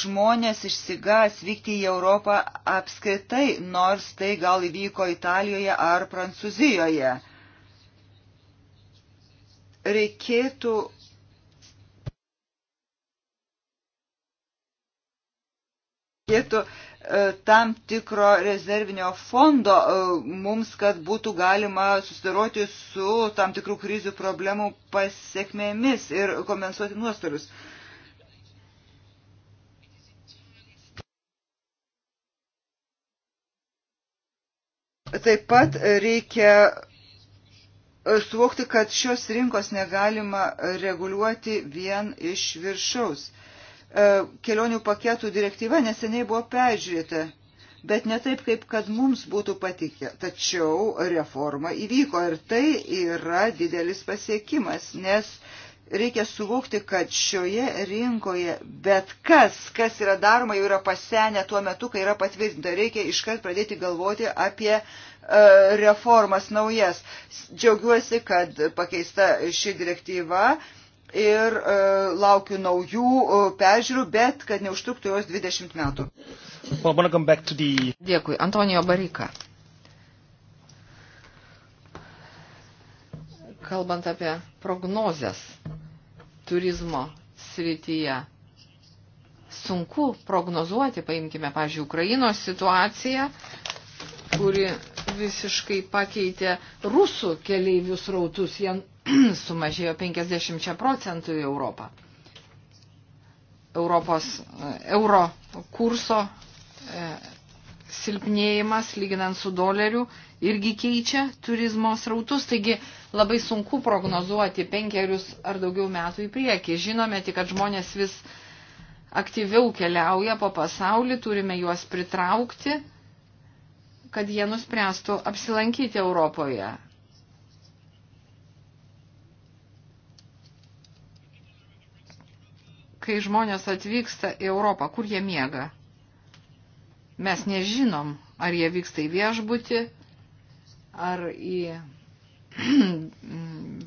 žmonės išsigas vykti į Europą apskritai, nors tai gal įvyko Italijoje ar Prancūzijoje. Reikėtų reikėtų E, tam tikro rezervinio fondo e, mums, kad būtų galima susidaroti su tam tikrų krizių problemų pasiekmėmis ir kompensuoti nuostolius. Taip pat reikia e, suvokti, kad šios rinkos negalima reguliuoti vien iš viršaus. E, kelionių paketų direktyva neseniai buvo peržiūrėta, bet ne taip, kaip kad mums būtų patikę. Tačiau reforma įvyko ir tai yra didelis pasiekimas, nes reikia suvokti, kad šioje rinkoje bet kas, kas yra daroma, jau yra pasenę tuo metu, kai yra patvirtinta. Reikia iškart pradėti galvoti apie e, reformas naujas. Džiaugiuosi, kad pakeista ši direktyva ir e, laukiu naujų e, peržiūrų, bet kad neužtruktų jos 20 metų. Well, the... Dėkui. Antonijo Barika. Kalbant apie prognozes turizmo srityje, sunku prognozuoti, paimkime, pažiūrėjau, Ukrainos situaciją, kuri visiškai pakeitė rusų keleivius rautus. Jie sumažėjo 50 procentų į Europą. Europos e, euro kurso e, silpnėjimas, lyginant su doleriu, irgi keičia turizmo srautus, taigi labai sunku prognozuoti penkerius ar daugiau metų į priekį. Žinome tik, kad žmonės vis aktyviau keliauja po pasaulį, turime juos pritraukti, kad jie nuspręstų apsilankyti Europoje. kai žmonės atvyksta į Europą, kur jie miega. Mes nežinom, ar jie vyksta į viešbutį, ar į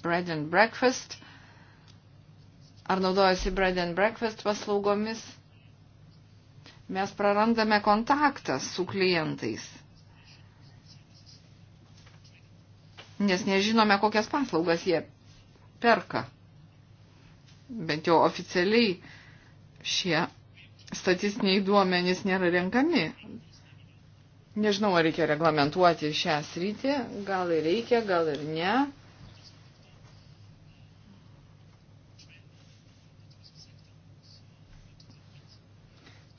bread and breakfast, ar naudojasi bread and breakfast paslaugomis. Mes prarandame kontaktą su klientais, nes nežinome, kokias paslaugas jie perka bent jau oficialiai šie statistiniai duomenys nėra renkami. Nežinau, ar reikia reglamentuoti šią sritį, gal ir reikia, gal ir ne.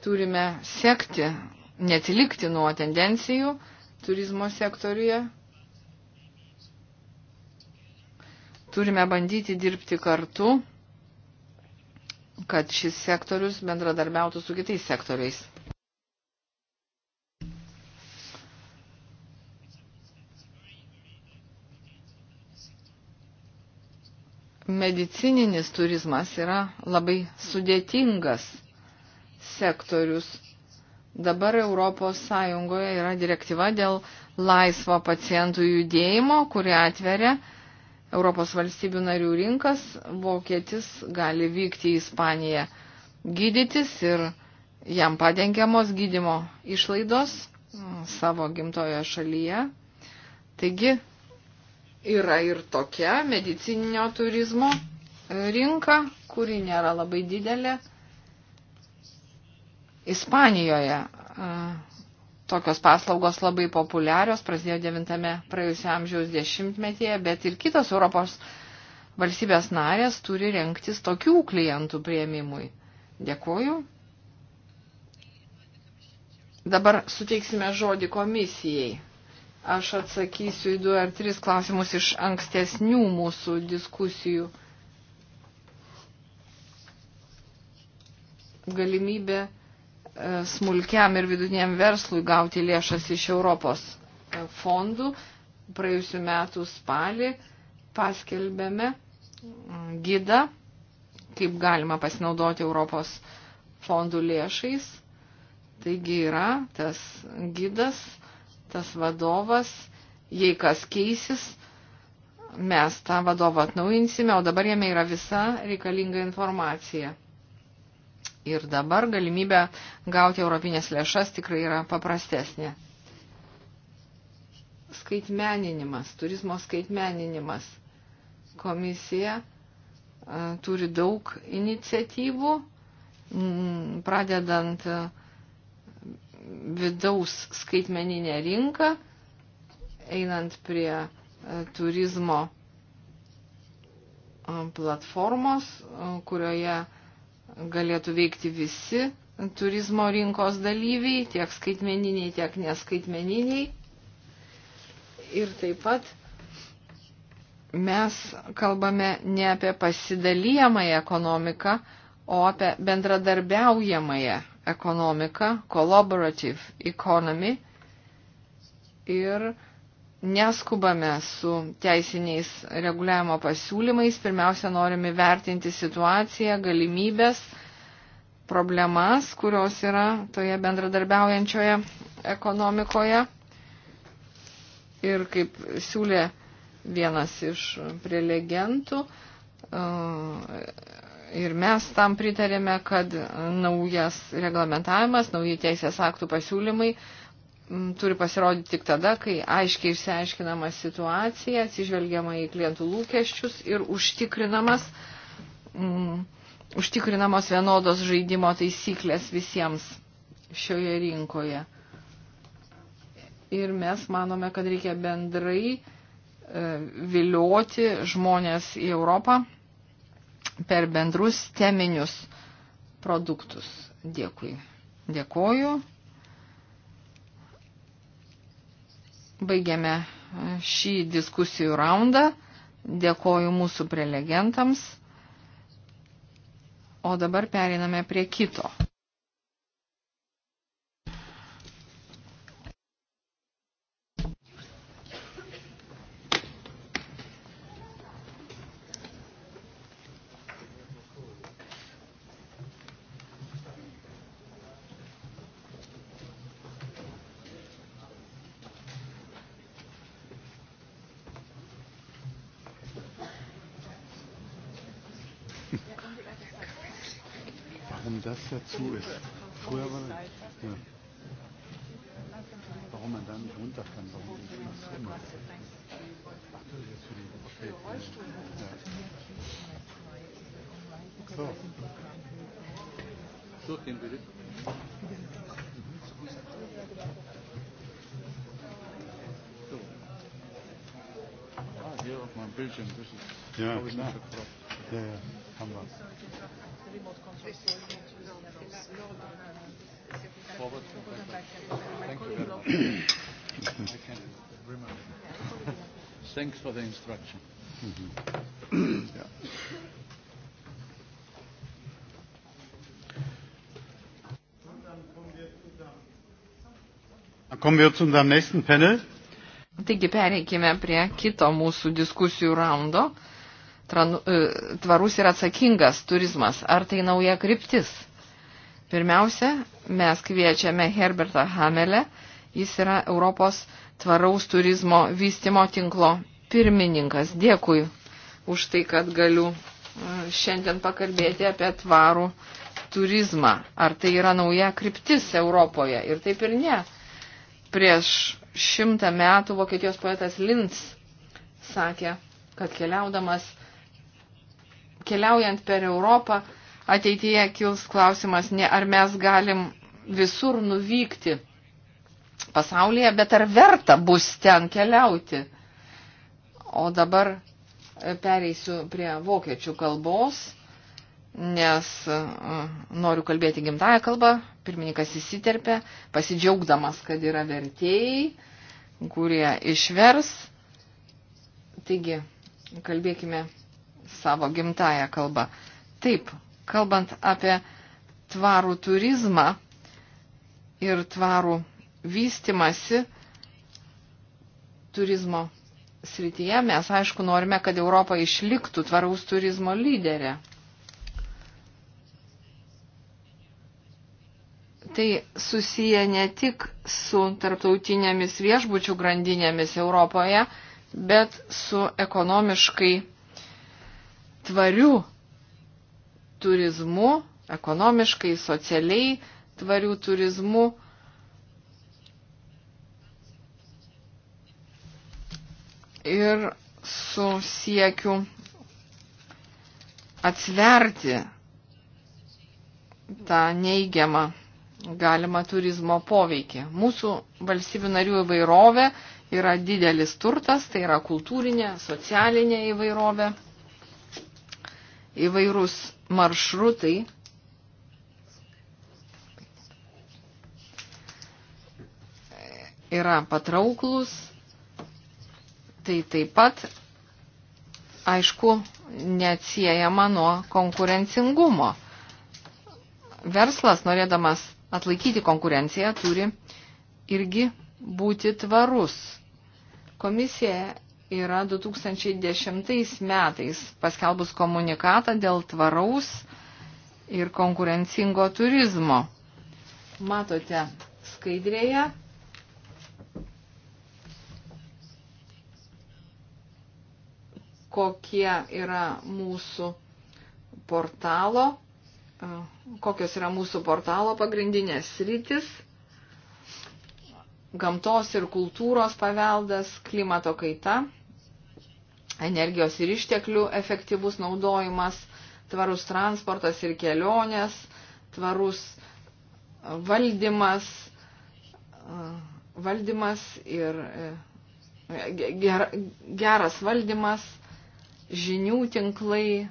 Turime sekti, neatsilikti nuo tendencijų turizmo sektoriuje. Turime bandyti dirbti kartu kad šis sektorius bendradarbiautų su kitais sektoriais. Medicininis turizmas yra labai sudėtingas sektorius. Dabar Europos Sąjungoje yra direktyva dėl laisvo pacientų judėjimo, kuri atveria uh, Europos valstybių narių rinkas, vokietis gali vykti į Ispaniją gydytis ir jam padengiamos gydimo išlaidos mm, savo gimtojo šalyje. Taigi yra ir tokia medicininio turizmo e, rinka, kuri nėra labai didelė. Ispanijoje e, Tokios paslaugos labai populiarios, prasidėjo 9 praėjusio amžiaus dešimtmetyje, bet ir kitos Europos valstybės narės turi renktis tokių klientų prieimimui. Dėkuoju. Dabar suteiksime žodį komisijai. Aš atsakysiu į du ar tris klausimus iš ankstesnių mūsų diskusijų. Galimybė smulkiam ir vidutiniam verslui gauti lėšas iš Europos e, fondų. Praėjusiu metu spalį paskelbėme mm, gidą, kaip galima pasinaudoti Europos fondų lėšais. Taigi yra tas gidas, tas vadovas, jei kas keisis, mes tą vadovą atnaujinsime, o dabar jame yra visa reikalinga informacija ir dabar galimybė gauti europinės lėšas tikrai yra paprastesnė. Skaitmeninimas, turizmo skaitmeninimas. Komisija turi daug iniciatyvų, pradedant vidaus skaitmeninę rinką, einant prie turizmo platformos, kurioje galėtų veikti visi turizmo rinkos dalyviai, tiek skaitmeniniai, tiek neskaitmeniniai. Ir taip pat mes kalbame ne apie pasidalyjamąją ekonomiką, o apie bendradarbiaujamąją ekonomiką, collaborative economy. Ir neskubame su teisiniais reguliavimo pasiūlymais. Pirmiausia, norime vertinti situaciją, galimybės, problemas, kurios yra toje bendradarbiaujančioje ekonomikoje. Ir kaip siūlė vienas iš prelegentų, e, ir mes tam pritarėme, kad naujas reglamentavimas, nauji teisės aktų pasiūlymai turi pasirodyti tik tada, kai aiškiai išsiaiškinama situacija, atsižvelgiama į klientų lūkesčius ir užtikrinamas, mm, užtikrinamos vienodos žaidimo taisyklės visiems šioje rinkoje. Ir mes manome, kad reikia bendrai e, vilioti žmonės į Europą per bendrus teminius produktus. Dėkui. Dėkoju. Baigiame e, šį diskusijų raundą. Dėkoju mūsų prelegentams. O dabar periname prie kito. zu ist. Thanks for the instruction. Mm-hmm. yeah. Taigi pereikime prie kito mūsų diskusijų raundo. E, tvarus ir atsakingas turizmas. Ar tai nauja kryptis? Pirmiausia, mes kviečiame Herbertą Hamelę. Jis yra Europos tvaraus turizmo vystimo tinklo pirmininkas. Dėkui už tai, kad galiu e, šiandien pakalbėti apie tvarų turizmą. Ar tai yra nauja kryptis Europoje? Ir taip ir ne. Prieš šimtą metų Vokietijos poetas Linz sakė, kad keliaudamas, keliaujant per Europą, ateityje kils klausimas ne ar mes galim visur nuvykti pasaulyje, bet ar verta bus ten keliauti. O dabar e, pereisiu prie vokiečių kalbos, nes e, noriu kalbėti gimtają kalbą. Pirmininkas įsiterpė, pasidžiaugdamas, kad yra vertėjai, kurie išvers. Taigi, kalbėkime savo gimtają kalbą. Taip, kalbant apie tvarų turizmą ir tvarų vystimasi, turizmo srityje mes, aišku, norime, kad Europa išliktų tvaraus turizmo lyderė. Tai susiję ne tik su tarptautinėmis viešbučių grandinėmis Europoje, bet su ekonomiškai tvariu turizmu, ekonomiškai, socialiai tvarių turizmų ir su siekiu atsverti tą neigiamą galimą turizmo poveikį. Mūsų valstybių narių įvairovė yra didelis turtas, tai yra kultūrinė, socialinė įvairovė, įvairūs maršrutai. Yra patrauklus, tai taip pat, aišku, neatsiejama nuo konkurencingumo. Verslas, norėdamas atlaikyti konkurenciją, turi irgi būti tvarus. Komisija yra 2010 metais paskelbus komunikatą dėl tvaraus ir konkurencingo turizmo. Matote skaidrėje kokie yra mūsų portalo, e, kokios yra mūsų portalo pagrindinės rytis gamtos ir kultūros paveldas, klimato kaita, energijos ir išteklių efektyvus naudojimas, tvarus transportas ir kelionės, tvarus valdymas, e, valdymas ir e, geras valdymas, žinių tinklai,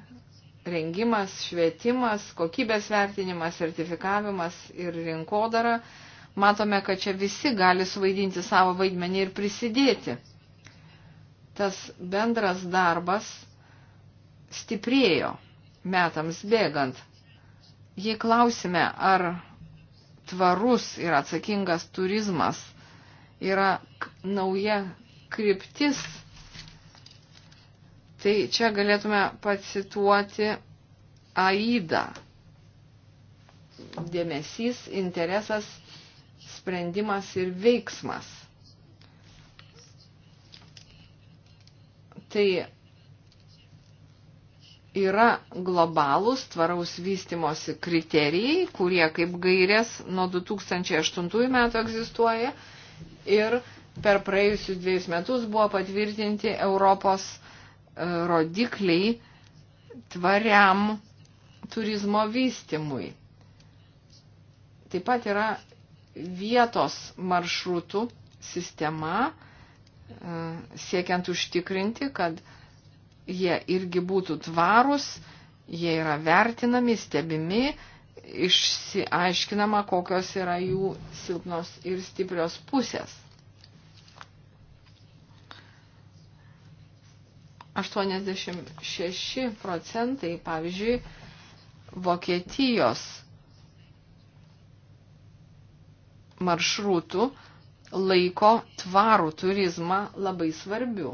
rengimas, švietimas, kokybės vertinimas, sertifikavimas ir rinkodara. Matome, kad čia visi gali suvaidinti savo vaidmenį ir prisidėti. Tas bendras darbas stiprėjo metams bėgant. Jei klausime, ar tvarus ir atsakingas turizmas yra nauja kryptis, Tai čia galėtume pacituoti AIDA. Dėmesys, interesas, sprendimas ir veiksmas. Tai yra globalūs tvaraus vystimosi kriterijai, kurie kaip gairės nuo 2008 metų egzistuoja ir per praėjusius dviejus metus buvo patvirtinti Europos rodikliai tvariam turizmo vystimui. Taip pat yra vietos maršrutų sistema, e, siekiant užtikrinti, kad jie irgi būtų tvarūs, jie yra vertinami, stebimi, išsiaiškinama, kokios yra jų silpnos ir stiprios pusės. 86 procentai, pavyzdžiui, Vokietijos maršrutų laiko tvarų turizmą labai svarbiu.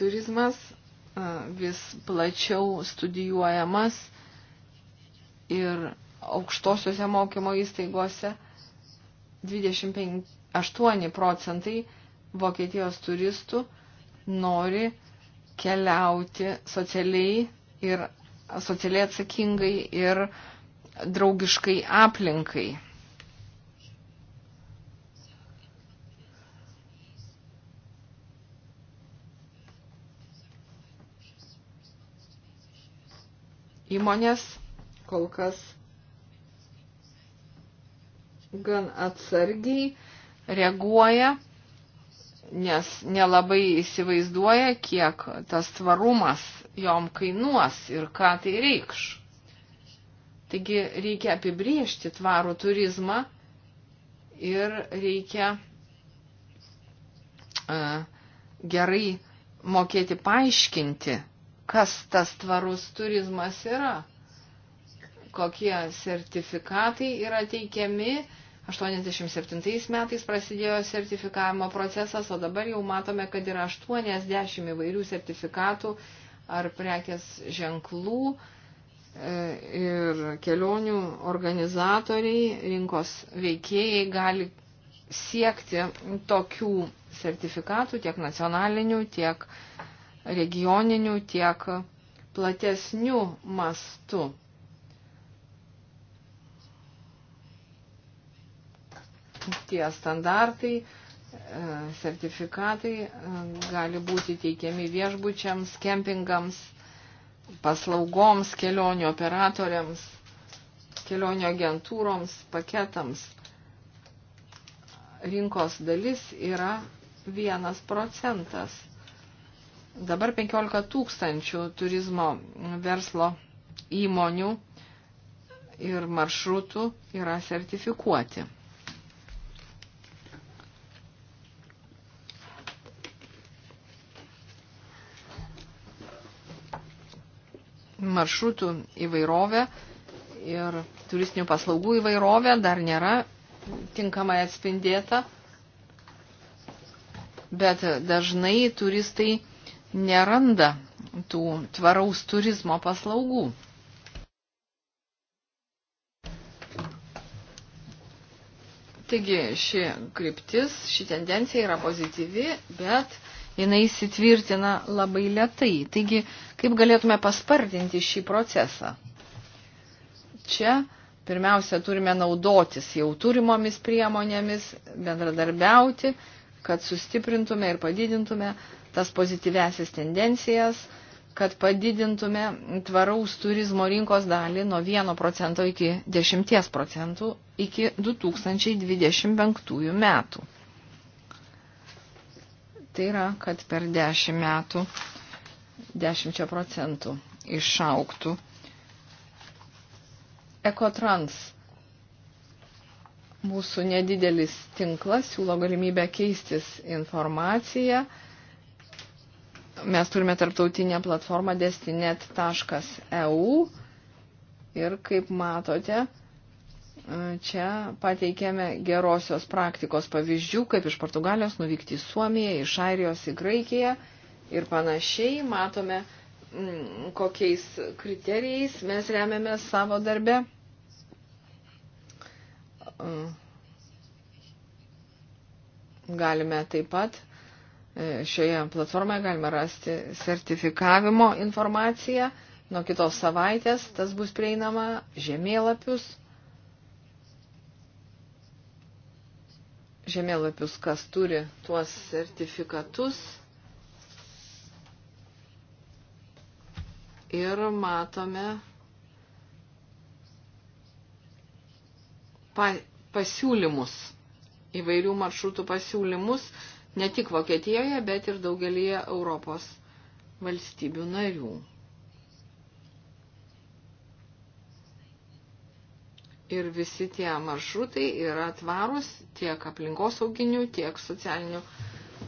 Turizmas vis plačiau studijuojamas ir aukštosiuose mokymo įstaigose – 28 procentai Vokietijos turistų nori keliauti socialiai ir socialiai atsakingai ir draugiškai aplinkai. Įmonės kol kas gan atsargiai reaguoja, nes nelabai įsivaizduoja, kiek tas tvarumas jom kainuos ir ką tai reikš. Taigi reikia apibriežti tvarų turizmą ir reikia uh, gerai mokėti paaiškinti, kas tas tvarus turizmas yra, kokie sertifikatai yra teikiami, uh, 87 metais prasidėjo sertifikavimo procesas, o dabar jau matome, kad yra 80 įvairių sertifikatų ar prekės ženklų e, ir kelionių organizatoriai, rinkos veikėjai gali siekti tokių sertifikatų, tiek nacionalinių, tiek regioninių, tiek platesnių mastų. tie standartai, e, sertifikatai e, gali būti teikiami viešbučiams, kempingams, paslaugoms, kelionių operatoriams, kelionių agentūroms, paketams. Rinkos dalis yra vienas procentas. Dabar 15 tūkstančių turizmo verslo įmonių ir maršrutų yra sertifikuoti. maršrutų įvairovė ir turistinių paslaugų įvairovė dar nėra tinkamai atspindėta, bet dažnai turistai neranda tų tvaraus turizmo paslaugų. Taigi ši kryptis, ši tendencija yra pozityvi, bet jinai įsitvirtina labai lietai. Taigi, kaip galėtume paspartinti šį procesą? Čia pirmiausia turime naudotis jau turimomis priemonėmis, bendradarbiauti, kad sustiprintume ir padidintume tas pozityvesias tendencijas, kad padidintume tvaraus turizmo rinkos dalį nuo 1 procento iki 10 procentų iki 2025 metų. Tai yra, kad per 10 metų 10 procentų išauktų Ekotrans. Mūsų nedidelis tinklas siūlo galimybę keistis informaciją. Mes turime tarptautinę platformą destinet.eu ir kaip matote, Čia pateikėme gerosios praktikos pavyzdžių, kaip iš Portugalijos nuvykti į Suomiją, iš Airijos į Graikiją ir panašiai. Matome, mm, kokiais kriterijais mes remiame savo darbę. Mm. Galime taip pat e, šioje platformoje galime rasti sertifikavimo informaciją. Nuo kitos savaitės tas bus prieinama žemėlapius žemėlapius, kas turi tuos sertifikatus. Ir matome pa, pasiūlymus, įvairių maršrutų pasiūlymus, ne tik Vokietijoje, bet ir daugelįje Europos valstybių narių. ir visi tie maršrutai yra tvarūs tiek aplinkosauginių, tiek socialinių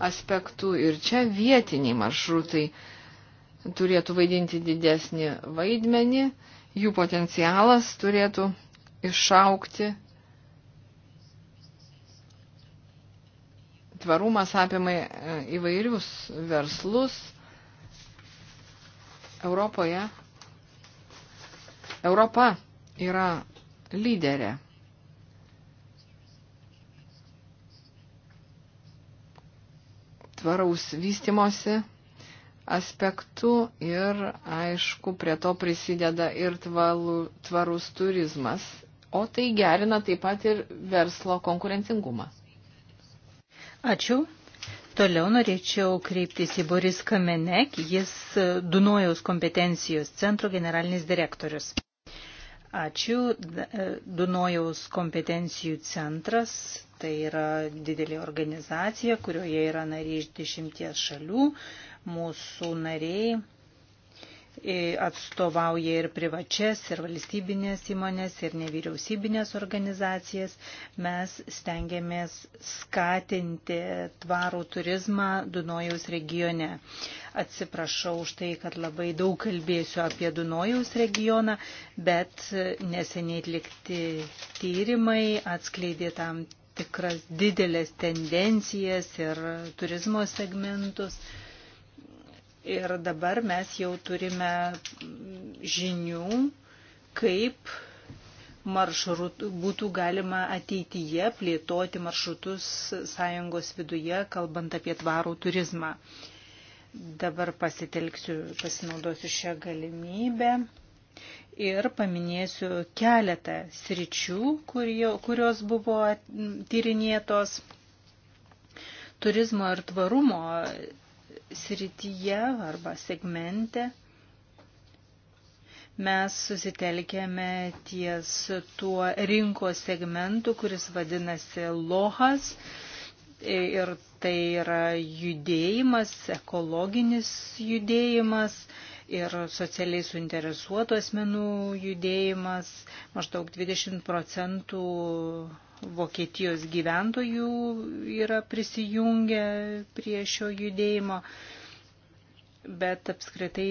aspektų. Ir čia vietiniai maršrutai turėtų vaidinti didesnį vaidmenį, jų potencialas turėtų išaukti. Tvarumas apima e, įvairius verslus Europoje. Europa yra lyderė. Tvaraus vystimosi aspektų ir, aišku, prie to prisideda ir tvalu, tvarus turizmas, o tai gerina taip pat ir verslo konkurencingumą. Ačiū. Toliau norėčiau kreiptis į Boris Kamenek, jis Dunojaus kompetencijos centro generalinis direktorius. Ačiū. E, Dunojaus kompetencijų centras tai yra didelė organizacija, kurioje yra nariai iš dešimties šalių. Mūsų nariai atstovauja ir privačias, ir valstybinės įmonės, ir nevyriausybinės organizacijas. Mes stengiamės skatinti tvarų turizmą Dunojaus regione. Atsiprašau už tai, kad labai daug kalbėsiu apie Dunojaus regioną, bet neseniai atlikti tyrimai atskleidė tam tikras didelės tendencijas ir turizmo segmentus. Ir dabar mes jau turime žinių, kaip maršrut, būtų galima ateityje plėtoti maršrutus sąjungos viduje, kalbant apie tvarų turizmą. Dabar pasitelksiu, pasinaudosiu šią galimybę ir paminėsiu keletą sričių, kurios buvo tyrinėtos turizmo ir tvarumo srityje arba segmente mes susitelkėme ties tuo rinkos segmentu, kuris vadinasi lohas. Ir tai yra judėjimas, ekologinis judėjimas ir socialiai suinteresuotų asmenų judėjimas. Maždaug 20 procentų Vokietijos gyventojų yra prisijungę prie šio judėjimo, bet apskritai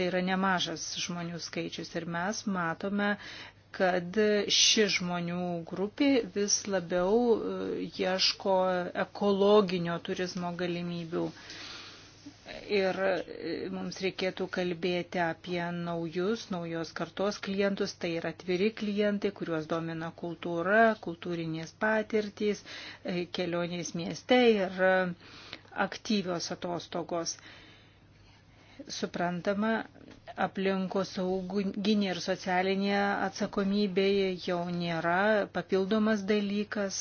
tai yra nemažas žmonių skaičius ir mes matome, kad ši žmonių grupė vis labiau e, ieško ekologinio turizmo galimybių ir e, mums reikėtų kalbėti apie naujus, naujos kartos klientus, tai yra atviri klientai, kuriuos domina kultūra, kultūrinės patirtys, e, kelionės mieste ir e, aktyvios atostogos. Suprantama, aplinkos sauginė ir socialinė atsakomybė jau nėra papildomas dalykas,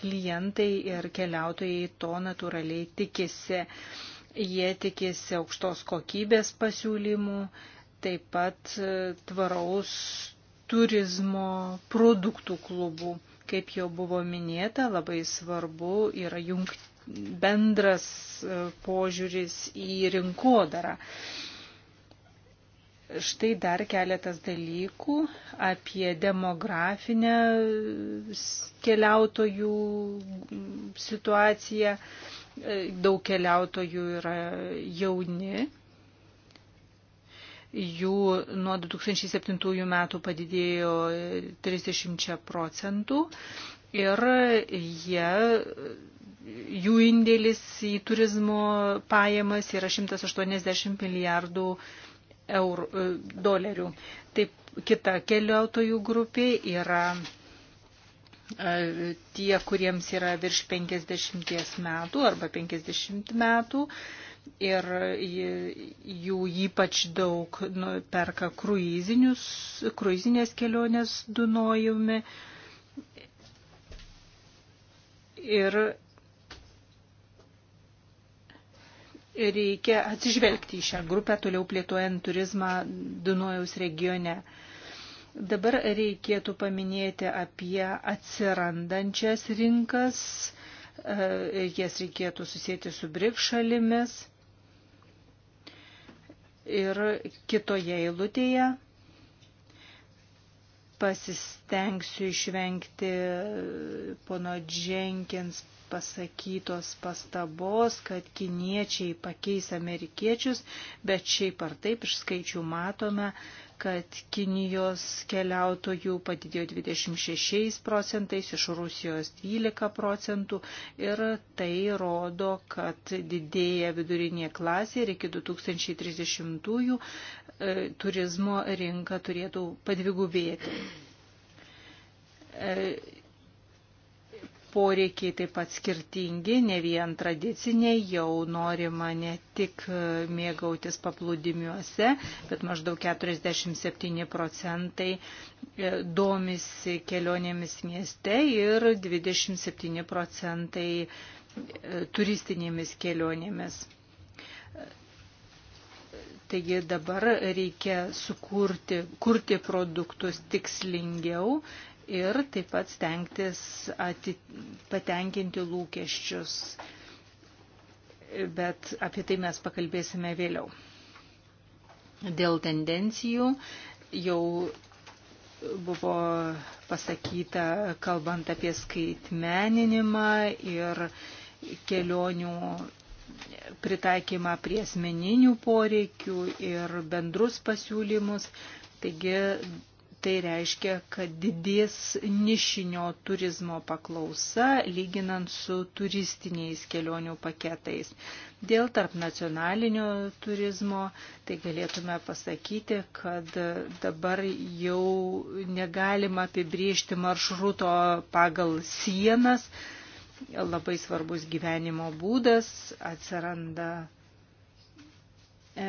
klientai ir keliautojai to natūraliai tikisi Jie tikėsi aukštos kokybės pasiūlymų, taip pat e, tvaraus turizmo produktų klubų. Kaip jau buvo minėta, labai svarbu yra jungt, bendras e, požiūris į rinkodarą. Štai dar keletas dalykų apie demografinę keliautojų situaciją daug keliautojų yra jauni. Jų nuo 2007 metų padidėjo 30 procentų ir jie, jų indėlis į turizmo pajamas yra 180 milijardų eur, dolerių. Taip, kita keliautojų grupė yra tie, kuriems yra virš 50 metų arba 50 metų ir jų ypač daug nu, perka kruizinės kelionės Dunojumi. Ir reikia atsižvelgti į šią grupę, toliau plėtojant turizmą Dunojaus regione. Uh, Dabar reikėtų paminėti apie atsirandančias rinkas, e, jas reikėtų susijęti su BRIC šalimis. Ir kitoje eilutėje pasistengsiu išvengti pono Jenkins pasakytos pastabos, kad kiniečiai pakeis amerikiečius, bet šiaip ar taip iš skaičių matome, kad Kinijos keliautojų padidėjo 26 procentais, iš Rusijos 12 procentų ir tai rodo, kad didėja vidurinė klasė ir iki 2030-ųjų e, turizmo rinka turėtų padvigubėti. E, poreikiai taip pat skirtingi, ne vien tradiciniai, jau norima ne tik e, mėgautis paplūdimiuose, bet maždaug 47 procentai e, domisi kelionėmis mieste ir 27 procentai e, turistinėmis kelionėmis. Taigi dabar reikia sukurti, kurti produktus tikslingiau ir taip pat stengtis atit, patenkinti lūkesčius. Bet apie tai mes pakalbėsime vėliau. Dėl tendencijų jau buvo pasakyta, kalbant apie skaitmeninimą ir kelionių pritaikymą prie asmeninių poreikių ir bendrus pasiūlymus. Taigi tai reiškia, kad didės nišinio turizmo paklausa lyginant su turistiniais kelionių paketais. Dėl tarp nacionalinio turizmo tai galėtume pasakyti, kad dabar jau negalima apibriežti maršruto pagal sienas. Labai svarbus gyvenimo būdas atsiranda E,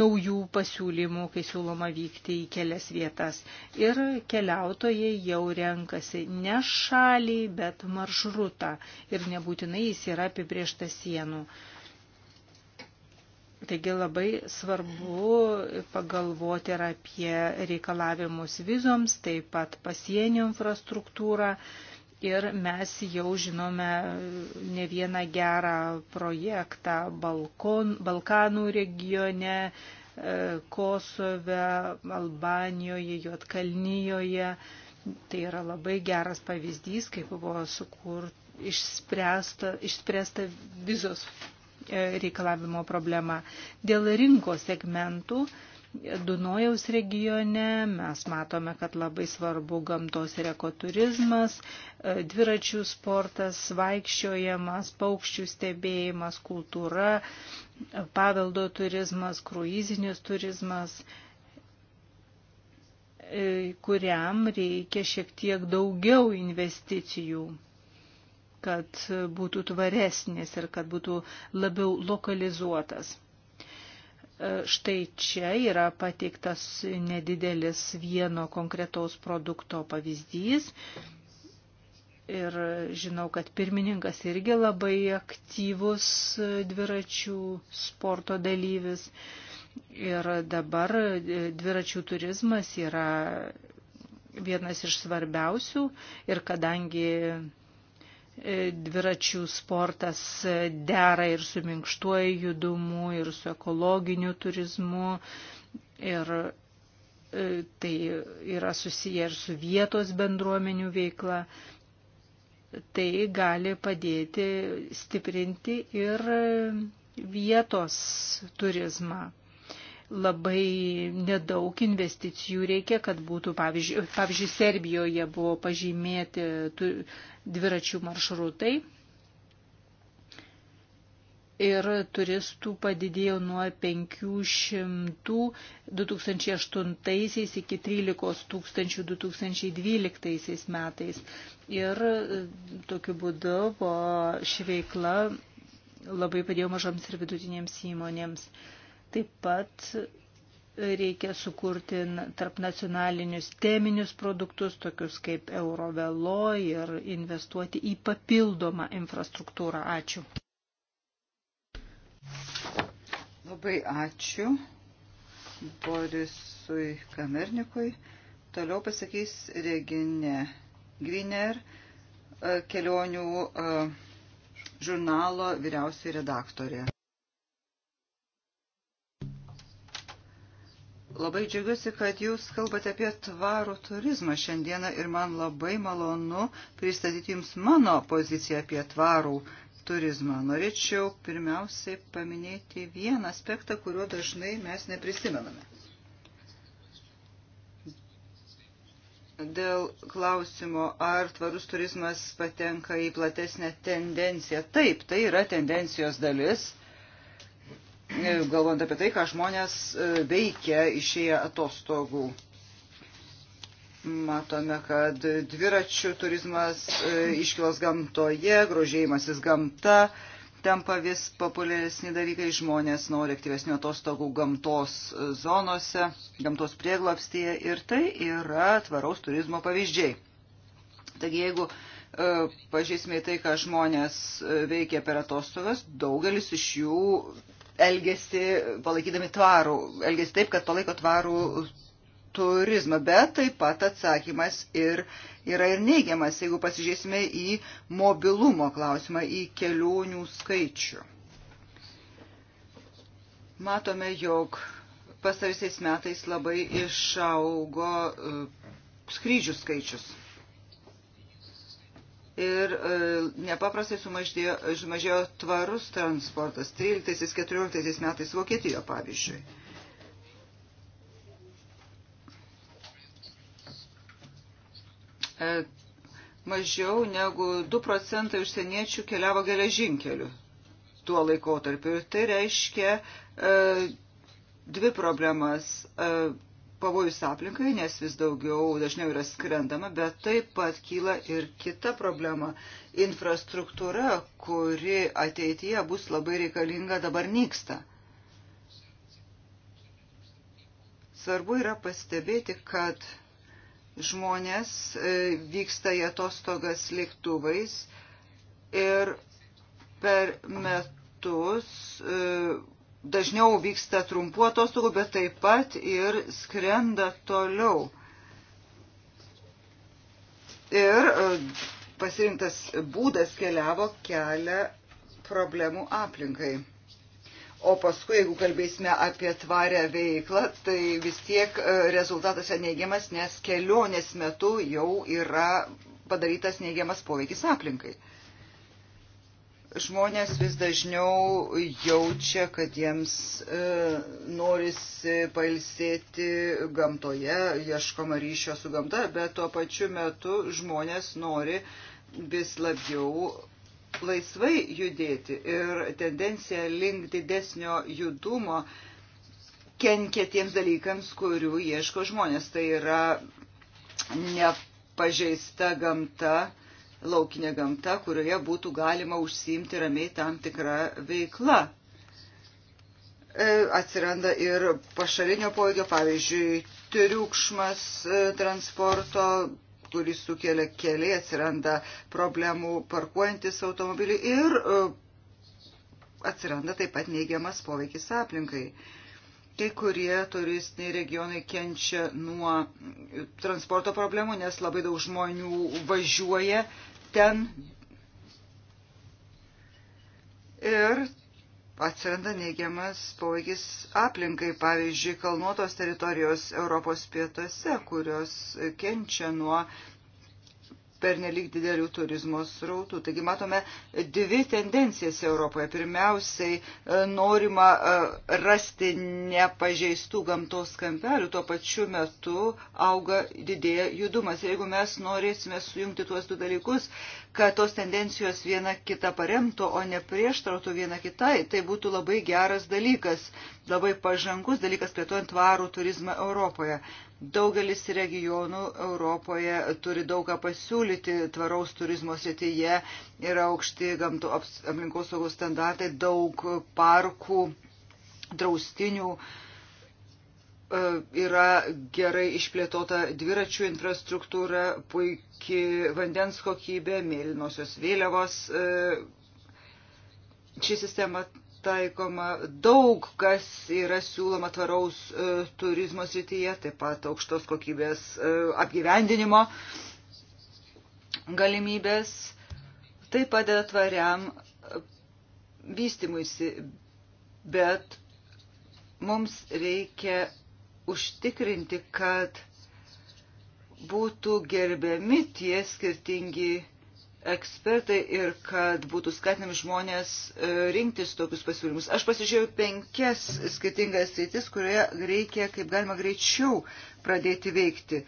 naujų pasiūlymų, kai siūloma vykti į kelias vietas. Ir keliautojai jau renkasi ne šalį, bet maršrutą ir nebūtinai jis yra apibrieštas sienų. Taigi labai svarbu pagalvoti ir apie reikalavimus vizoms, taip pat pasienio infrastruktūrą. E, Ir mes jau žinome ne vieną gerą projektą Balkon, Balkanų regione, e, Kosove, Albanijoje, Juotkalnyjoje. Tai yra labai geras pavyzdys, kaip buvo sukurt, išspręsta, išspręsta vizos e, reikalavimo problema. Dėl rinkos segmentų Dunojaus regione mes matome, kad labai svarbu gamtos ir ekoturizmas, e, dviračių sportas, vaikščiojimas, paukščių stebėjimas, kultūra, e, paveldo turizmas, kruizinis turizmas e, kuriam reikia šiek tiek daugiau investicijų, kad būtų tvaresnis ir kad būtų labiau lokalizuotas. Štai čia yra pateiktas nedidelis vieno konkretaus produkto pavyzdys. Ir žinau, kad pirmininkas irgi labai aktyvus dviračių sporto dalyvis. Ir dabar dviračių turizmas yra vienas iš svarbiausių ir kadangi E, dviračių sportas e, dera ir su minkštuoju judumu, ir su ekologiniu turizmu, ir e, tai yra susiję ir su vietos bendruomenių veikla. Tai gali padėti stiprinti ir vietos turizmą labai nedaug investicijų reikia, kad būtų, pavyzdžiui, pavyzdžiui Serbijoje buvo pažymėti dviračių maršrutai ir turistų padidėjo nuo 500 2008 iki 13 tūkstančių 2012 metais. Ir e, tokiu būdu ši veikla labai padėjo mažoms ir vidutinėms įmonėms. Taip pat reikia sukurti tarp nacionalinius teminius produktus, tokius kaip Eurovelo ir investuoti į papildomą infrastruktūrą. Ačiū. Labai ačiū Borisui Kamernikui. Toliau pasakys Regine Griner e, kelionių e, žurnalo vyriausiai redaktorė. Labai džiaugiuosi, kad jūs kalbate apie tvarų turizmą šiandieną ir man labai malonu pristatyti jums mano poziciją apie tvarų turizmą. Norėčiau pirmiausiai paminėti vieną aspektą, kurio dažnai mes neprisimename. Dėl klausimo, ar tvarus turizmas patenka į platesnę tendenciją. Taip, tai yra tendencijos dalis E, galvant apie tai, ką žmonės e, veikia išėję atostogų. Matome, kad dviračių turizmas e, iškilos gamtoje, grožėjimasis gamta, tampa vis populiaresni dalykai, žmonės nori aktyvesnių atostogų gamtos zonose, gamtos prieglapstyje ir tai yra tvaraus turizmo pavyzdžiai. Taigi, jeigu pažiūrėsime į tai, ką žmonės veikia per atostogas, daugelis iš jų elgesi palaikydami tvarų, elgesi taip, kad palaiko tvarų turizmą, bet taip pat atsakymas ir yra ir neigiamas, jeigu pasižiūrėsime į mobilumo klausimą, į kelionių skaičių. Matome, jog pastarysiais metais labai išaugo e, skrydžių skaičius ir e, nepaprastai sumažėjo, sumažėjo tvarus transportas 13-14 metais Vokietijoje pavyzdžiui. E, mažiau negu 2 procentai užsieniečių keliavo geležinkeliu tuo laikotarpiu. Ir tai reiškia e, dvi problemas. E, pavojus aplinkai, nes vis daugiau dažniau yra skrendama, bet taip pat kyla ir kita problema - infrastruktūra, kuri ateityje bus labai reikalinga dabar nyksta. Svarbu yra pastebėti, kad žmonės e, vyksta į atostogas lėktuvais ir per metus e, dažniau vyksta trumpu atostogu, bet taip pat ir skrenda toliau. Ir e, pasirinktas būdas keliavo kelią problemų aplinkai. O paskui, jeigu kalbėsime apie tvarę veiklą, tai vis tiek e, rezultatas yra neigiamas, nes kelionės metu jau yra padarytas neigiamas poveikis aplinkai žmonės vis dažniau jaučia, kad jiems e, norisi pailsėti gamtoje, ieškoma ryšio su gamta, bet tuo pačiu metu žmonės nori vis labiau laisvai judėti ir tendencija link didesnio judumo kenkia tiems dalykams, kurių ieško žmonės. Tai yra nepažeista gamta, e, laukinė gamta, kurioje būtų galima užsiimti ramiai tam tikrą veiklą. E, atsiranda ir pašalinio poveikio, pavyzdžiui, triukšmas e, transporto, kuris sukelia keliai, atsiranda problemų parkuojantis automobilį ir e, atsiranda taip pat neigiamas poveikis aplinkai kai kurie turistiniai regionai kenčia nuo transporto problemų, nes labai daug žmonių važiuoja ten ir atsiranda neigiamas poveikis aplinkai, pavyzdžiui, kalnuotos teritorijos Europos pietuose, kurios kenčia nuo pernelyg didelių turizmo srautų. Taigi matome dvi tendencijas Europoje. Pirmiausiai e, norima e, rasti nepažeistų gamtos kampelių, tuo pačiu metu auga didėja judumas. Ir jeigu mes norėsime sujungti tuos du dalykus, kad tos tendencijos viena kita paremtų, o ne prieštarautų viena kitai, tai būtų labai geras dalykas, labai pažangus dalykas plėtojant tvarų turizmą Europoje. Daugelis regionų Europoje turi daugą pasiūlyti tvaraus turizmo srityje, yra aukšti gamtų aplinkos saugos standartai, daug parkų, draustinių, e, yra gerai išplėtota dviračių infrastruktūra, puikiai vandens kokybė, mėlynosios vėliavos. E, ši sistema taikoma daug, kas yra siūloma tvaraus e, turizmo srityje, taip pat aukštos kokybės e, apgyvendinimo galimybės. Tai padeda tvariam e, vystimuisi, bet mums reikia užtikrinti, kad būtų gerbiami tie skirtingi ekspertai ir kad būtų skatinami žmonės e, rinktis tokius pasiūlymus. Aš pasižiūrėjau penkias skirtingas sritis, kurioje reikia kaip galima greičiau pradėti veikti.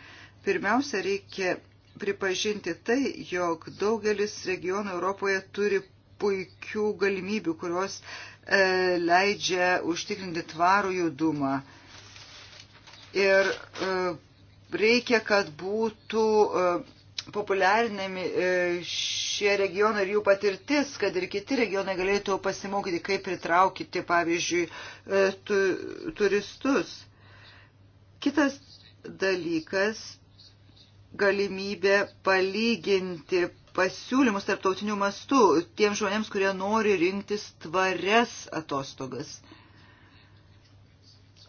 Pirmiausia, reikia pripažinti tai, jog daugelis regionų Europoje turi puikių galimybių, kurios e, leidžia užtikrinti tvarų judumą. Ir e, reikia, kad būtų e, populiarinami e, šie regionai ir jų patirtis, kad ir kiti regionai galėtų pasimokyti, kaip pritraukyti, pavyzdžiui, e, tu, turistus. Kitas dalykas - galimybė palyginti pasiūlymus tarptautinių mastų tiems žmonėms, kurie nori rinktis tvarias atostogas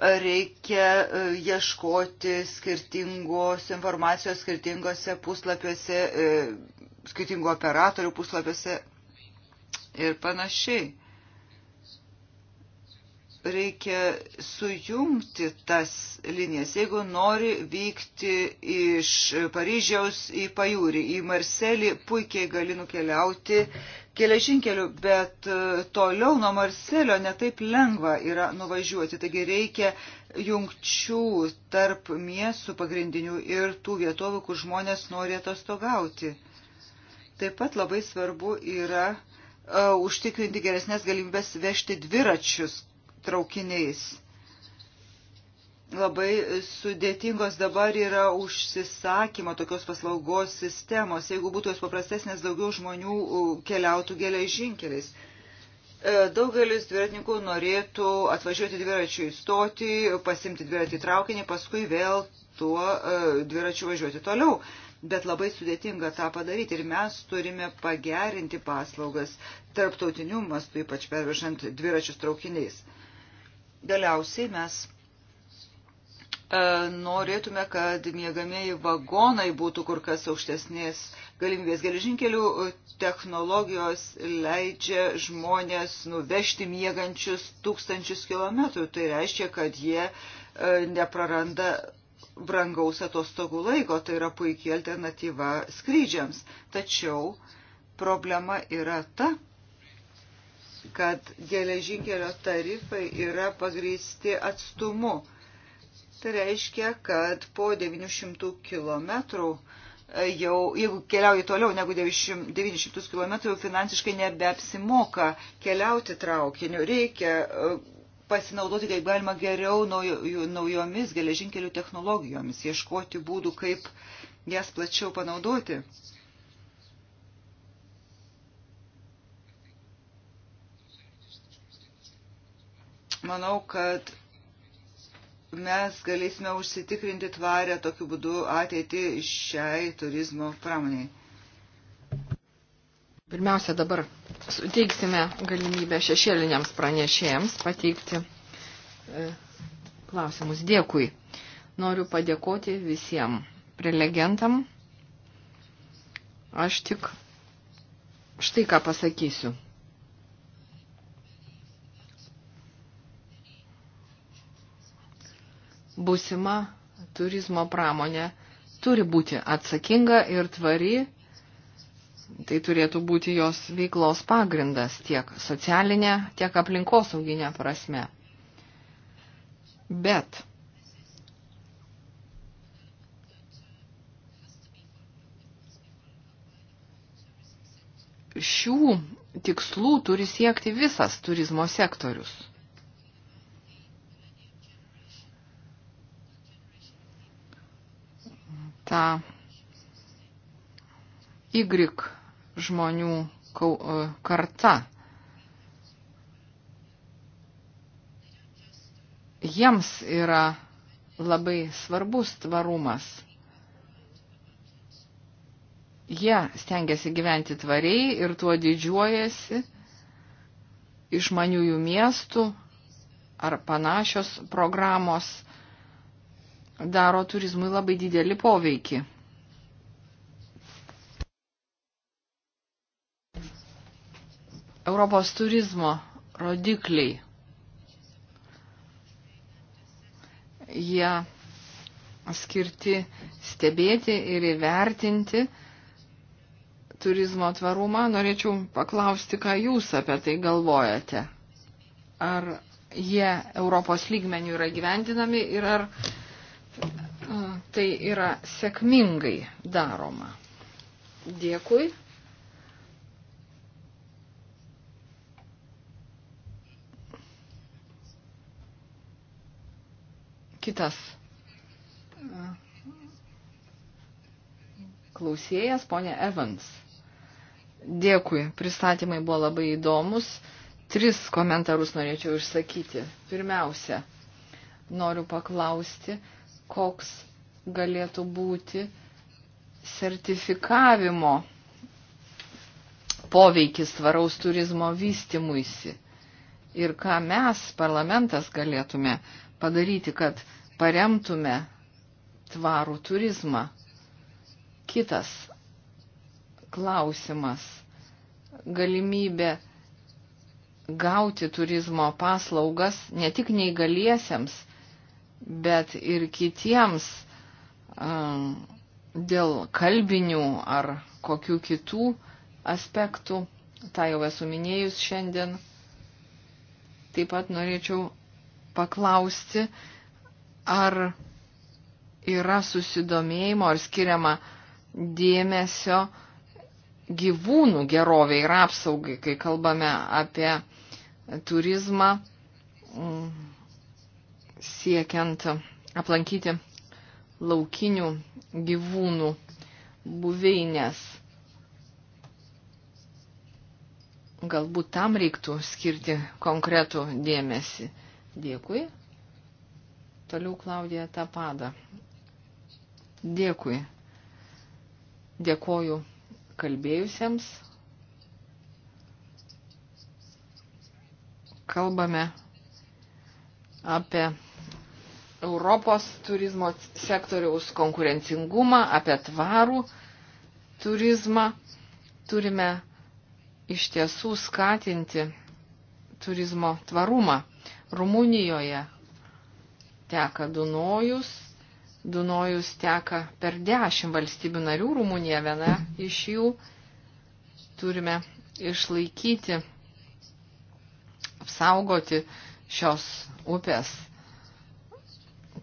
reikia e, ieškoti skirtingos informacijos skirtingose puslapiuose, e, skirtingų operatorių puslapiuose ir panašiai. Reikia sujungti tas linijas. Jeigu nori vykti iš Paryžiaus į Pajūrį, į Marselį, puikiai gali nukeliauti uh, geležinkeliu, bet e, toliau nuo Marselio netaip lengva yra nuvažiuoti. Taigi reikia jungčių tarp miestų pagrindinių ir tų vietovių, kur žmonės nori atostogauti. Taip pat labai svarbu yra uh, užtikrinti geresnės galimybės vežti dviračius traukiniais labai sudėtingos dabar yra užsisakymo tokios paslaugos sistemos. Jeigu būtų jos paprastesnės, daugiau žmonių keliautų geležinkeliais. E, daugelis dviratininkų norėtų atvažiuoti dviračių į stotį, pasimti dviratį į traukinį, paskui vėl tuo e, dviračiu važiuoti toliau. Bet labai sudėtinga tą padaryti ir mes turime pagerinti paslaugas tarptautiniu mastu, ypač pervežant dviračius traukiniais. Galiausiai mes E, norėtume, kad miegamieji vagonai būtų kur kas aukštesnės galimybės. Geležinkelių technologijos leidžia žmonės nuvežti miegančius tūkstančius kilometrų. Tai reiškia, kad jie e, nepraranda brangaus atostogų laiko. Tai yra puikia alternatyva skrydžiams. Tačiau problema yra ta, kad geležinkelio tarifai yra pagrįsti atstumu Tai reiškia, kad po 900 km e, jau, jeigu keliauji toliau negu 900 km, jau finansiškai nebeapsimoka keliauti traukiniu. Reikia e, pasinaudoti, kaip galima geriau naujomis geležinkelių technologijomis, ieškoti būdų, kaip jas plačiau panaudoti. manau, kad mes galėsime užsitikrinti tvarę tokiu būdu ateitį šiai turizmo pramoniai. Pirmiausia, dabar suteiksime galimybę šešėliniams pranešėjams pateikti e, klausimus. Dėkui. Noriu padėkoti visiems prelegentam. Aš tik štai ką pasakysiu. būsima turizmo pramonė turi būti atsakinga ir tvari. Tai turėtų būti jos veiklos pagrindas tiek socialinė, tiek aplinkosauginė prasme. Bet šių tikslų turi siekti visas turizmo sektorius. tą Y žmonių e, kartą. Jiems yra labai svarbus tvarumas. Jie stengiasi gyventi tvariai ir tuo didžiuojasi išmaniųjų miestų ar panašios programos daro turizmui labai didelį poveikį. Europos turizmo rodikliai. Jie skirti stebėti ir įvertinti turizmo tvarumą. Norėčiau paklausti, ką jūs apie tai galvojate. Ar jie Europos lygmenių yra gyvendinami ir ar tai yra sėkmingai daroma. Dėkui. Kitas klausėjas, ponė Evans. Dėkui, pristatymai buvo labai įdomus. Tris komentarus norėčiau išsakyti. Pirmiausia, noriu paklausti, koks galėtų būti sertifikavimo poveikis tvaraus turizmo vystimuisi ir ką mes, parlamentas, galėtume padaryti, kad paremtume tvarų turizmą. Kitas klausimas - galimybė gauti turizmo paslaugas ne tik neįgaliesiems, bet ir kitiems um, dėl kalbinių ar kokių kitų aspektų. Ta jau esu minėjus šiandien. Taip pat norėčiau paklausti, ar yra susidomėjimo, ar skiriama dėmesio gyvūnų gerovė ir apsaugai, kai kalbame apie turizmą. Mm siekiant aplankyti laukinių gyvūnų buveinės. Galbūt tam reiktų skirti konkretų dėmesį. Dėkui. Toliau Klaudija Tapada. Dėkui. Dėkoju kalbėjusiems. Kalbame apie Europos turizmo sektoriaus konkurencingumą, apie tvarų turizmą. Turime iš tiesų skatinti turizmo tvarumą. Rumunijoje teka Dunojus, Dunojus teka per dešimt valstybių narių, Rumunija viena iš jų. Turime išlaikyti, apsaugoti šios upės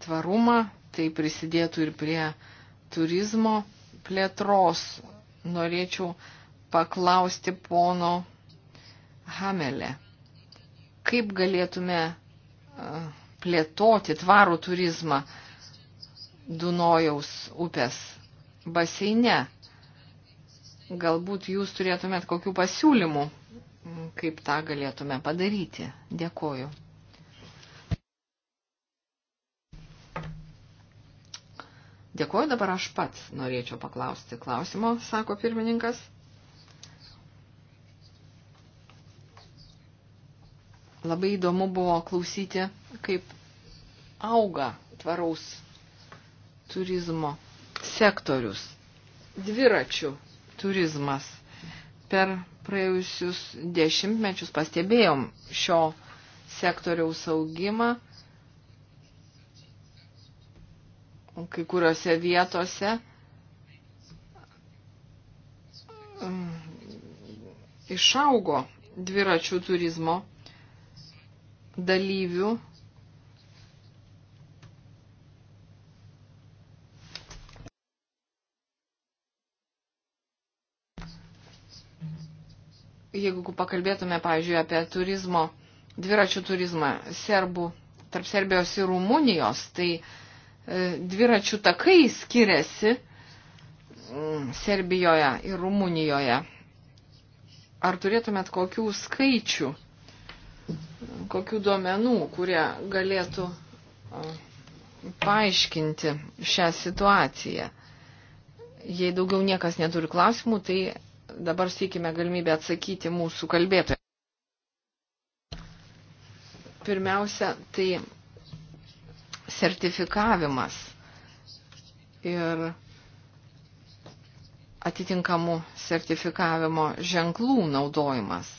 tvarumą, tai prisidėtų ir prie turizmo plėtros. Norėčiau paklausti pono Hamelė, kaip galėtume plėtoti tvarų turizmą Dunojaus upės baseine. Galbūt jūs turėtumėt kokių pasiūlymų, kaip tą galėtume padaryti. Dėkoju. Dėkuoju, dabar aš pats norėčiau paklausti klausimo, sako pirmininkas. Labai įdomu buvo klausyti, kaip auga tvaraus turizmo sektorius. Dviračių turizmas. Per praėjusius dešimtmečius pastebėjom šio sektoriaus augimą kai kuriuose vietose išaugo dviračių turizmo dalyvių. Jeigu pakalbėtume, pavyzdžiui, apie turizmo, dviračių turizmą serbų, tarp Serbijos ir Rumunijos, tai uh, E, dviračių takai skiriasi mm, Serbijoje ir Rumunijoje. Ar turėtumėt kokių skaičių, kokių duomenų, kurie galėtų paaiškinti šią situaciją? Jei daugiau niekas neturi klausimų, tai dabar sėkime galimybę atsakyti mūsų kalbėtojai. Pirmiausia, tai sertifikavimas ir atitinkamų sertifikavimo ženklų naudojimas.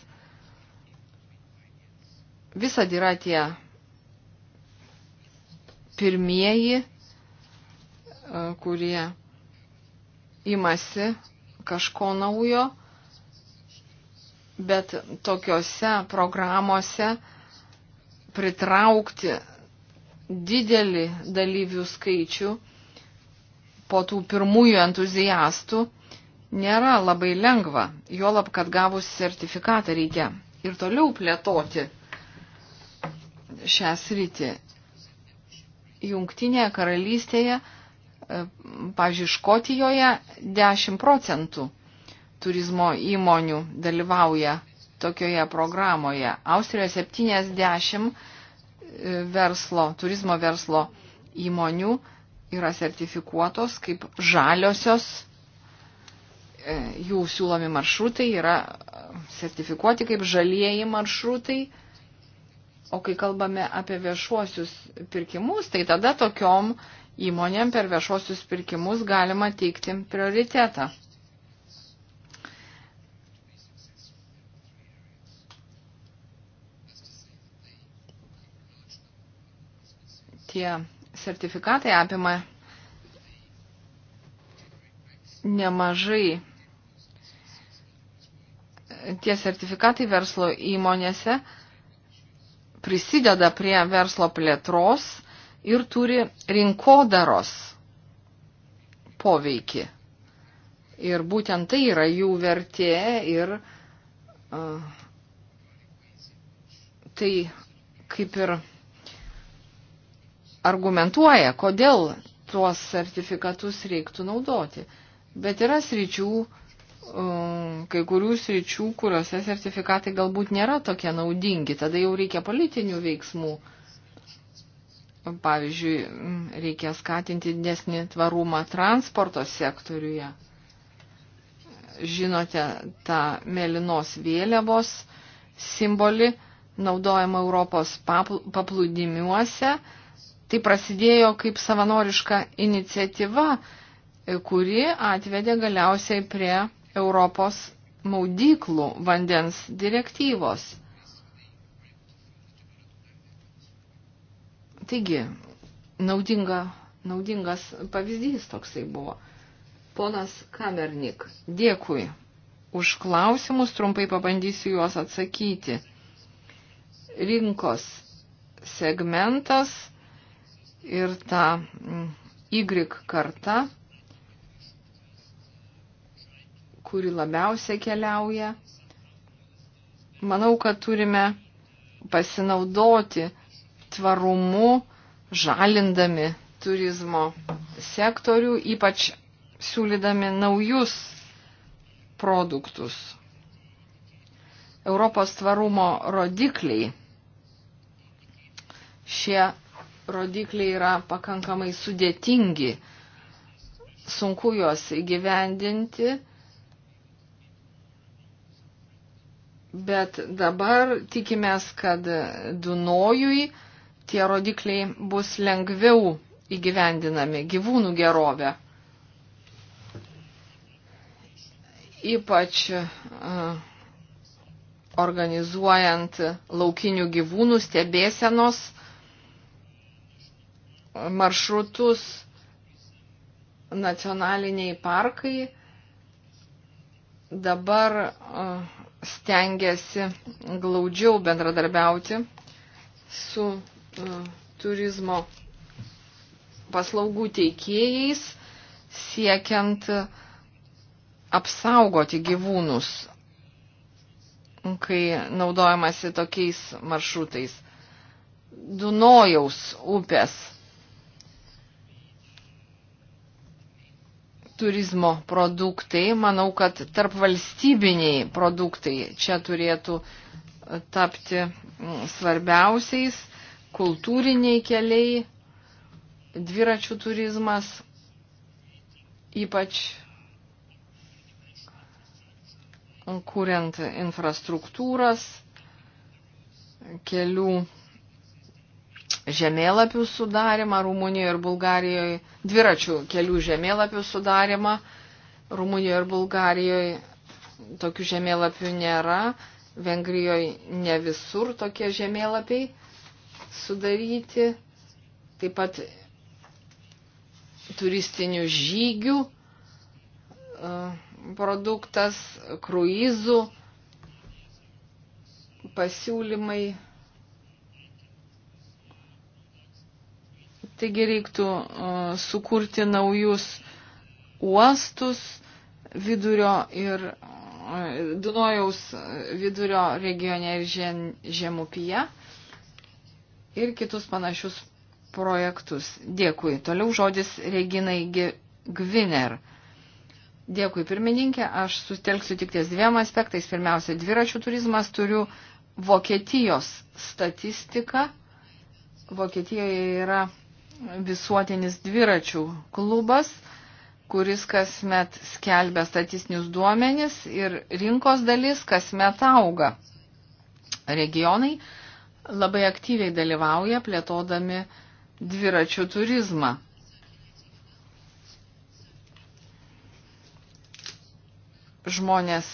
Visad yra tie pirmieji, e, kurie imasi kažko naujo, bet tokiuose programuose pritraukti didelį dalyvių skaičių po tų pirmųjų entuzijastų nėra labai lengva, juolab, kad gavus sertifikatą reikia ir toliau plėtoti šią sritį. Jungtinėje karalystėje, e, pažiūrėjau, Škotijoje 10 procentų turizmo įmonių dalyvauja tokioje programoje, Austrijoje 70, verslo, turizmo verslo įmonių yra sertifikuotos kaip žaliosios, e, jų siūlomi maršrutai yra e, sertifikuoti kaip žalieji maršrutai. O kai kalbame apie viešuosius pirkimus, tai tada tokiom įmonėm per viešuosius pirkimus galima teikti prioritetą. Tie sertifikatai apima nemažai. Tie sertifikatai verslo įmonėse prisideda prie verslo plėtros ir turi rinkodaros poveikį. Ir būtent tai yra jų vertė ir uh, tai kaip ir argumentuoja, kodėl tuos sertifikatus reiktų naudoti. Bet yra sričių, um, kai kurių sričių, kuriuose sertifikatai galbūt nėra tokie naudingi. Tada jau reikia politinių veiksmų. Pavyzdžiui, mm, reikia skatinti didesnį tvarumą transporto sektoriuje. Žinote tą mėlynos vėliavos simbolį naudojama Europos paplūdimiuose. Papl Tai prasidėjo kaip savanoriška iniciatyva, kuri atvedė galiausiai prie Europos maudyklų vandens direktyvos. Taigi, naudinga, naudingas pavyzdys toksai buvo. Ponas Kamernik, dėkui už klausimus, trumpai pabandysiu juos atsakyti. Rinkos segmentas ir ta mm, Y karta, kuri labiausiai keliauja. Manau, kad turime pasinaudoti tvarumu, žalindami turizmo sektorių, ypač siūlydami naujus produktus. Europos tvarumo rodikliai. Šie rodikliai yra pakankamai sudėtingi, sunku juos įgyvendinti, bet dabar tikimės, kad Dunojui tie rodikliai bus lengviau įgyvendinami gyvūnų gerovę. Ypač uh, organizuojant laukinių gyvūnų stebėsenos maršrutus nacionaliniai parkai dabar stengiasi glaudžiau bendradarbiauti su turizmo paslaugų teikėjais, siekiant apsaugoti gyvūnus, kai naudojamasi tokiais maršrutais. Dunojaus upės turizmo produktai, manau, kad tarp valstybiniai produktai čia turėtų e, tapti mm, svarbiausiais, kultūriniai keliai, dviračių turizmas, ypač kuriant infrastruktūras, kelių žemėlapių sudarimą Rumunijoje ir Bulgarijoje, dviračių kelių žemėlapių sudarimą Rumunijoje ir Bulgarijoje. Tokių žemėlapių nėra. Vengrijoje ne visur tokie žemėlapiai sudaryti. Taip pat turistinių žygių e, produktas, kruizų pasiūlymai Taigi reiktų e, sukurti naujus uostus vidurio ir e, Dunojaus vidurio regione ir Žemupyje ir kitus panašius projektus. Dėkui. Toliau žodis Reginai Gviner. Dėkui, pirmininkė. Aš sutelksiu tik ties dviem aspektais. Pirmiausia, dviračių turizmas turiu Vokietijos statistiką. Vokietijoje yra visuotinis dviračių klubas, kuris kasmet skelbia statistinius duomenis ir rinkos dalis kasmet auga. Regionai labai aktyviai dalyvauja plėtodami dviračių turizmą. Žmonės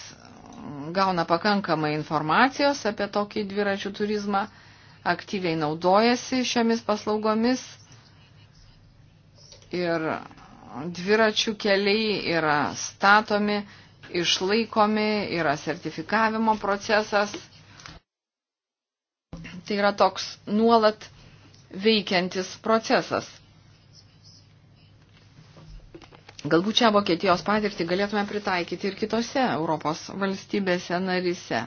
gauna pakankamai informacijos apie tokį dviračių turizmą, aktyviai naudojasi šiomis paslaugomis ir dviračių keliai yra statomi, išlaikomi, yra sertifikavimo procesas. Tai yra toks nuolat veikiantis procesas. Galbūt čia Vokietijos patirtį galėtume pritaikyti ir kitose Europos valstybėse narise.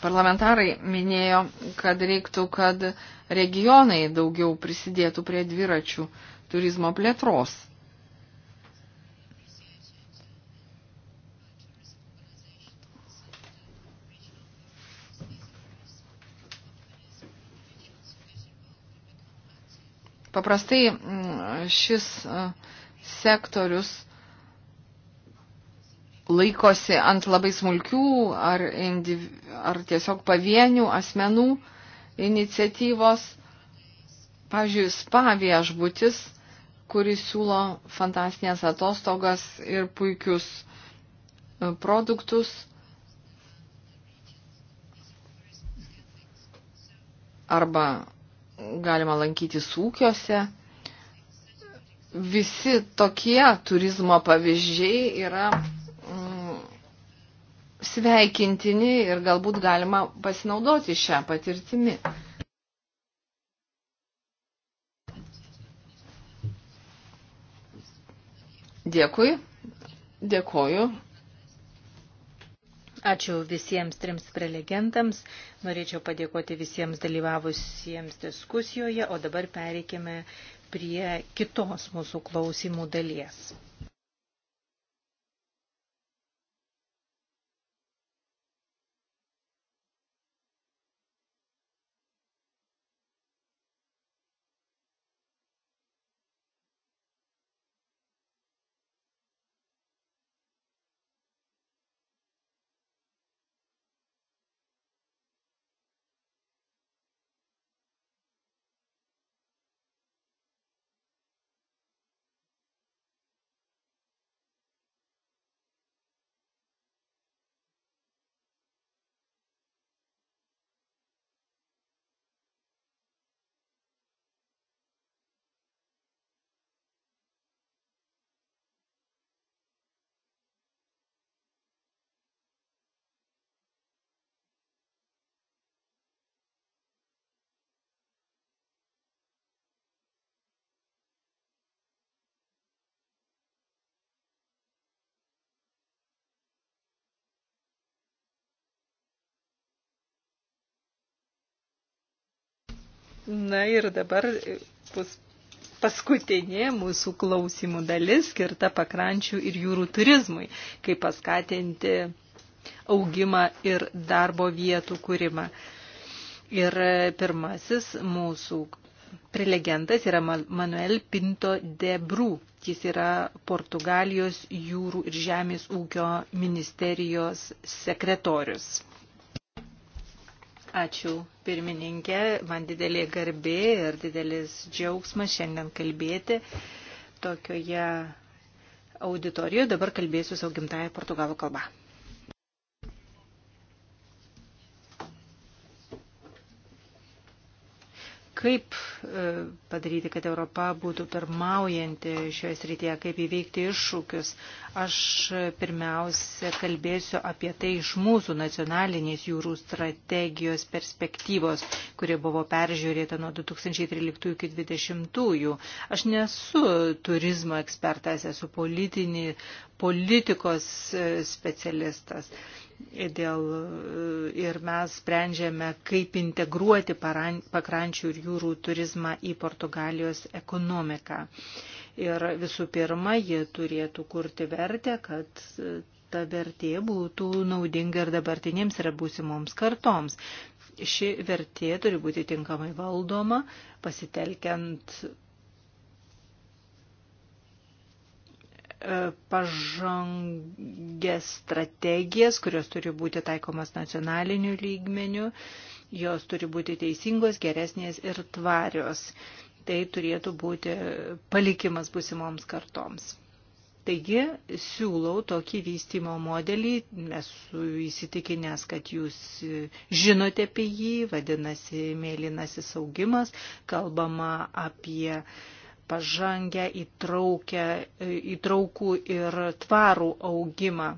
Parlamentarai minėjo, kad reiktų, kad regionai daugiau prisidėtų prie dviračių turizmo plėtros. Paprastai mm, šis e, sektorius laikosi ant labai smulkių ar, indiv... ar tiesiog pavienių asmenų iniciatyvos. Pavyzdžiui, spa viešbutis, kuris siūlo fantastinės atostogas ir puikius e, produktus. Arba galima lankyti sūkiuose. Visi tokie turizmo pavyzdžiai yra sveikintini ir galbūt galima pasinaudoti šią patirtimį. Dėkui, dėkoju. Ačiū visiems trims prelegentams. Norėčiau padėkoti visiems dalyvavusiems diskusijoje, o dabar pereikime prie kitos mūsų klausimų dalies. Na ir dabar bus paskutinė mūsų klausimų dalis skirta pakrančių ir jūrų turizmui, kaip paskatinti augimą ir darbo vietų kūrimą. Ir pirmasis mūsų prelegentas yra Manuel Pinto de Bru. Jis yra Portugalijos jūrų ir žemės ūkio ministerijos sekretorius. Ačiū pirmininkė, man didelė garbė ir didelis džiaugsmas šiandien kalbėti tokioje auditorijoje. Dabar kalbėsiu savo gimtają portugalų kalbą. kaip e, padaryti, kad Europa būtų pirmaujanti šioje srityje, kaip įveikti iššūkius. Aš pirmiausia kalbėsiu apie tai iš mūsų nacionalinės jūrų strategijos perspektyvos, kuri buvo peržiūrėta nuo 2013 iki 2020. Aš nesu turizmo ekspertas, esu politinį, politikos e, specialistas dėl, e, ir mes sprendžiame, kaip integruoti pakrančių ir jūrų turizmą į Portugalijos ekonomiką. Ir visų pirma, jie turėtų kurti vertę, kad e, ta vertė būtų naudinga ir dabartinėms ir būsimoms kartoms. Ši vertė turi būti tinkamai valdoma, pasitelkiant E, pažangės strategijas, kurios turi būti taikomas nacionaliniu lygmeniu, jos turi būti teisingos, geresnės ir tvarios. Tai turėtų būti palikimas busimoms kartoms. Taigi siūlau tokį vystymo modelį, esu įsitikinęs, kad jūs žinote apie jį, vadinasi mėlynasis augimas, kalbama apie uh, pažangę, įtraukę, įtraukų ir tvarų augimą.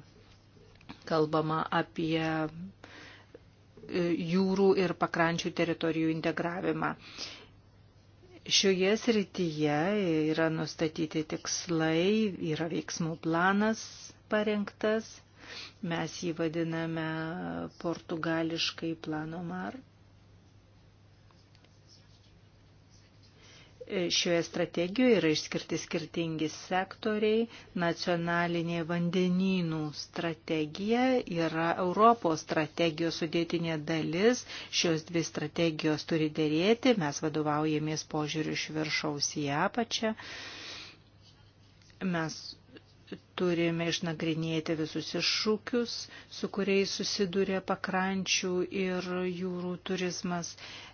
Kalbama apie e, jūrų ir pakrančių teritorijų integravimą. Šioje srityje yra nustatyti tikslai, yra veiksmų planas parengtas, mes jį vadiname portugališkai plano mart Šioje strategijoje yra išskirti skirtingi sektoriai. Nacionalinė vandenynų strategija yra Europos strategijos sudėtinė dalis. Šios dvi strategijos turi dėrėti. Mes vadovaujamės požiūriu iš viršaus į apačią. Mes turime išnagrinėti visus iššūkius, su kuriais susiduria pakrančių ir jūrų turizmas.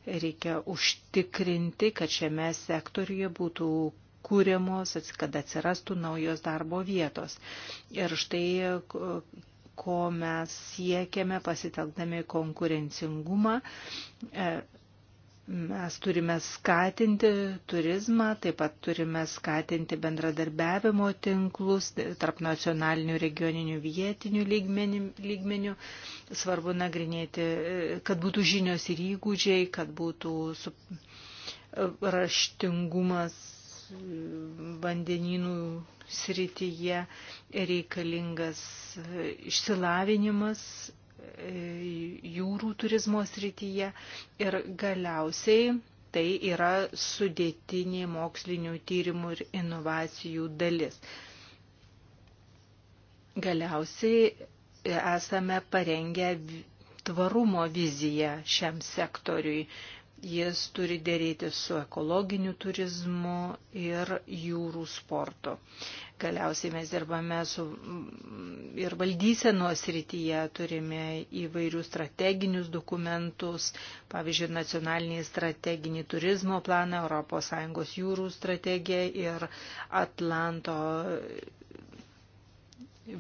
Reikia užtikrinti, kad šiame sektoriuje būtų kūriamos, kad atsirastų naujos darbo vietos. Ir štai ko mes siekiame pasitelkdami konkurencingumą, e, Mes turime skatinti turizmą, taip pat turime skatinti bendradarbiavimo tinklus tarp nacionalinių, regioninių, vietinių lygmenių. lygmenių. Svarbu nagrinėti, kad būtų žinios ir įgūdžiai, kad būtų su, raštingumas vandeninų srityje reikalingas išsilavinimas E, jūrų turizmo srityje ir galiausiai tai yra sudėtinė mokslinių tyrimų ir inovacijų dalis. Galiausiai esame parengę tvarumo viziją šiam sektoriui Jis turi dėrėti su ekologiniu turizmu ir jūrų sportu. Galiausiai mes dirbame su mm, ir valdysenos rytyje, turime įvairių strateginius dokumentus, pavyzdžiui, nacionalinį strateginį turizmo planą, ES jūrų strategiją ir Atlanto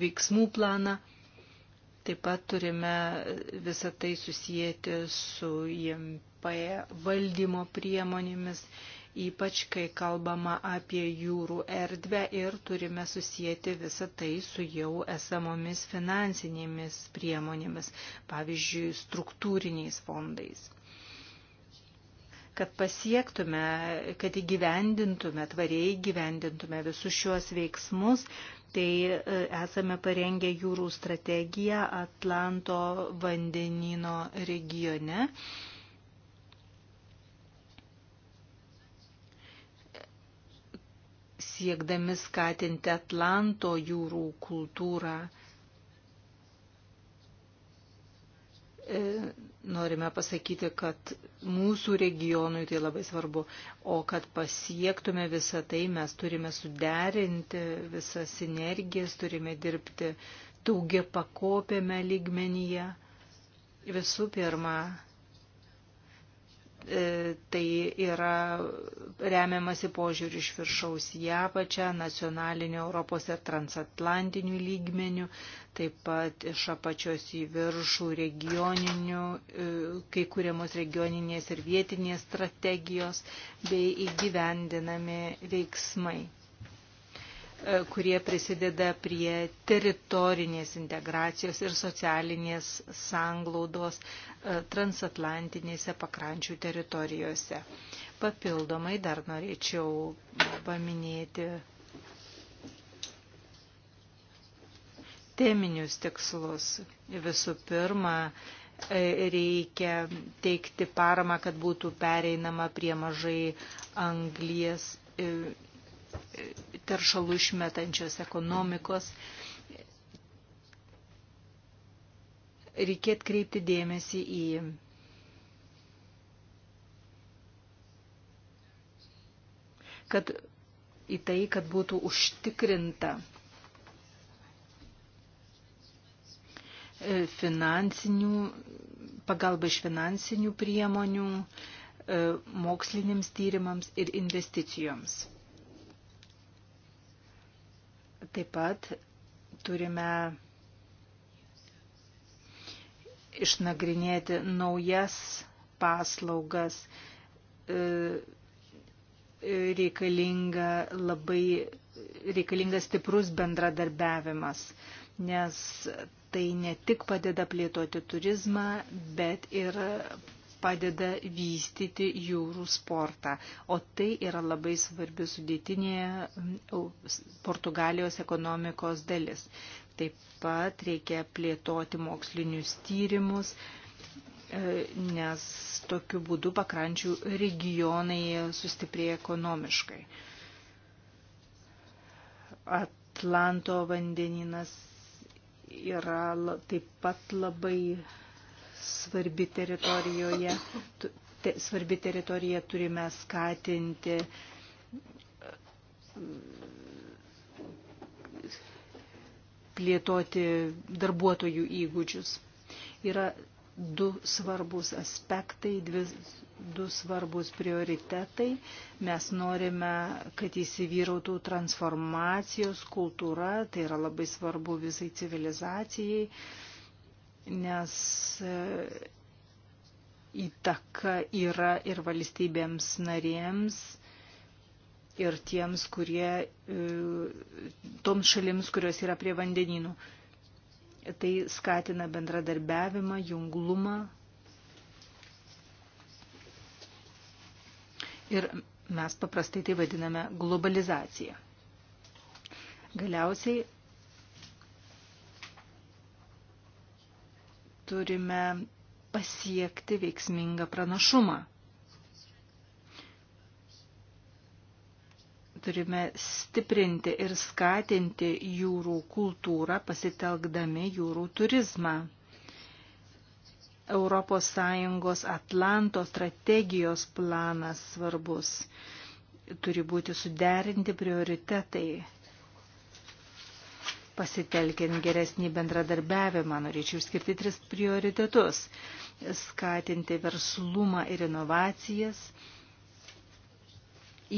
veiksmų planą. Taip pat turime visą tai susijęti su jiems valdymo priemonėmis, ypač kai kalbama apie jūrų erdvę ir turime susijęti visą tai su jau esamomis finansinėmis priemonėmis, pavyzdžiui, struktūriniais fondais kad pasiektume, kad įgyvendintume, tvariai įgyvendintume visus šiuos veiksmus, tai e, esame parengę jūrų strategiją Atlanto vandenino regione. siekdami skatinti Atlanto jūrų kultūrą. E, norime pasakyti, kad mūsų regionui tai labai svarbu, o kad pasiektume visą tai, mes turime suderinti visas sinergijas, turime dirbti daugia pakopėme lygmenyje. Visų pirma, E, tai yra remiamasi požiūrį iš viršaus į apačią, nacionaliniu Europos ir transatlantiniu lygmeniu, taip pat iš apačios į viršų regioninių, e, kai kuriamos regioninės ir vietinės strategijos bei įgyvendinami veiksmai. E, kurie prisideda prie teritorinės integracijos ir socialinės sanglaudos e, transatlantinėse pakrančių teritorijose. Papildomai dar norėčiau paminėti teminius tikslus. Visų pirma, e, reikia teikti paramą, kad būtų pereinama prie mažai anglies teršalų išmetančios ekonomikos. Reikėtų kreipti dėmesį į kad į tai, kad būtų užtikrinta finansinių, pagalba iš finansinių priemonių e, moksliniams tyrimams ir investicijoms. Taip pat turime išnagrinėti naujas paslaugas. E, reikalinga labai reikalingas stiprus bendradarbiavimas, nes tai ne tik padeda plėtoti turizmą, bet ir padeda vystyti jūrų sportą, o tai yra labai svarbi sudėtinė Portugalijos ekonomikos dalis. Taip pat reikia plėtoti mokslinius tyrimus, e, nes tokiu būdu pakrančių regionai sustiprėja ekonomiškai. Atlanto vandeninas yra taip pat labai svarbi teritorijoje. Te, svarbi teritorija turime skatinti plėtoti darbuotojų įgūdžius. Yra du svarbus aspektai, dvi, du svarbus prioritetai. Mes norime, kad įsivyrautų transformacijos kultūra, tai yra labai svarbu visai civilizacijai nes e, įtaka yra ir valstybėms narėms, ir tiems, kurie, e, toms šalims, kurios yra prie vandeninų. Tai skatina bendradarbiavimą, junglumą. Ir mes paprastai tai vadiname globalizacija. Galiausiai turime pasiekti veiksmingą pranašumą. Turime stiprinti ir skatinti jūrų kultūrą pasitelkdami jūrų turizmą. ES Atlanto strategijos planas svarbus. Turi būti suderinti prioritetai pasitelkiant geresnį bendradarbiavimą. Norėčiau išskirti tris prioritetus - skatinti verslumą ir inovacijas,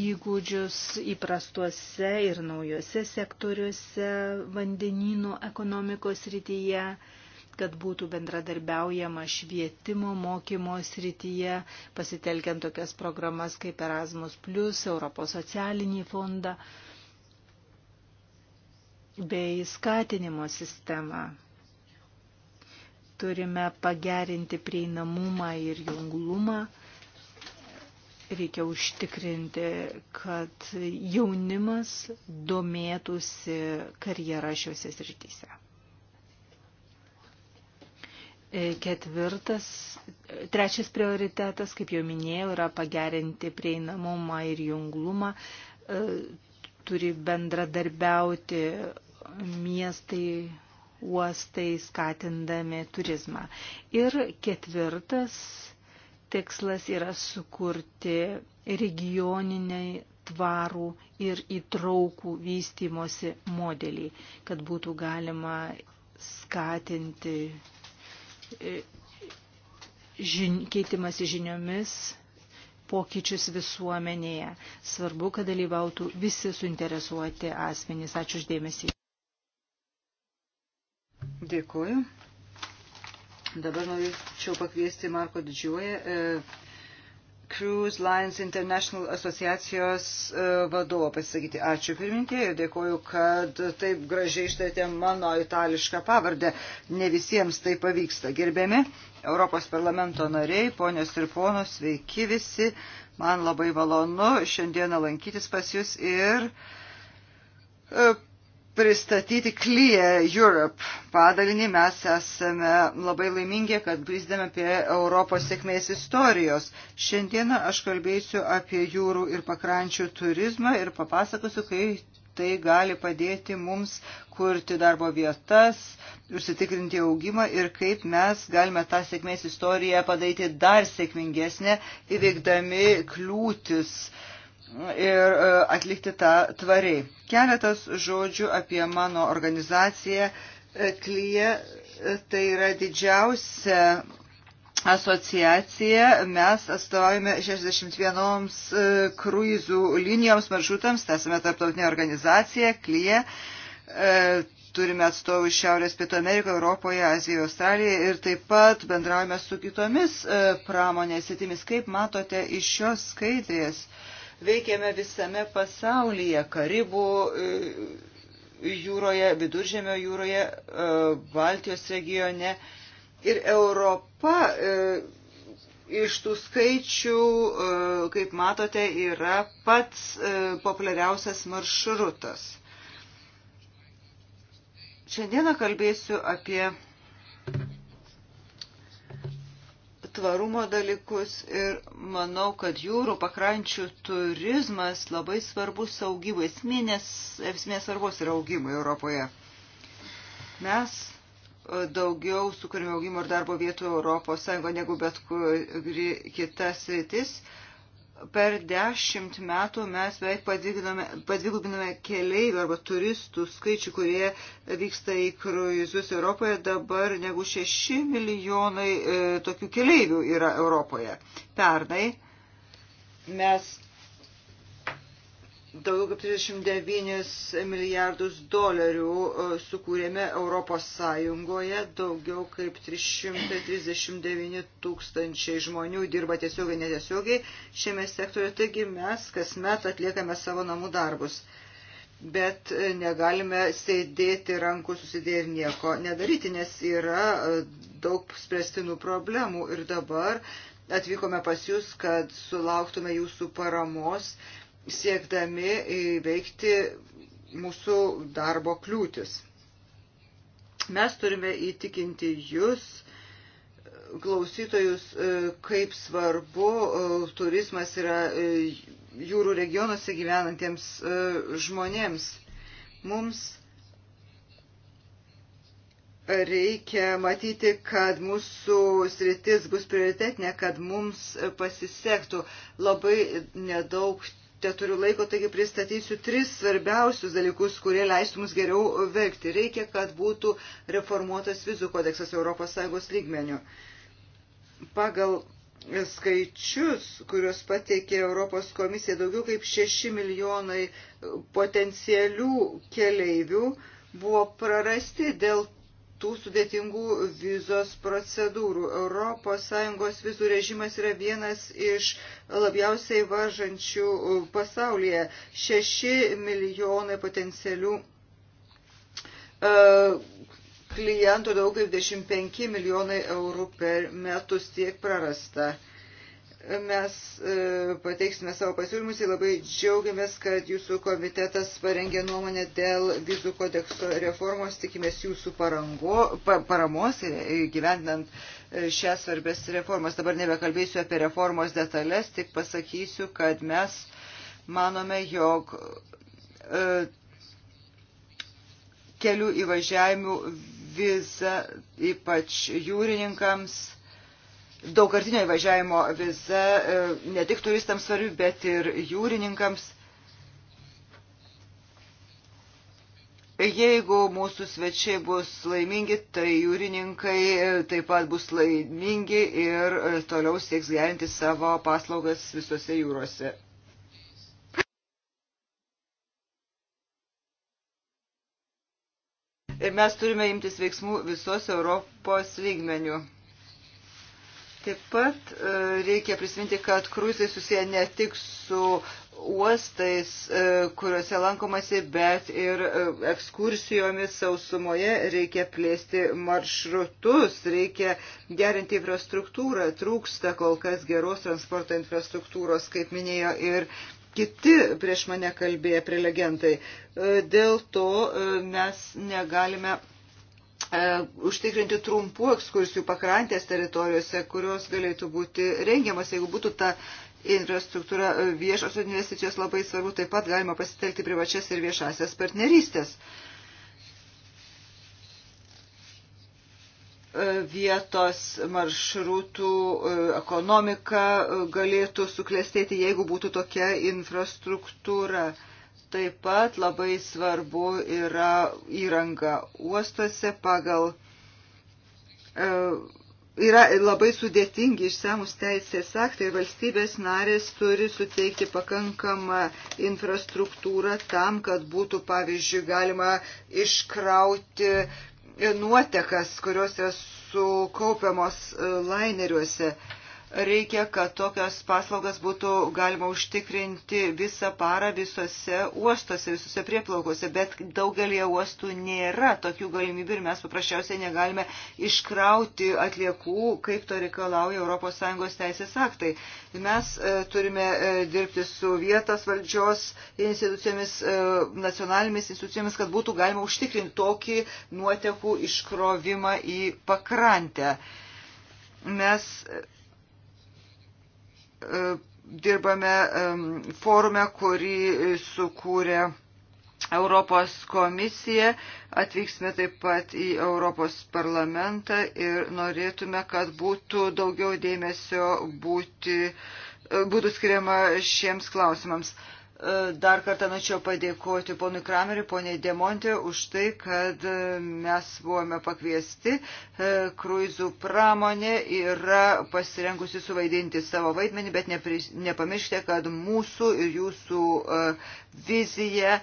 įgūdžius įprastuose ir naujuose sektoriuose, vandenynų ekonomikos rytyje kad būtų bendradarbiaujama švietimo mokymo srityje, pasitelkiant tokias programas kaip Erasmus, Europos socialinį fondą bei skatinimo sistemą. Turime pagerinti prieinamumą ir junglumą. Reikia užtikrinti, kad jaunimas domėtųsi karjerą šiuose srityse. E, ketvirtas, trečias prioritetas, kaip jau minėjau, yra pagerinti prieinamumą ir junglumą e, turi bendradarbiauti miestai, uostai, skatindami turizmą. Ir ketvirtas tikslas yra sukurti regioniniai tvarų ir įtraukų vystimosi modelį, kad būtų galima skatinti e, žin, keitimasi žiniomis pokyčius visuomenėje. Svarbu, kad dalyvautų visi suinteresuoti asmenys. Ačiū uždėmesį. Dėkuoju. Dabar norėčiau pakviesti Marko Didžiuoją, e, Cruise Lines International asociacijos e, vadovo pasisakyti. Ačiū pirmininkė ir dėkoju, kad taip gražiai ištarėte mano itališką pavardę. Ne visiems tai pavyksta. Gerbiami Europos parlamento nariai, ponios ir ponos, sveiki visi. Man labai malonu šiandieną lankytis pas jūs ir e, pristatyti Clear Europe padalinį. Mes esame labai laimingi, kad brysdėme apie Europos sėkmės istorijos. Šiandieną aš kalbėsiu apie jūrų ir pakrančių turizmą ir papasakosiu, kaip tai gali padėti mums kurti darbo vietas, užsitikrinti augimą ir kaip mes galime tą sėkmės istoriją padaryti dar sėkmingesnę, įveikdami kliūtis uh, ir e, atlikti tą tvariai. Keletas žodžių apie mano organizaciją. E, Klyje e, tai yra didžiausia asociacija. Mes atstovaujame 61 kruizų linijoms, maršrutams. Tai esame tarptautinė organizacija Klyje. Turime atstovų iš Šiaurės Pietų Amerikoje, Europoje, Azijoje, Australijoje ir taip pat bendraujame su kitomis pramonės sėtimis. Kaip matote iš šios skaidrės, uh, Veikiame visame pasaulyje, Karibų e, jūroje, Viduržėmio jūroje, e, Baltijos regione. Ir Europa e, iš tų skaičių, kaip matote, yra pats populiariausias maršrutas. Šiandieną kalbėsiu apie tvarumo dalykus ir manau, kad jūrų pakrančių turizmas labai svarbus augimui. Esminės, esminės svarbos yra augimui Europoje. Mes e, daugiau sukūrėme augimo ir darbo vietų Europos Sąjungo negu bet kuri kitas rytis. Uh, per dešimt metų mes beveik padvigubinome keleivių arba turistų skaičių, kurie vyksta į kruizus Europoje. Dabar negu 6 milijonai e, tokių keleivių yra Europoje. Pernai mes daugiau kaip 39 milijardus dolerių e, sukūrėme Europos Sąjungoje, daugiau kaip 339 tūkstančiai žmonių dirba tiesiogiai, netiesiogiai šiame sektoriu, taigi mes kasmet atliekame savo namų darbus. Bet e, negalime sėdėti rankų susidėję ir nieko nedaryti, nes yra e, daug spręstinų problemų ir dabar atvykome pas jūs, kad sulauktume jūsų paramos siekdami įveikti mūsų darbo kliūtis. Mes turime įtikinti jūs, klausytojus, kaip svarbu turizmas yra jūrų regionuose gyvenantiems žmonėms. Mums reikia matyti, kad mūsų sritis bus prioritetinė, kad mums pasisektų. Labai nedaug teturiu laiko, taigi pristatysiu tris svarbiausius dalykus, kurie leistų mums geriau veikti. Reikia, kad būtų reformuotas vizų kodeksas ES lygmenių. Pagal skaičius, kuriuos pateikė Europos komisija, daugiau kaip 6 milijonai potencialių keleivių buvo prarasti dėl tų sudėtingų vizos procedūrų. ES vizų režimas yra vienas iš labiausiai važančių e, pasaulyje. Šeši milijonai potencialių e, klientų, daugiau kaip 25 milijonai eurų per metus tiek prarasta. Uh, mes e, pateiksime savo pasiūlymus ir labai džiaugiamės, kad jūsų komitetas parengė nuomonę dėl vizų kodekso reformos. Tikimės jūsų parango, pa, paramos e, gyvendant e, šias svarbės reformas. Dabar nebekalbėsiu apie reformos detalės, tik pasakysiu, kad mes manome, jog e, kelių įvažiavimų viza, ypač jūrininkams, daugkartinio įvažiavimo viza e, ne tik turistams svarbi, bet ir jūrininkams. Jeigu mūsų svečiai bus laimingi, tai jūrininkai e, taip pat bus laimingi ir e, toliau sieks gerinti savo paslaugas visose jūrose. Ir mes turime imtis veiksmų visos Europos lygmenių. Taip pat e, reikia prisiminti, kad kruzai susiję ne tik su uostais, e, kuriuose lankomasi, bet ir e, ekskursijomis sausumoje reikia plėsti maršrutus, reikia gerinti infrastruktūrą, trūksta kol kas geros transporto infrastruktūros, kaip minėjo ir kiti prieš mane kalbėję prelegentai. Dėl to mes negalime E, užtikrinti trumpų ekskursijų pakrantės teritorijose, kurios galėtų būti rengiamas, jeigu būtų ta infrastruktūra e, viešos investicijos labai svarbu, taip pat galima pasitelkti privačias ir viešasias partnerystės. E, vietos maršrutų ekonomika galėtų suklestėti, jeigu būtų tokia infrastruktūra. Taip pat labai svarbu yra įranga uostuose pagal. E, yra labai sudėtingi išsamus teisės aktai ir valstybės narės turi suteikti pakankamą infrastruktūrą tam, kad būtų, pavyzdžiui, galima iškrauti nuotekas, kurios yra sukaupiamos e, laineriuose. Uh, reikia, kad tokios paslaugas būtų galima užtikrinti visą parą visose uostose, visose prieplaukose, bet daugelie uostų nėra tokių galimybių ir mes paprasčiausiai negalime iškrauti atliekų, kaip to reikalauja ES teisės aktai. Mes e, turime e, dirbti su vietos valdžios institucijomis, e, nacionalinėmis institucijomis, kad būtų galima užtikrinti tokį nuotekų iškrovimą į pakrantę. Mes e, dirbame forume, kurį sukūrė Europos komisija, atvyksime taip pat į Europos parlamentą ir norėtume, kad būtų daugiau dėmesio būti, būtų skiriama šiems klausimams. Dar kartą norėčiau padėkoti ponui Krameriui, poniai Demontė už tai, kad e, mes buvome pakviesti. E, kruizų pramonė yra pasirengusi suvaidinti savo vaidmenį, bet nepamirškite, kad mūsų ir jūsų e, vizija,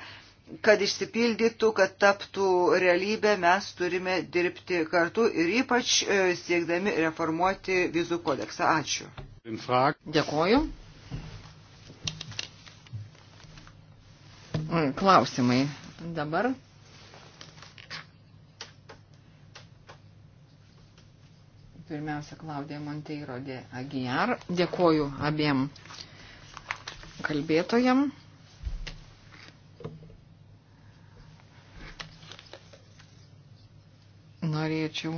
kad išsipildytų, kad taptų realybė, mes turime dirbti kartu ir ypač siekdami reformuoti vizų kodeksą. Ačiū. Dėkoju. klausimai dabar. Pirmiausia, Klaudija Monteiro de Agijar. Dėkoju abiem kalbėtojam. Norėčiau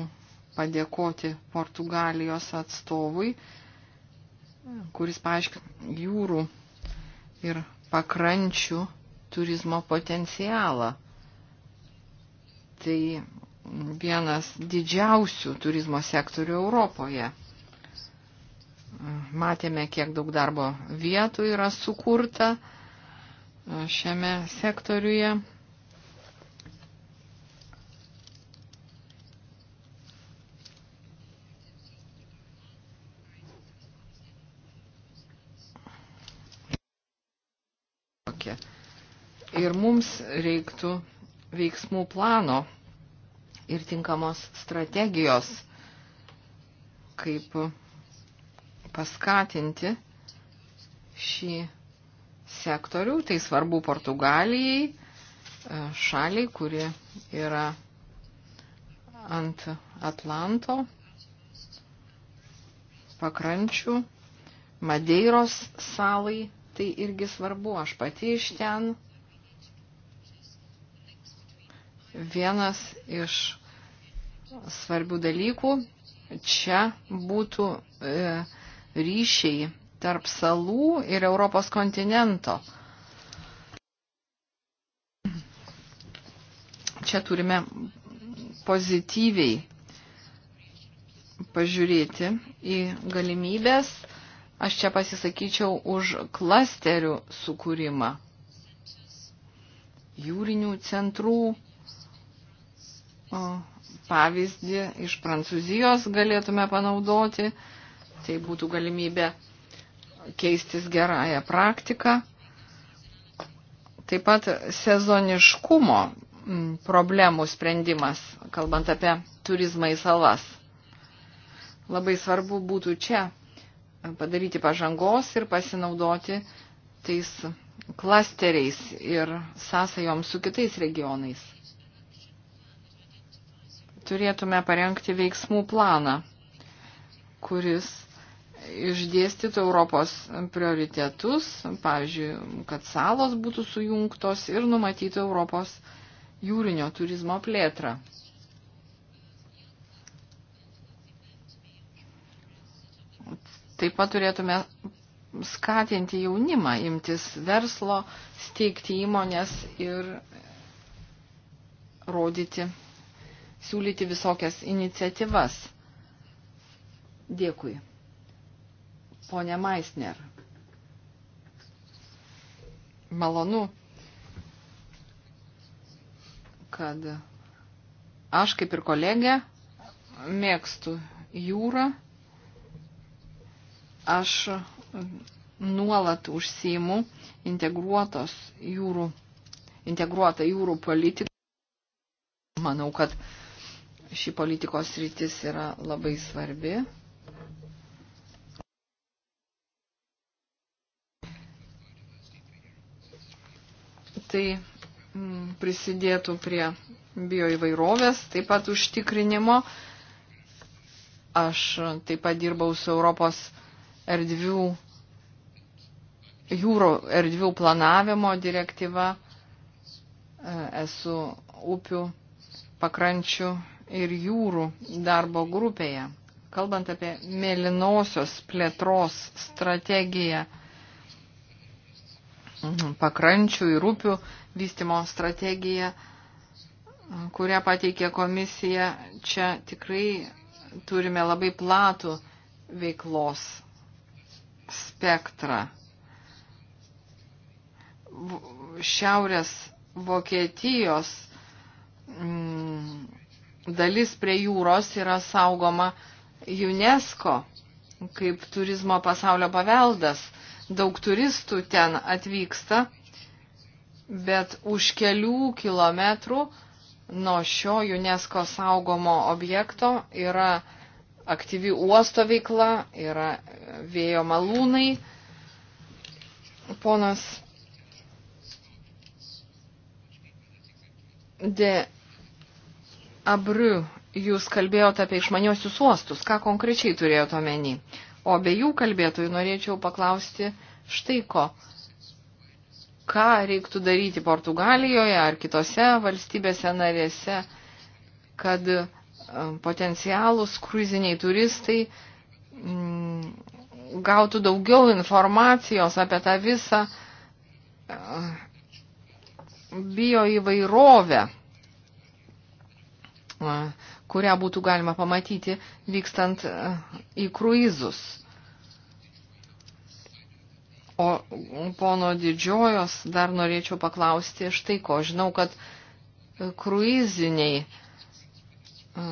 padėkoti Portugalijos atstovui, kuris paaiškino jūrų ir pakrančių turizmo potencialą. Tai vienas didžiausių turizmo sektorių Europoje. Matėme, kiek daug darbo vietų yra sukurta šiame sektoriuje. mums reiktų veiksmų plano ir tinkamos strategijos, kaip paskatinti šį sektorių. Tai svarbu Portugalijai, e, šaliai, kuri yra ant Atlanto pakrančių, Madeiros salai, tai irgi svarbu, aš pati iš ten vienas iš svarbių dalykų čia būtų e, ryšiai tarp salų ir Europos kontinento. Čia turime pozityviai pažiūrėti į galimybės. Aš čia pasisakyčiau už klasterių sukūrimą. Jūrinių centrų pavyzdį iš Prancūzijos galėtume panaudoti. Tai būtų galimybė keistis gerąją praktiką. Taip pat sezoniškumo problemų sprendimas, kalbant apie turizmą į salas. Labai svarbu būtų čia padaryti pažangos ir pasinaudoti tais klasteriais ir sąsajom su kitais regionais turėtume parengti veiksmų planą, kuris išdėstytų Europos prioritetus, pavyzdžiui, kad salos būtų sujungtos ir numatytų Europos jūrinio turizmo plėtrą. Taip pat turėtume skatinti jaunimą imtis verslo, steigti įmonės ir rodyti siūlyti visokias iniciatyvas. Dėkui. Pone Maisner. Malonu, kad aš kaip ir kolegė mėgstu jūrą. Aš nuolat užsiimu integruotos jūrų, integruotą jūrų politiką. Manau, kad Ši politikos rytis yra labai svarbi. Tai mm, prisidėtų prie bioįvairovės, taip pat užtikrinimo. Aš taip pat dirbau su Europos erdvių, jūro erdvių planavimo direktyva, esu upių pakrančių ir jūrų darbo grupėje, kalbant apie mėlynosios plėtros strategiją, pakrančių ir upių vystimo strategiją, kurią pateikė komisija, čia tikrai turime labai platų veiklos spektrą. Šiaurės Vokietijos mm, dalis prie jūros yra saugoma UNESCO kaip turizmo pasaulio paveldas. Daug turistų ten atvyksta, bet už kelių kilometrų nuo šio UNESCO saugomo objekto yra aktyvi uosto veikla, yra vėjo malūnai. Ponas De Abriu, jūs kalbėjote apie išmaniosius uostus. Ką konkrečiai turėjote omeny? O abiejų kalbėtojų norėčiau paklausti štai ko. Ką reiktų daryti Portugalijoje ar kitose valstybėse narėse, kad e, potencialūs kruiziniai turistai mm, gautų daugiau informacijos apie tą visą e, bio įvairovę kurią būtų galima pamatyti vykstant e, į kruizus. O pono didžiojos dar norėčiau paklausti štai ko. Žinau, kad kruiziniai, e,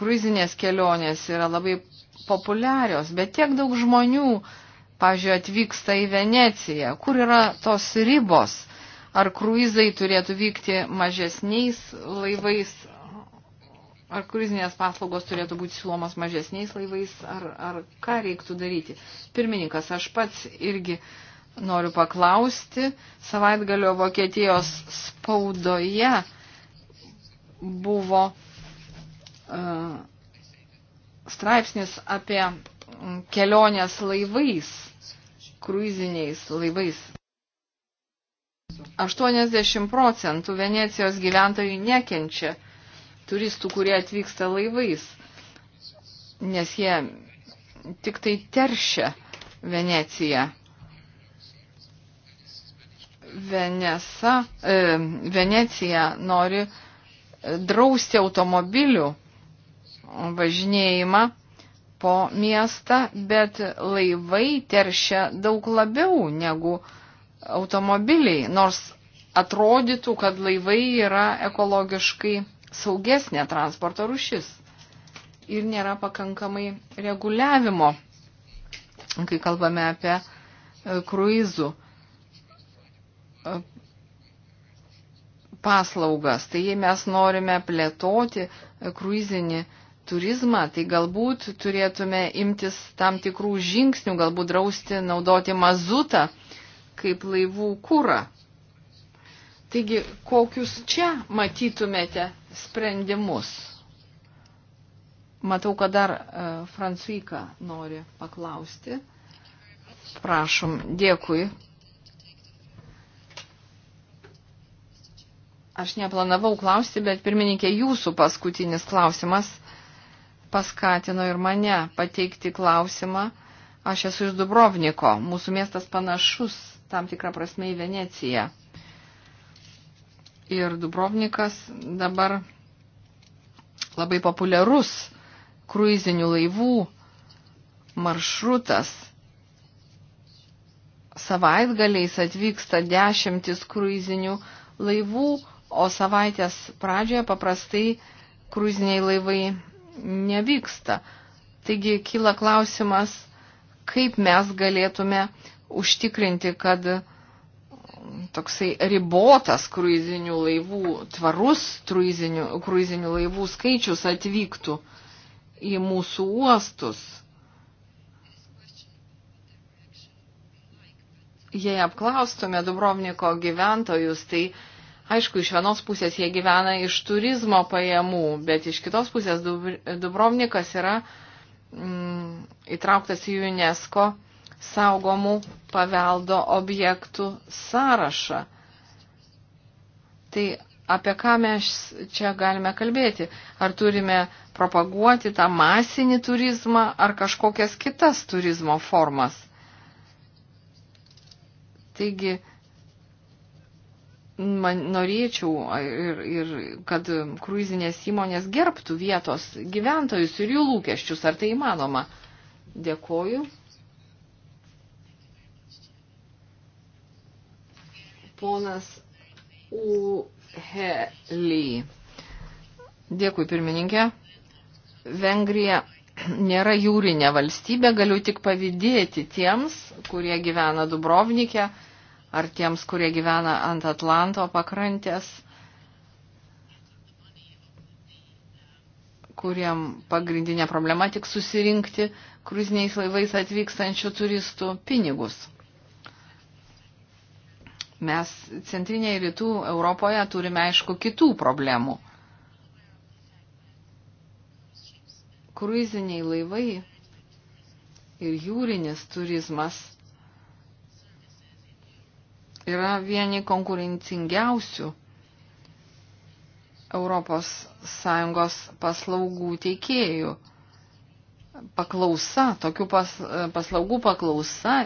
kruizinės kelionės yra labai populiarios, bet tiek daug žmonių, pažiūrėjau, atvyksta į Veneciją. Kur yra tos ribos? Ar kruizai turėtų vykti mažesniais laivais, Ar kruizinės paslaugos turėtų būti siūlomas mažesniais laivais, ar, ar ką reiktų daryti? Pirmininkas, aš pats irgi noriu paklausti. Savaitgalio Vokietijos spaudoje buvo uh, straipsnis apie kelionės laivais, kruiziniais laivais. 80 procentų Venecijos gyventojų nekenčia turistų, kurie atvyksta laivais, nes jie tik tai teršia Veneciją. Venesa, e, Venecija nori drausti automobilių važinėjimą po miestą, bet laivai teršia daug labiau negu automobiliai, nors atrodytų, kad laivai yra ekologiškai saugesnė transporto rušis ir nėra pakankamai reguliavimo, kai kalbame apie e, kruizų e, paslaugas. Tai jei mes norime plėtoti e, kruizinį turizmą, tai galbūt turėtume imtis tam tikrų žingsnių, galbūt drausti naudoti mazutą kaip laivų kūrą. Taigi, kokius čia matytumėte sprendimus. Matau, kad dar e, Fransuika nori paklausti. Prašom, dėkui. Aš neplanavau klausti, bet pirmininkė, jūsų paskutinis klausimas paskatino ir mane pateikti klausimą. Aš esu iš Dubrovniko. Mūsų miestas panašus tam tikrą prasme į Veneciją ir Dubrovnikas dabar labai populiarus kruizinių laivų maršrutas. Savaitgaliais atvyksta dešimtis kruizinių laivų, o savaitės pradžioje paprastai kruiziniai laivai nevyksta. Taigi kyla klausimas, kaip mes galėtume užtikrinti, kad toksai ribotas kruizinių laivų, tvarus kruizinių, kruizinių laivų skaičius atvyktų į mūsų uostus. Jei apklaustume Dubrovniko gyventojus, tai aišku, iš vienos pusės jie gyvena iš turizmo pajamų, bet iš kitos pusės Dubrovnikas yra mm, įtrauktas į UNESCO saugomų paveldo objektų sąrašą. Tai apie ką mes čia galime kalbėti? Ar turime propaguoti tą masinį turizmą ar kažkokias kitas turizmo formas? Taigi, man norėčiau ir, ir kad kruizinės įmonės gerbtų vietos gyventojus ir jų lūkesčius. Ar tai įmanoma? Dėkoju. ponas Uhely. Dėkui, pirmininkė. Vengrija nėra jūrinė valstybė, galiu tik pavydėti tiems, kurie gyvena Dubrovnikė ar tiems, kurie gyvena ant Atlanto pakrantės, kuriem pagrindinė problema tik susirinkti kruziniais laivais atvykstančių turistų pinigus. Mes centrinėje rytų Europoje turime, aišku, kitų problemų. Kruiziniai laivai ir jūrinis turizmas yra vieni konkurencingiausių ES paslaugų teikėjų. Paklausa, tokių pas, paslaugų paklausa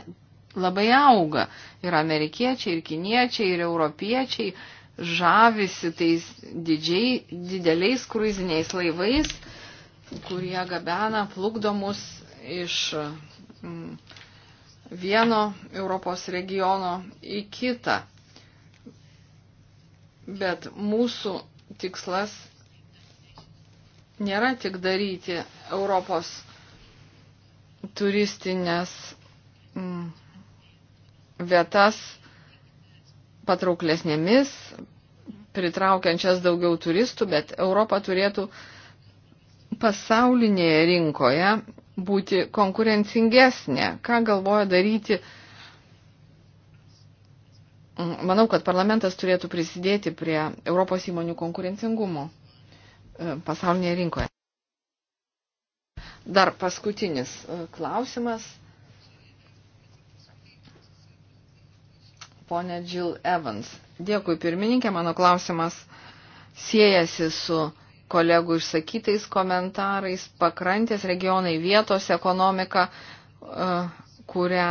labai auga. Ir amerikiečiai, ir kiniečiai, ir europiečiai žavisi tais didžiai, dideliais kruiziniais laivais, kurie gabena plukdomus iš mm, vieno Europos regiono į kitą. Bet mūsų tikslas nėra tik daryti Europos turistinės mm, vietas patrauklesnėmis, pritraukiančias daugiau turistų, bet Europa turėtų pasaulinėje rinkoje būti konkurencingesnė. Ką galvoja daryti? Manau, kad parlamentas turėtų prisidėti prie Europos įmonių konkurencingumo e, pasaulinėje rinkoje. Dar paskutinis e, klausimas. ponė Jill Evans. Dėkui pirmininkė, mano klausimas siejasi su kolegų išsakytais komentarais, pakrantės regionai, vietos ekonomika, e, kurią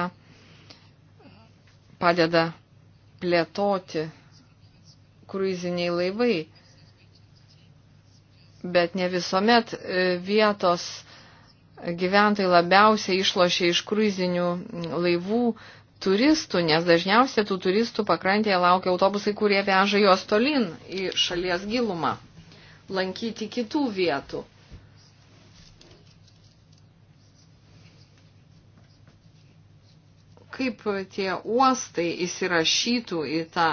padeda plėtoti kruiziniai laivai. Bet ne visuomet e, vietos gyventojai labiausiai išlošia iš kruizinių laivų turistų, nes dažniausiai tų turistų pakrantėje laukia autobusai, kurie veža juos tolin į šalies gilumą, lankyti kitų vietų. Kaip tie uostai įsirašytų į tą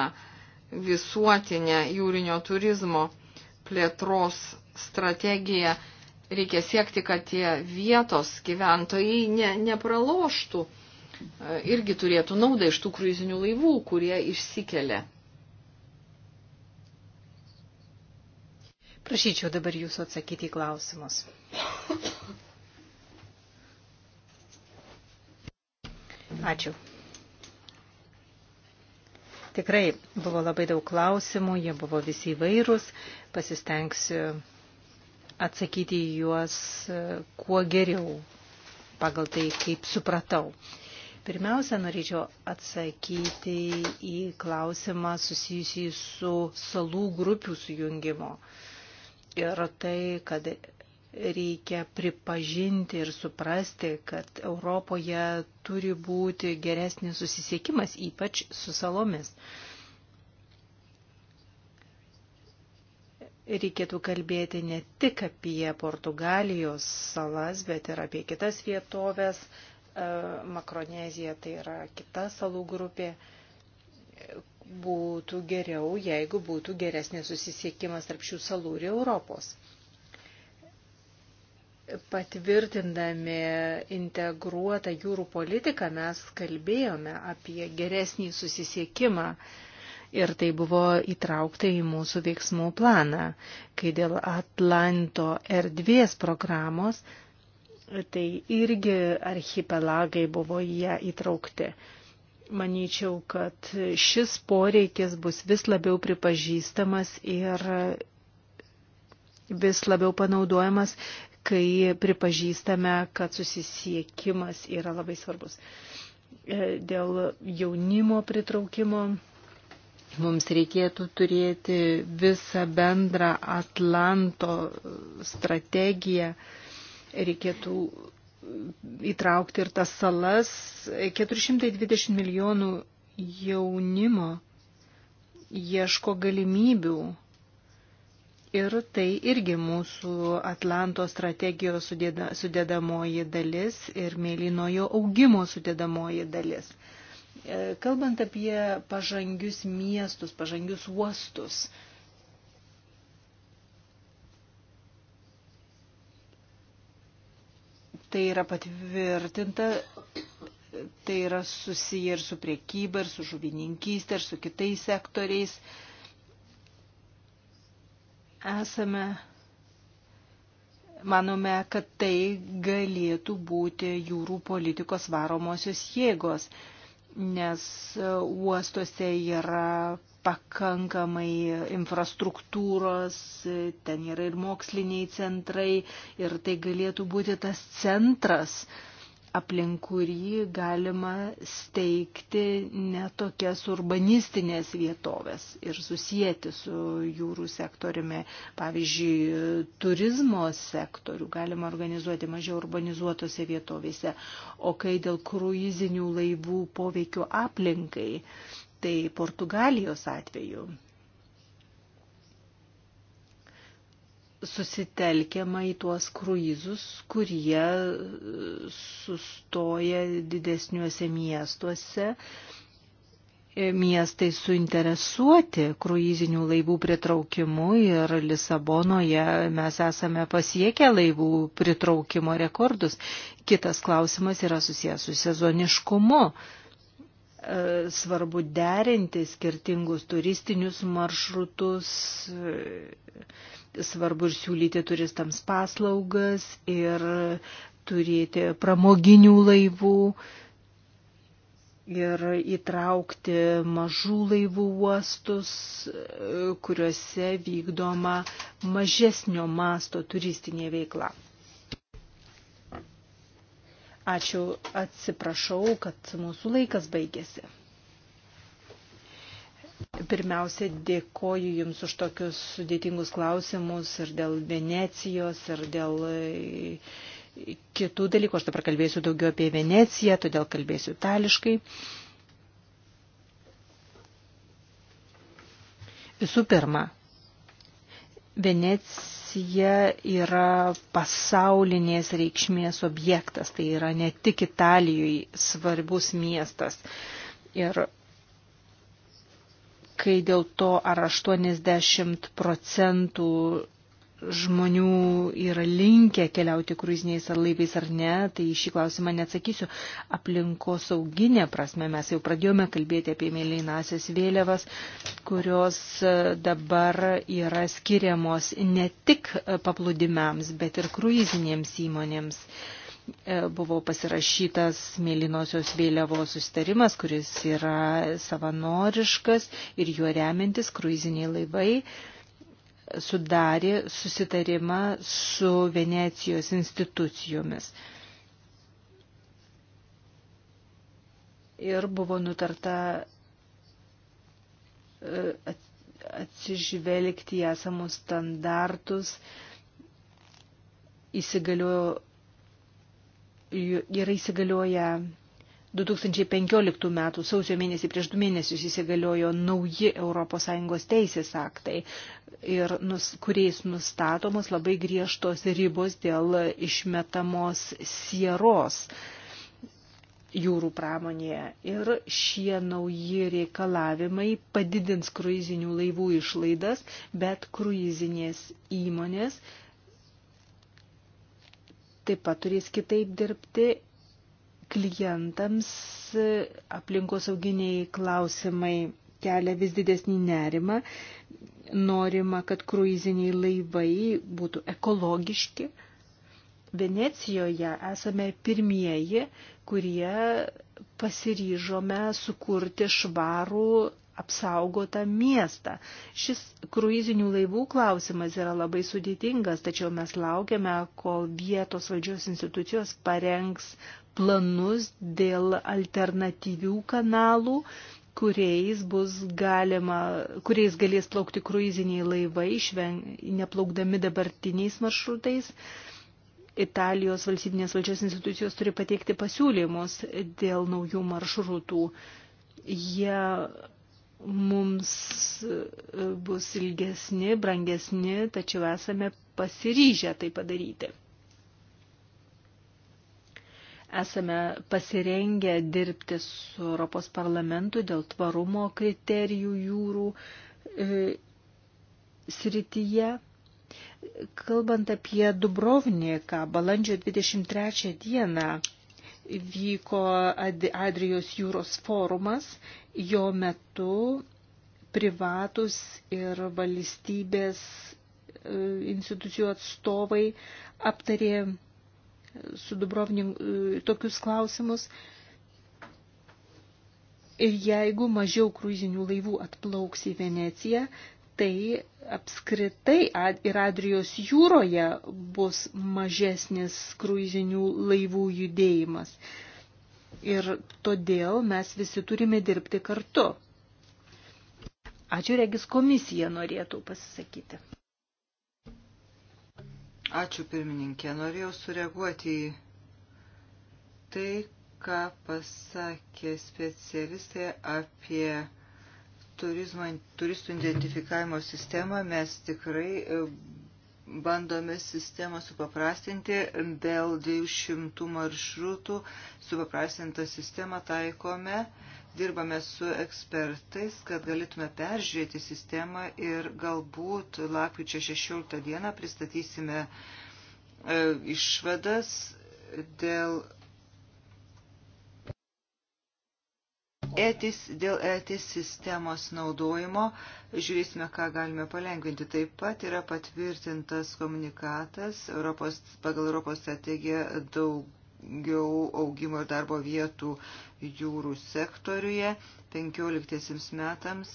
visuotinę jūrinio turizmo plėtros strategiją, reikia siekti, kad tie vietos gyventojai ne, nepraloštų E, irgi turėtų naudą iš tų kruizinių laivų, kurie išsikelia. Prašyčiau dabar jūsų atsakyti į klausimus. Ačiū. Tikrai buvo labai daug klausimų, jie buvo visi įvairūs. Pasistengsiu atsakyti į juos e, kuo geriau pagal tai, kaip supratau. Uh, Pirmiausia, norėčiau atsakyti į klausimą susijusį su salų grupių sujungimo. Ir tai, kad reikia pripažinti ir suprasti, kad Europoje turi būti geresnis susisiekimas, ypač su salomis. Reikėtų kalbėti ne tik apie Portugalijos salas, bet ir apie kitas vietovės, E, Makronezija tai yra kita salų grupė. Būtų geriau, jeigu būtų geresnis susisiekimas tarp šių salų ir Europos. Patvirtindami integruotą jūrų politiką mes kalbėjome apie geresnį susisiekimą ir tai buvo įtraukta į mūsų veiksmų planą, kai dėl Atlanto erdvės programos tai irgi archipelagai buvo ją įtraukti. Manyčiau, kad šis poreikis bus vis labiau pripažįstamas ir vis labiau panaudojamas, kai pripažįstame, kad susisiekimas yra labai svarbus. E, dėl jaunimo pritraukimo mums reikėtų turėti visą bendrą Atlanto strategiją reikėtų įtraukti ir tas salas. 420 milijonų jaunimo ieško galimybių. Ir tai irgi mūsų Atlanto strategijos sudėda, sudėdamoji dalis ir mėlynojo augimo sudėdamoji dalis. E, kalbant apie pažangius miestus, pažangius uostus, Tai yra patvirtinta, tai yra susiję ir su priekyba, ir su žuvininkystė, ir su kitais sektoriais. Esame, manome, kad tai galėtų būti jūrų politikos varomosios jėgos, nes e, uostuose yra pakankamai infrastruktūros, ten yra ir moksliniai centrai ir tai galėtų būti tas centras, aplink kurį galima steigti netokias urbanistinės vietovės ir susijęti su jūrų sektoriumi. Pavyzdžiui, turizmo sektorių galima organizuoti mažiau urbanizuotose vietovėse, o kai dėl kruizinių laivų poveikio aplinkai, tai Portugalijos atveju susitelkiama į tuos kruizus, kurie e, sustoja didesniuose miestuose. E, miestai suinteresuoti kruizinių laivų pritraukimu ir Lisabonoje mes esame pasiekę laivų pritraukimo rekordus. Kitas klausimas yra susijęs su sezoniškumu svarbu derinti skirtingus turistinius maršrutus, svarbu ir siūlyti turistams paslaugas ir turėti pramoginių laivų ir įtraukti mažų laivų uostus, kuriuose vykdoma mažesnio masto turistinė veikla. Ačiū, atsiprašau, kad mūsų laikas baigėsi. Pirmiausia, dėkoju Jums už tokius sudėtingus klausimus ir dėl Venecijos, ir dėl e, kitų dalykų. Aš dabar kalbėsiu daugiau apie Veneciją, todėl kalbėsiu itališkai. Visų pirma, Venec... Venecija yra pasaulinės reikšmės objektas, tai yra ne tik Italijoje svarbus miestas. Ir kai dėl to ar 80 procentų žmonių yra linkę keliauti kruiziniais ar laivais ar ne, tai šį klausimą neatsakysiu. Aplinkos sauginė prasme mes jau pradėjome kalbėti apie mėlynasias vėliavas, kurios e, dabar yra skiriamos ne tik e, paplūdimiams, bet ir kruizinėms įmonėms e, buvo pasirašytas mėlynosios vėliavos sustarimas, kuris yra savanoriškas ir juo remiantis kruiziniai laivai sudarė susitarimą su Venecijos institucijomis. Ir buvo nutarta e, atsižvelgti į esamus standartus, įsigaliojo, yra įsigalioję 2015 metų sausio mėnesį prieš du mėnesius įsigaliojo nauji ES teisės aktai, ir nus, kuriais nustatomos labai griežtos ribos dėl išmetamos sieros jūrų pramonėje. Ir šie nauji reikalavimai padidins kruizinių laivų išlaidas, bet kruizinės įmonės taip pat turės kitaip dirbti klientams aplinkosauginiai klausimai kelia vis didesnį nerimą. Norima, kad kruiziniai laivai būtų ekologiški. Venecijoje esame pirmieji, kurie pasiryžome sukurti švarų apsaugotą miestą. Šis kruizinių laivų klausimas yra labai sudėtingas, tačiau mes laukiame, kol vietos valdžios institucijos parengs planus dėl alternatyvių kanalų, kuriais, bus galima, kuriais galės plaukti kruiziniai laivai, šven, neplaukdami dabartiniais maršrutais. Italijos valstybinės valdžios institucijos turi pateikti pasiūlymus dėl naujų maršrutų. Jie mums e, bus ilgesni, brangesni, tačiau esame pasiryžę tai padaryti. Esame pasirengę dirbti su Europos parlamentu dėl tvarumo kriterijų jūrų e, srityje. Kalbant apie Dubrovniką, balandžio 23 dieną vyko Adrijos jūros forumas, jo metu privatus ir valstybės e, institucijų atstovai aptarė e, su Dubrovniku e, tokius klausimus. Ir jeigu mažiau kruizinių laivų atplauks į Veneciją, tai apskritai ir Adrijos jūroje bus mažesnis kruizinių laivų judėjimas. Ir todėl mes visi turime dirbti kartu. Ačiū, Regis komisija norėtų pasisakyti. Ačiū, pirmininkė. Norėjau sureaguoti į tai, ką pasakė specialistai apie turizmo, turistų identifikavimo sistemą mes tikrai e, bandome sistemą supaprastinti dėl 200 maršrutų, supaprastintą sistemą taikome, dirbame su ekspertais, kad galėtume peržiūrėti sistemą ir galbūt lapkričio 16 dieną pristatysime e, išvadas dėl etis, dėl etis sistemos naudojimo. Žiūrėsime, ką galime palengvinti. Taip pat yra patvirtintas komunikatas Europos, pagal Europos strategiją daugiau augimo ir darbo vietų jūrų sektoriuje. 15 metams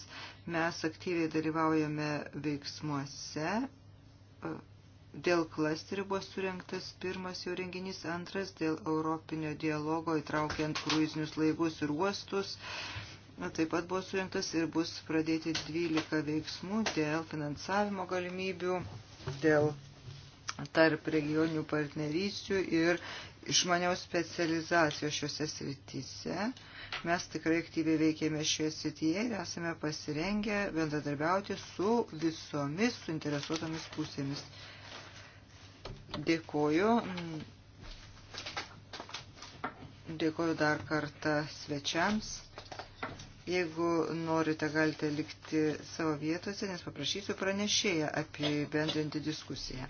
mes aktyviai dalyvaujame veiksmuose Dėl klasterių buvo surinktas pirmas jo renginys, antras dėl europinio dialogo įtraukiant kruizinius laivus ir uostus. Taip pat buvo surinktas ir bus pradėti 12 veiksmų dėl finansavimo galimybių, dėl tarp regioninių partnerysčių ir išmaniaus specializacijos šiuose srityse. Mes tikrai aktyviai veikėme šioje srityje ir esame pasirengę bendradarbiauti su visomis suinteresuotomis pusėmis. Dėkoju. Dėkoju dar kartą svečiams. Jeigu norite, galite likti savo vietose, nes paprašysiu pranešėją apibendrinti diskusiją.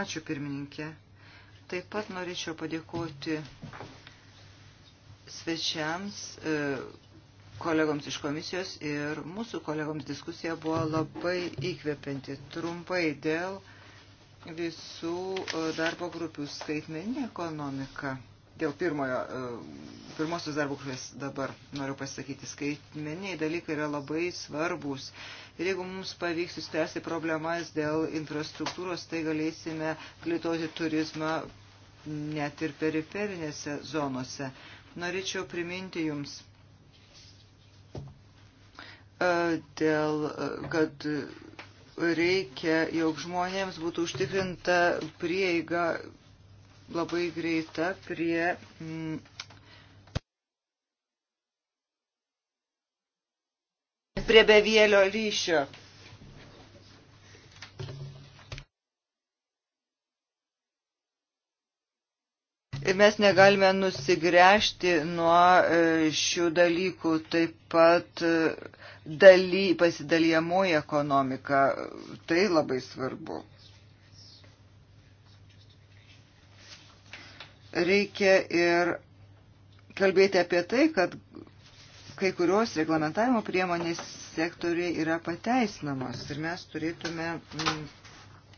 Ačiū pirmininkė. Taip pat norėčiau padėkoti svečiams, e, kolegoms iš komisijos ir mūsų kolegoms diskusija buvo labai įkvepianti. Trumpai dėl visų e, darbo grupių skaitmeninė ekonomika. Dėl pirmojo, e, pirmosios darbo grupės dabar noriu pasakyti, skaitmeniniai dalykai yra labai svarbus. Ir jeigu mums pavyks įspręsti problemas dėl infrastruktūros, tai galėsime plėtoti turizmą net ir periferinėse zonose. Norėčiau priminti jums e, dėl, kad reikia, jog žmonėms būtų užtikrinta prieiga labai greita prie. Mm, prie bevėlio ryšio. Mes negalime nusigręžti nuo e, šių dalykų. Taip pat e, daly, pasidalyjamoji ekonomika. Tai labai svarbu. Reikia ir kalbėti apie tai, kad kai kurios reglamentavimo priemonės sektoriai yra pateisinamos ir mes turėtume mm,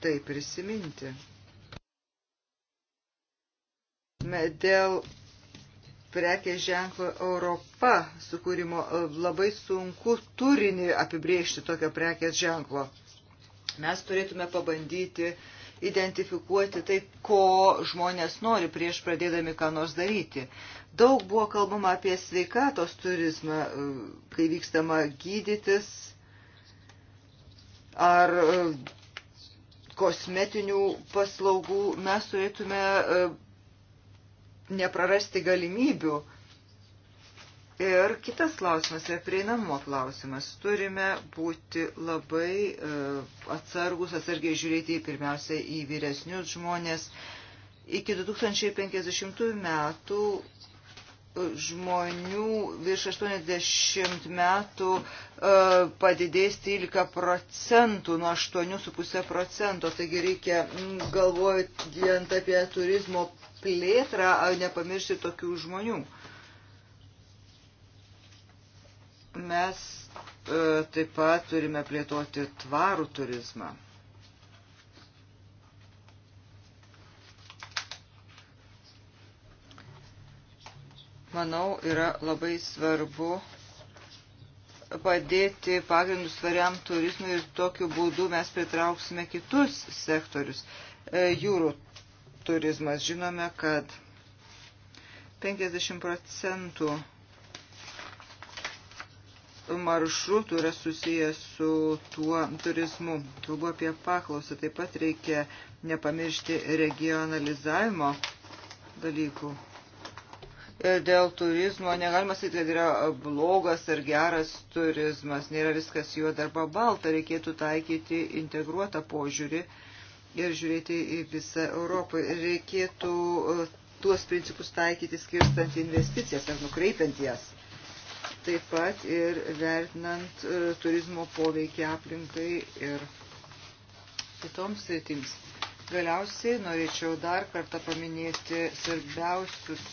tai prisiminti dėl prekės ženklo Europa sukūrimo labai sunku turinį apibriežti tokio prekės ženklo. Mes turėtume pabandyti identifikuoti tai, ko žmonės nori prieš pradėdami ką nors daryti. Daug buvo kalbama apie sveikatos turizmą, kai vykstama gydytis ar e, kosmetinių paslaugų. Mes turėtume e, neprarasti galimybių. Ir kitas klausimas yra prieinamumo klausimas. Turime būti labai e, atsargus, atsargiai žiūrėti pirmiausia į vyresnius žmonės. Iki 2050 metų e, žmonių virš 80 metų e, padidės 13 procentų, nuo 8,5 procento. Taigi reikia galvojant apie turizmo plėtrą, nepamiršti tokių žmonių. Mes e, taip pat turime plėtoti tvarų turizmą. Manau, yra labai svarbu padėti pagrindus svariam turizmui ir tokiu būdu mes pritrauksime kitus sektorius. E, jūrų turizmas. Žinome, kad 50 procentų maršrutų yra susijęs su tuo turizmu. Kalbu apie paklausą. Taip pat reikia nepamiršti regionalizavimo dalykų. Ir dėl turizmo negalima sakyti, kad yra blogas ar geras turizmas, nėra viskas juoda arba balta, reikėtų taikyti integruotą požiūrį ir žiūrėti į visą Europą. Reikėtų e, tuos principus taikyti skirstant investicijas ar nukreipiant jas. Taip pat ir vertinant e, turizmo poveikį aplinkai ir kitoms sritims. Galiausiai norėčiau dar kartą paminėti svarbiausius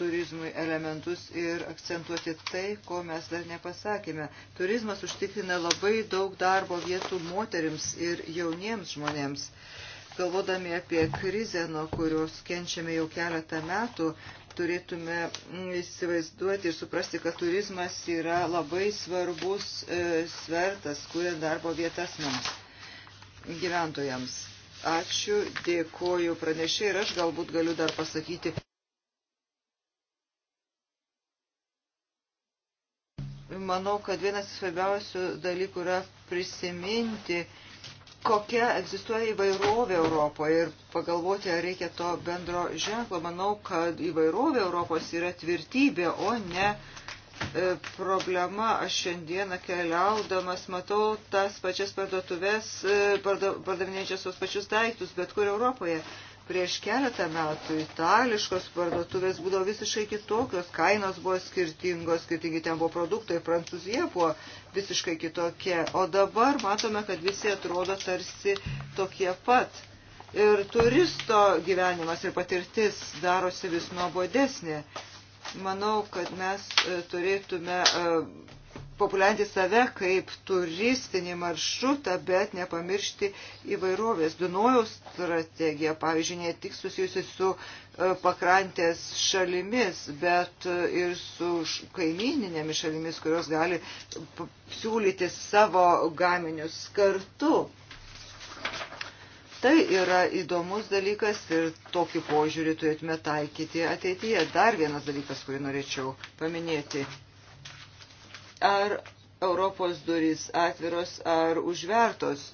turizmui elementus ir akcentuoti tai, ko mes dar nepasakėme. Turizmas užtikrina labai daug darbo vietų moterims ir jauniems žmonėms galvodami apie krizę, nuo kurios kenčiame jau keletą metų, turėtume įsivaizduoti ir suprasti, kad turizmas yra labai svarbus e, svertas, kuriant darbo vietas mums, gyventojams. Ačiū, dėkoju pranešė ir aš galbūt galiu dar pasakyti. Manau, kad vienas svarbiausių dalykų yra prisiminti, kokia egzistuoja įvairovė Europoje ir pagalvoti, ar reikia to bendro ženklo. Manau, kad įvairovė Europos yra tvirtybė, o ne e, problema. Aš šiandieną keliaudamas matau tas pačias parduotuvės, e, pardavinėjančias tos pačius daiktus, bet kur Europoje. Prieš keletą metų itališkos parduotuvės būdavo visiškai kitokios, kainos buvo skirtingos, skirtingi ten buvo produktai, Prancūzija buvo visiškai kitokia. O dabar matome, kad visi atrodo tarsi tokie pat. Ir turisto gyvenimas ir patirtis darosi vis nuobodesnė. Manau, kad mes e, turėtume e, populiarinti save kaip turistinį maršrutą, bet nepamiršti įvairovės. Dunojaus strategija, pavyzdžiui, ne tik susijusi su e, pakrantės šalimis, bet e, ir su kaimininėmis šalimis, kurios gali siūlyti savo gaminius kartu. Tai yra įdomus dalykas ir tokį požiūrį turėtume taikyti ateityje. Dar vienas dalykas, kurį norėčiau paminėti Ar Europos durys atviros ar užvertos?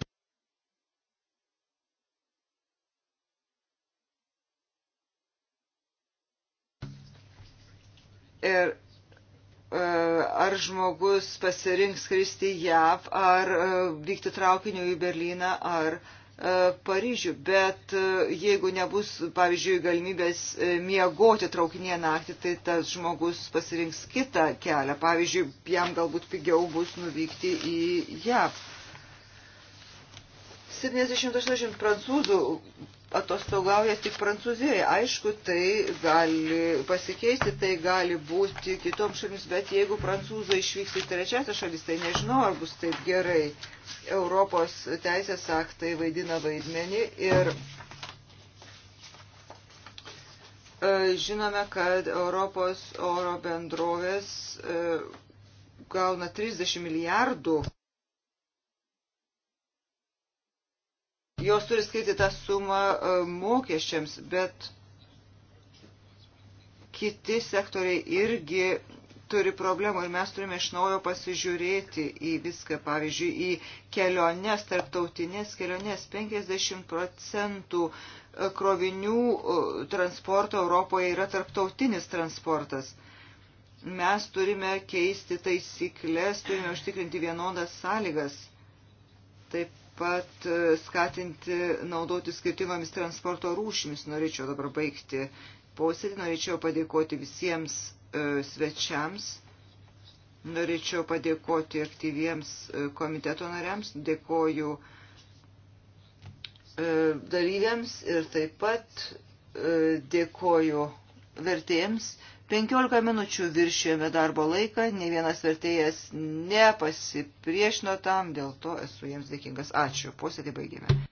Ir e, ar žmogus pasirinks skristi JAV, ar e, vykti traukiniu į Berliną, ar E, Paryžių, bet e, jeigu nebus, pavyzdžiui, galimybės e, miegoti traukinėje naktį, tai tas žmogus pasirinks kitą kelią. Pavyzdžiui, jam galbūt pigiau bus nuvykti į JAV. 70-80 prancūzų atostogauja tik Prancūzijoje. Aišku, tai gali pasikeisti, tai gali būti kitoms šalims, bet jeigu prancūzai išvyks į trečiąją šalis, tai nežinau, ar bus taip gerai. Europos teisės aktai vaidina vaidmenį ir e, žinome, kad Europos oro bendrovės e, gauna 30 milijardų jos turi skirti tą sumą e, mokesčiams, bet kiti sektoriai irgi turi problemų ir mes turime iš naujo pasižiūrėti į viską, pavyzdžiui, į keliones, tarptautinės keliones. 50 procentų e, krovinių e, transporto Europoje yra tarptautinis transportas. Mes turime keisti taisyklės, turime užtikrinti vienodas sąlygas. Taip pat e, skatinti naudoti skirtingomis transporto rūšimis. Norėčiau dabar baigti posėdį, norėčiau padėkoti visiems e, svečiams. Norėčiau padėkoti aktyviems e, komiteto nariams, dėkoju dalyviams ir taip pat dėkoju vertėjams. 15 minučių viršėjome darbo laiką, ne vienas vertėjas nepasipriešino tam, dėl to esu jiems dėkingas. Ačiū, posėdį baigėme.